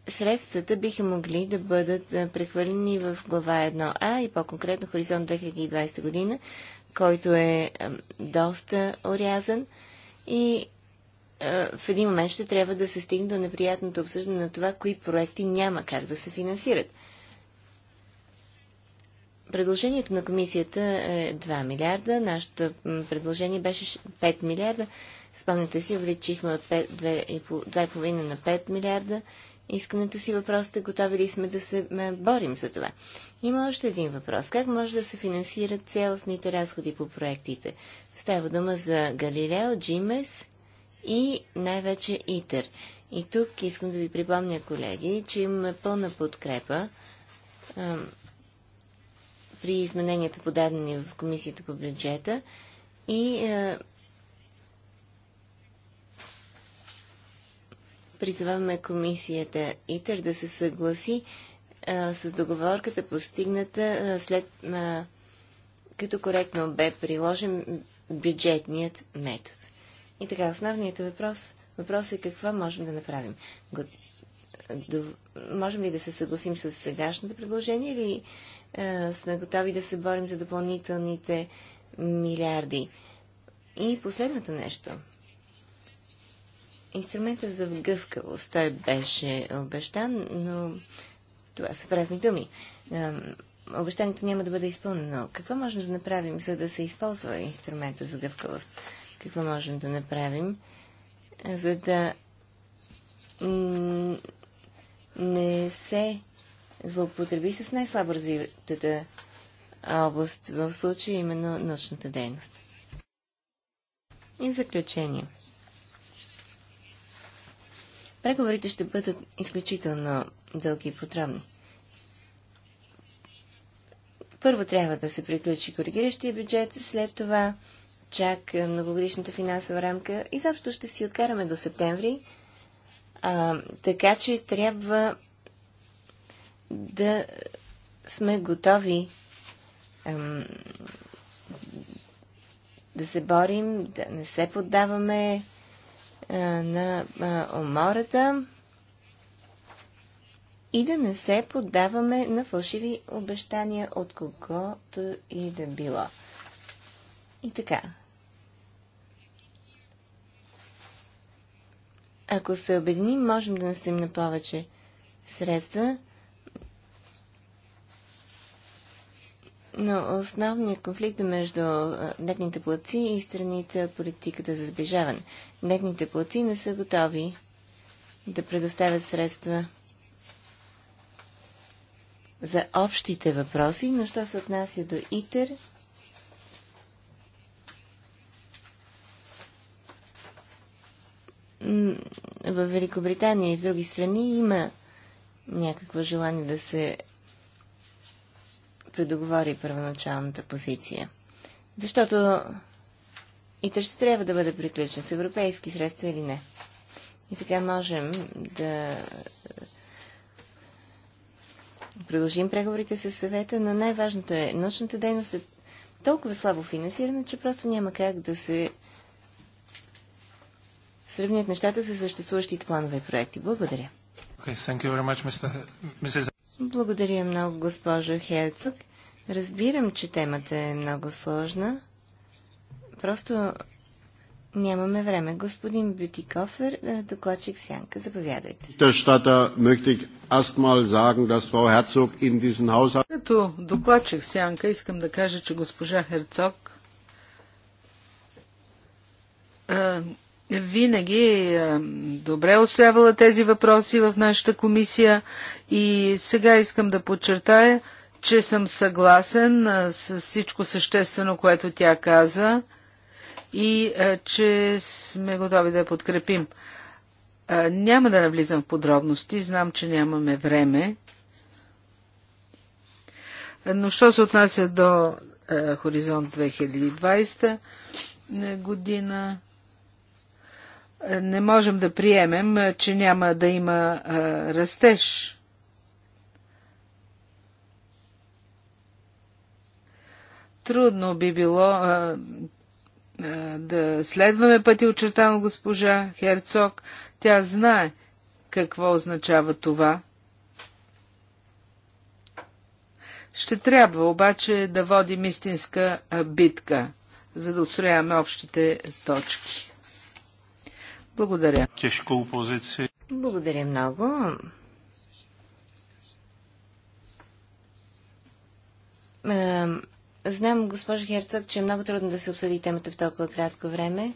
Speaker 4: средствата биха могли да бъдат прехвърлени в глава 1А и по-конкретно Хоризонт 2020 година, който е доста орязан и в един момент ще трябва да се стигне до неприятното обсъждане на това, кои проекти няма как да се финансират. Предложението на комисията е 2 милиарда, нашето предложение беше 5 милиарда. Спомняте си, увеличихме от 2,5 на 5 милиарда искането си. въпросите, готови ли сме да се борим за това. Има още един въпрос. Как може да се финансират цялостните разходи по проектите? Става дума за Галилео, Джимес и най-вече ИТЕР. И тук искам да ви припомня, колеги, че имаме пълна подкрепа при измененията подадени в Комисията по бюджета и Призваваме комисията ИТЕР да се съгласи а, с договорката, постигната а, след а, като коректно бе приложен бюджетният метод. И така, основният въпрос, въпрос е какво можем да направим. Го, до, можем ли да се съгласим с сегашното предложение или а, сме готови да се борим за допълнителните милиарди? И последното нещо – инструмента за гъвкавост. Той беше обещан, но това са празни думи. Обещанието няма да бъде изпълнено. Какво можем да направим, за да се използва инструмента за гъвкавост? Какво можем да направим, за да не се злоупотреби с най-слабо развитата област, в случая именно научната дейност. И заключение – Преговорите ще бъдат изключително дълги и подробни. Първо трябва да се приключи коригиращия бюджет, след това чак многогодишната финансова рамка и заобщо ще си откараме до септември. А, така че трябва да сме готови ам, да се борим, да не се поддаваме, на умората и да не се поддаваме на фалшиви обещания от когото и да било. И така. Ако се обединим, можем да настоим на повече средства Но основният конфликт е между нетните плаци и страните от политиката за сближаване. Нетните плаци не са готови да предоставят средства за общите въпроси, но що се отнася до ИТЕР, в Великобритания и в други страни има някакво желание да се предоговори първоначалната позиция. Защото и те ще трябва да бъде приключен с европейски средства или не. И така можем да продължим преговорите с съвета, но най-важното е, научната дейност е толкова слабо финансирана, че просто няма как да се сравнят нещата с съществуващите планове и проекти. Благодаря.
Speaker 1: Okay, thank you very much, Mr. Mrs.
Speaker 4: Благодаря много, госпожо Херцог. Разбирам, че темата е много сложна. Просто нямаме време. Господин Бютикофер, е, докладчик Сянка, заповядайте.
Speaker 3: Като докладчик Сянка искам да кажа, че госпожа Херцог е, винаги е, добре освявала тези въпроси в нашата комисия и сега искам да подчертая, че съм съгласен е, с всичко съществено, което тя каза и е, че сме готови да я подкрепим. Няма да навлизам в подробности, знам, че нямаме време. Но що се отнася до Хоризонт 2020 година, не можем да приемем, че няма да има растеж. Трудно би било да следваме пъти очертано госпожа Херцог. Тя знае какво означава това. Ще трябва обаче да водим истинска битка, за да отстрояваме общите точки.
Speaker 1: Благодаря. Тежка опозиция.
Speaker 4: Благодаря много. Знам, госпожо Херцог, че е много трудно да се обсъди темата в толкова кратко време.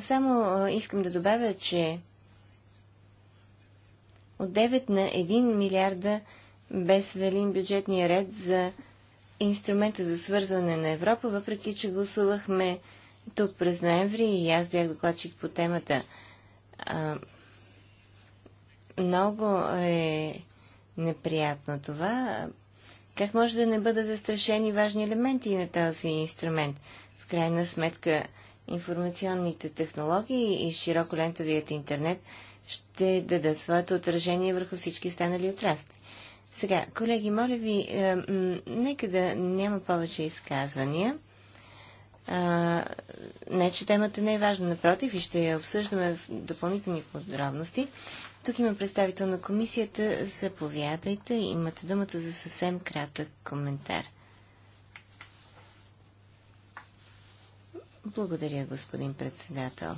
Speaker 4: Само искам да добавя, че от 9 на 1 милиарда без велин бюджетния ред за инструмента за свързване на Европа, въпреки че гласувахме тук през ноември и аз бях докладчик по темата. А, много е неприятно това. Как може да не бъдат застрашени важни елементи на този инструмент? В крайна сметка, информационните технологии и широколентовият интернет ще дадат своето отражение върху всички останали отрасли. Сега, колеги, моля ви, е, нека да няма повече изказвания. А, не, че темата не е важна, напротив, и ще я обсъждаме в допълнителни подробности. Тук има представител на комисията. Заповядайте. Имате думата за съвсем кратък коментар. Благодаря, господин председател.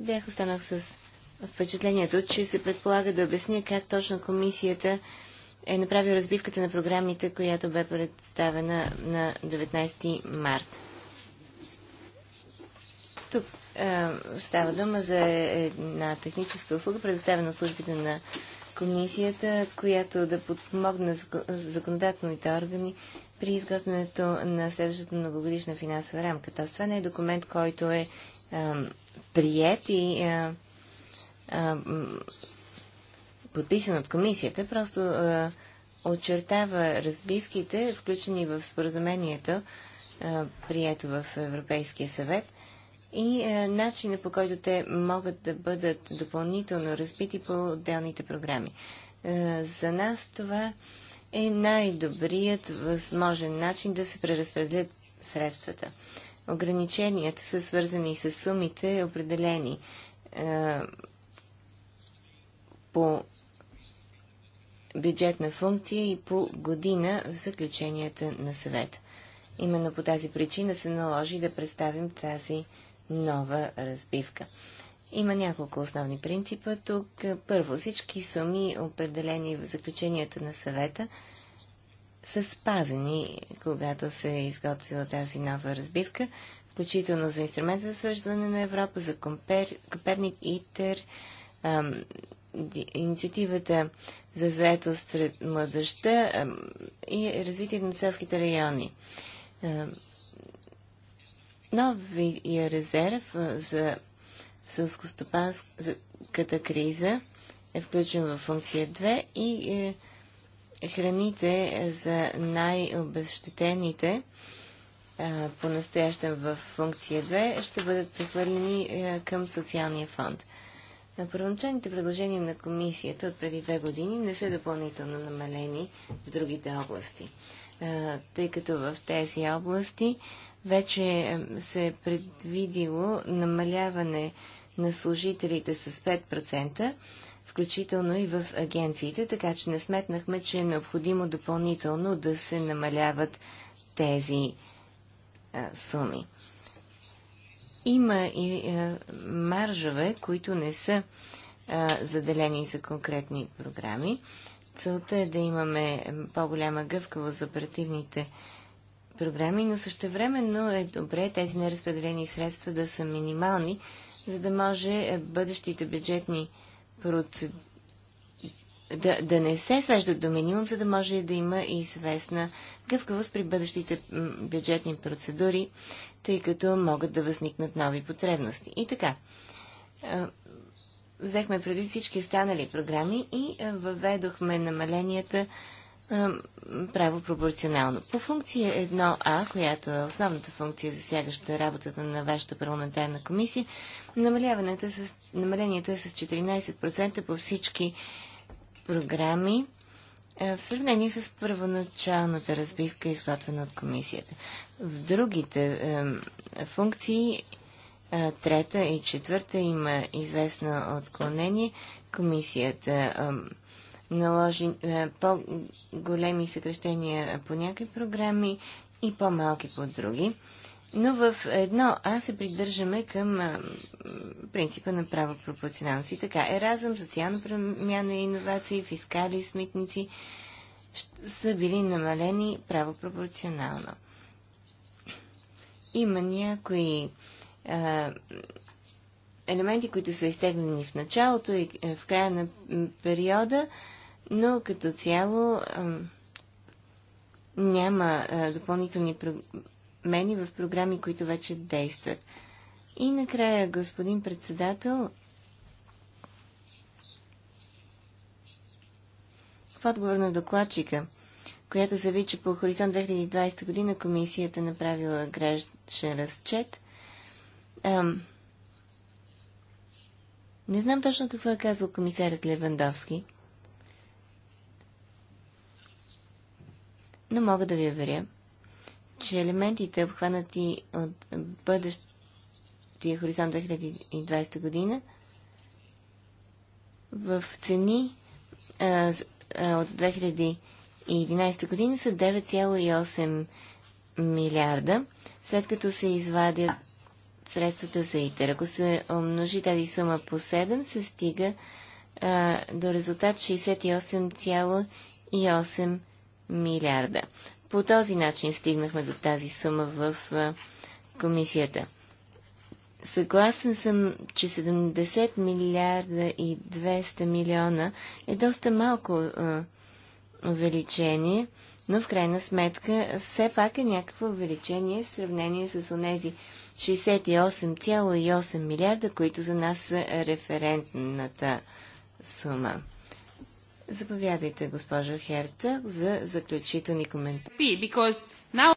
Speaker 4: Бях останах с впечатлението, че се предполага да обясня как точно комисията е направил разбивката на програмите, която бе представена на 19 март. Тук е, става дума за една техническа услуга, предоставена от службите на комисията, която да подпомогне законодателните органи при изготвянето на следващата многогодишна финансова рамка. Тоест, това не е документ, който е, е прият и е, подписан от комисията, просто а, очертава разбивките, включени в споразумението, прието в Европейския съвет и а, начина по който те могат да бъдат допълнително разбити по отделните програми. А, за нас това е най-добрият възможен начин да се преразпределят средствата. Ограниченията са свързани с сумите, определени по бюджетна функция и по година в заключенията на съвет. Именно по тази причина се наложи да представим тази нова разбивка. Има няколко основни принципа тук. Първо, всички суми, определени в заключенията на съвета, са спазени, когато се е изготвила тази нова разбивка, включително за инструмента за свързване на Европа, за Коперник, ИТЕР, инициативата за заетост сред младеща и развитие на селските райони. Новия резерв за сълскостопанската криза е включен в функция 2 и е, храните за най-обещетените по-настоящем в функция 2 ще бъдат прехвърлени е, към социалния фонд. Първоначалните предложения на комисията от преди две години не са допълнително намалени в другите области, тъй като в тези области вече се е предвидило намаляване на служителите с 5%, включително и в агенциите, така че не сметнахме, че е необходимо допълнително да се намаляват тези суми. Има и а, е, маржове, които не са е, заделени за конкретни програми. Целта е да имаме по-голяма гъвкавост за оперативните програми, но същевременно е добре тези неразпределени средства да са минимални, за да може е, бъдещите бюджетни процедури да, да не се свеждат до минимум, за да може да има известна гъвкавост при бъдещите бюджетни процедури, тъй като могат да възникнат нови потребности. И така, взехме преди всички останали програми и въведохме намаленията право пропорционално. По функция 1А, която е основната функция, засягаща работата на вашата парламентарна комисия, намаляването е с, намалението е с 14% по всички програми е, в сравнение с първоначалната разбивка, изготвена от комисията. В другите е, функции, е, трета и четвърта, има известно отклонение. Комисията наложи по-големи съкрещения по някои програми и по-малки по други. Но в едно А се придържаме към а, принципа на право пропорционалност. И така, еразъм, социална промяна и иновации, фискали, и смитници са били намалени право пропорционално. Има някои а, елементи, които са изтеглени в началото и е, в края на периода, но като цяло а, няма а, допълнителни промени в програми, които вече действат. И накрая, господин председател, в отговор на докладчика, която заяви, че по Хоризонт 2020 година комисията направила граждан разчет, ам, не знам точно какво е казал комисарят Левандовски, но мога да ви уверя, че елементите, обхванати от бъдещия хоризонт 2020 година, в цени а, а, от 2011 година са 9,8 милиарда, след като се извадят средствата за ИТЕР. Ако се умножи тази сума по 7, се стига а, до резултат 68,8 милиарда. По този начин стигнахме до тази сума в комисията. Съгласен съм, че 70 милиарда и 200 милиона е доста малко увеличение, но в крайна сметка все пак е някакво увеличение в сравнение с онези 68,8 милиарда, които за нас са референтната сума. Заповядайте, госпожо Херца, за заключителни коментари.
Speaker 2: Now...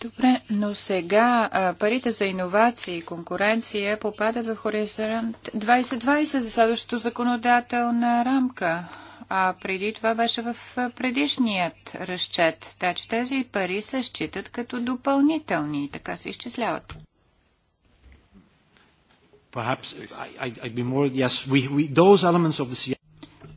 Speaker 2: Добре, но сега парите за иновации и конкуренция попадат в хоризонт 2020 за следващото законодателна рамка. А преди това беше в предишният разчет. Та, че тези пари се считат като допълнителни и така се изчисляват.
Speaker 1: Perhaps I, I'd be more, yes, we, we, those elements of the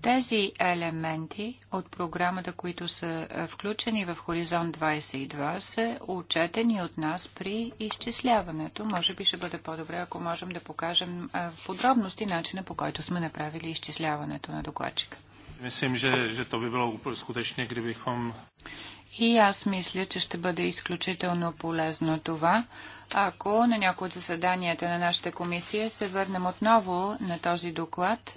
Speaker 2: тези елементи от програмата, които са е, включени в Хоризонт 22, са отчетени от нас при изчисляването. Може би ще бъде по-добре, ако можем да покажем е, в подробности начина по който сме направили изчисляването на докладчика.
Speaker 1: Мислим, че, че то би било скутечно, грибихом.
Speaker 2: И аз мисля, че ще бъде изключително полезно това, ако на някои от заседанията на нашата комисия се върнем отново на този доклад,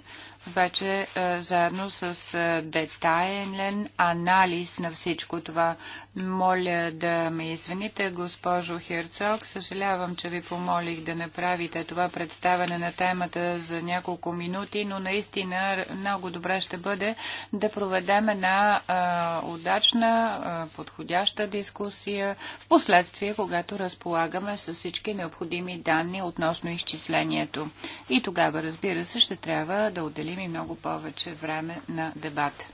Speaker 2: вече е, заедно с е, детайлен анализ на всичко това. Моля да ме извините, госпожо Херцог. Съжалявам, че ви помолих да направите това представяне на темата за няколко минути, но наистина много добре ще бъде да проведем една а, е, удачна, а, подходяща дискусия в последствие, когато разполагаме с всички необходими данни относно изчислението. И тогава, разбира се, ще трябва да отделим отделим и много повече време на дебата.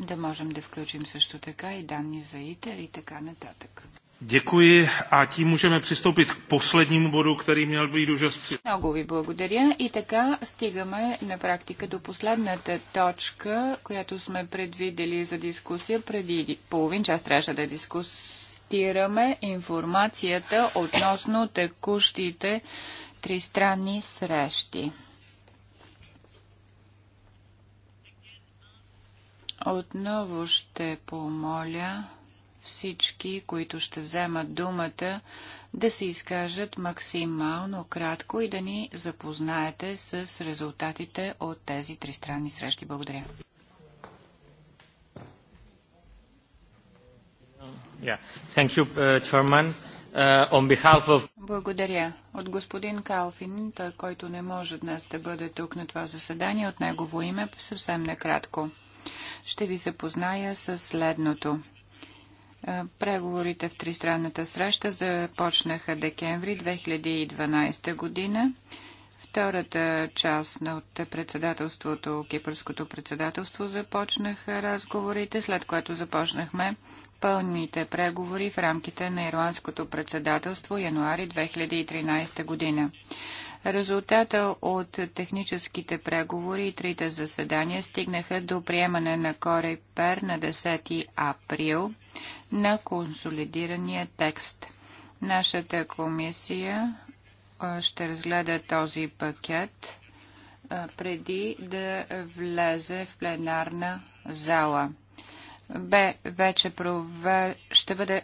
Speaker 2: Да можем да включим също така и данни за ИТЕР и така нататък.
Speaker 1: Děkuji a tím můžeme přistoupit k poslednímu bodu, který měl být už asi.
Speaker 2: Много ви благодаря. И така стигаме на практика до последната точка, която сме предвидели за дискусия. Преди половин час трябваше да дискусираме информацията относно текущите тристранни срещи. Отново ще помоля всички, които ще вземат думата, да се изкажат максимално кратко и да ни запознаете с резултатите от тези тристранни срещи. Благодаря.
Speaker 1: Uh, uh,
Speaker 2: Благодаря. От господин Калфин, той, който не може днес да бъде тук на това заседание, от негово име съвсем накратко ще ви запозная с следното. Е, преговорите в тристранната среща започнаха декември 2012 година. Втората част от председателството, кипърското председателство, започнаха разговорите, след което започнахме пълните преговори в рамките на ирландското председателство януари 2013 година. Резултата от техническите преговори и трите заседания стигнаха до приемане на Корепер на 10 април на консолидирания текст. Нашата комисия ще разгледа този пакет преди да влезе в пленарна зала. Бе вече прове... ще бъде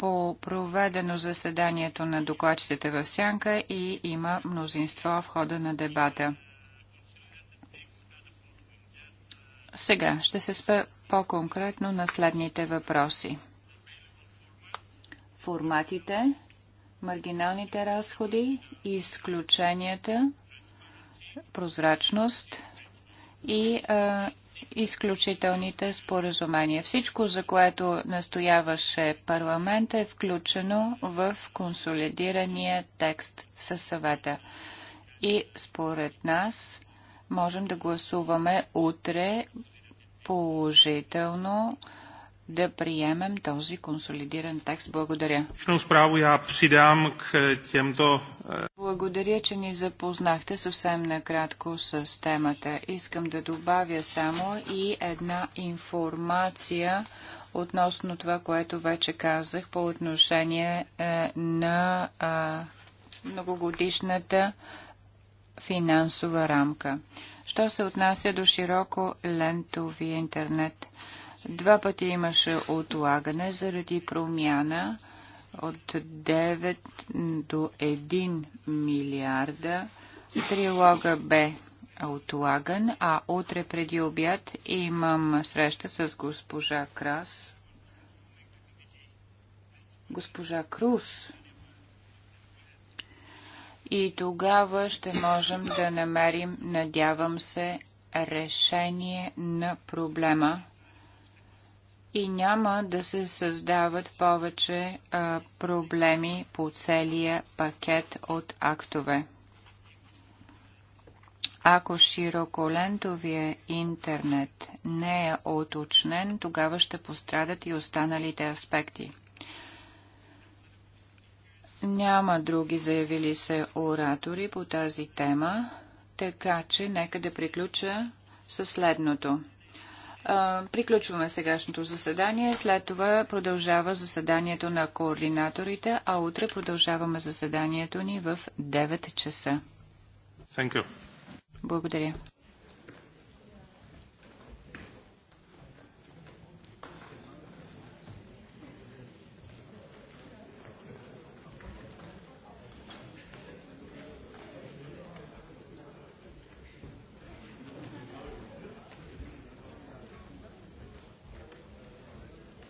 Speaker 2: по проведено заседанието на докладчиците в Сянка и има мнозинство в хода на дебата. Сега ще се спа по-конкретно на следните въпроси. Форматите, маргиналните разходи, изключенията, прозрачност и а, изключителните споразумения. Всичко, за което настояваше парламента, е включено в консолидирания текст със съвета. И според нас можем да гласуваме утре положително да приемем този консолидиран текст. Благодаря.
Speaker 1: я придам к е,
Speaker 2: благодаря, че ни запознахте съвсем накратко с темата. Искам да добавя само и една информация относно това, което вече казах по отношение е, на многогодишната финансова рамка. Що се отнася до широко лентовия интернет? Два пъти имаше отлагане заради промяна от 9 до 1 милиарда. Трилога бе отлаган, а утре преди обяд имам среща с госпожа Крас. Госпожа Крус. И тогава ще можем да намерим, надявам се, решение на проблема и няма да се създават повече а, проблеми по целия пакет от актове. Ако широколентовия интернет не е оточнен, тогава ще пострадат и останалите аспекти. Няма други заявили се оратори по тази тема, така че нека да приключа със следното. Приключваме сегашното заседание. След това продължава заседанието на координаторите, а утре продължаваме заседанието ни в 9 часа. Благодаря.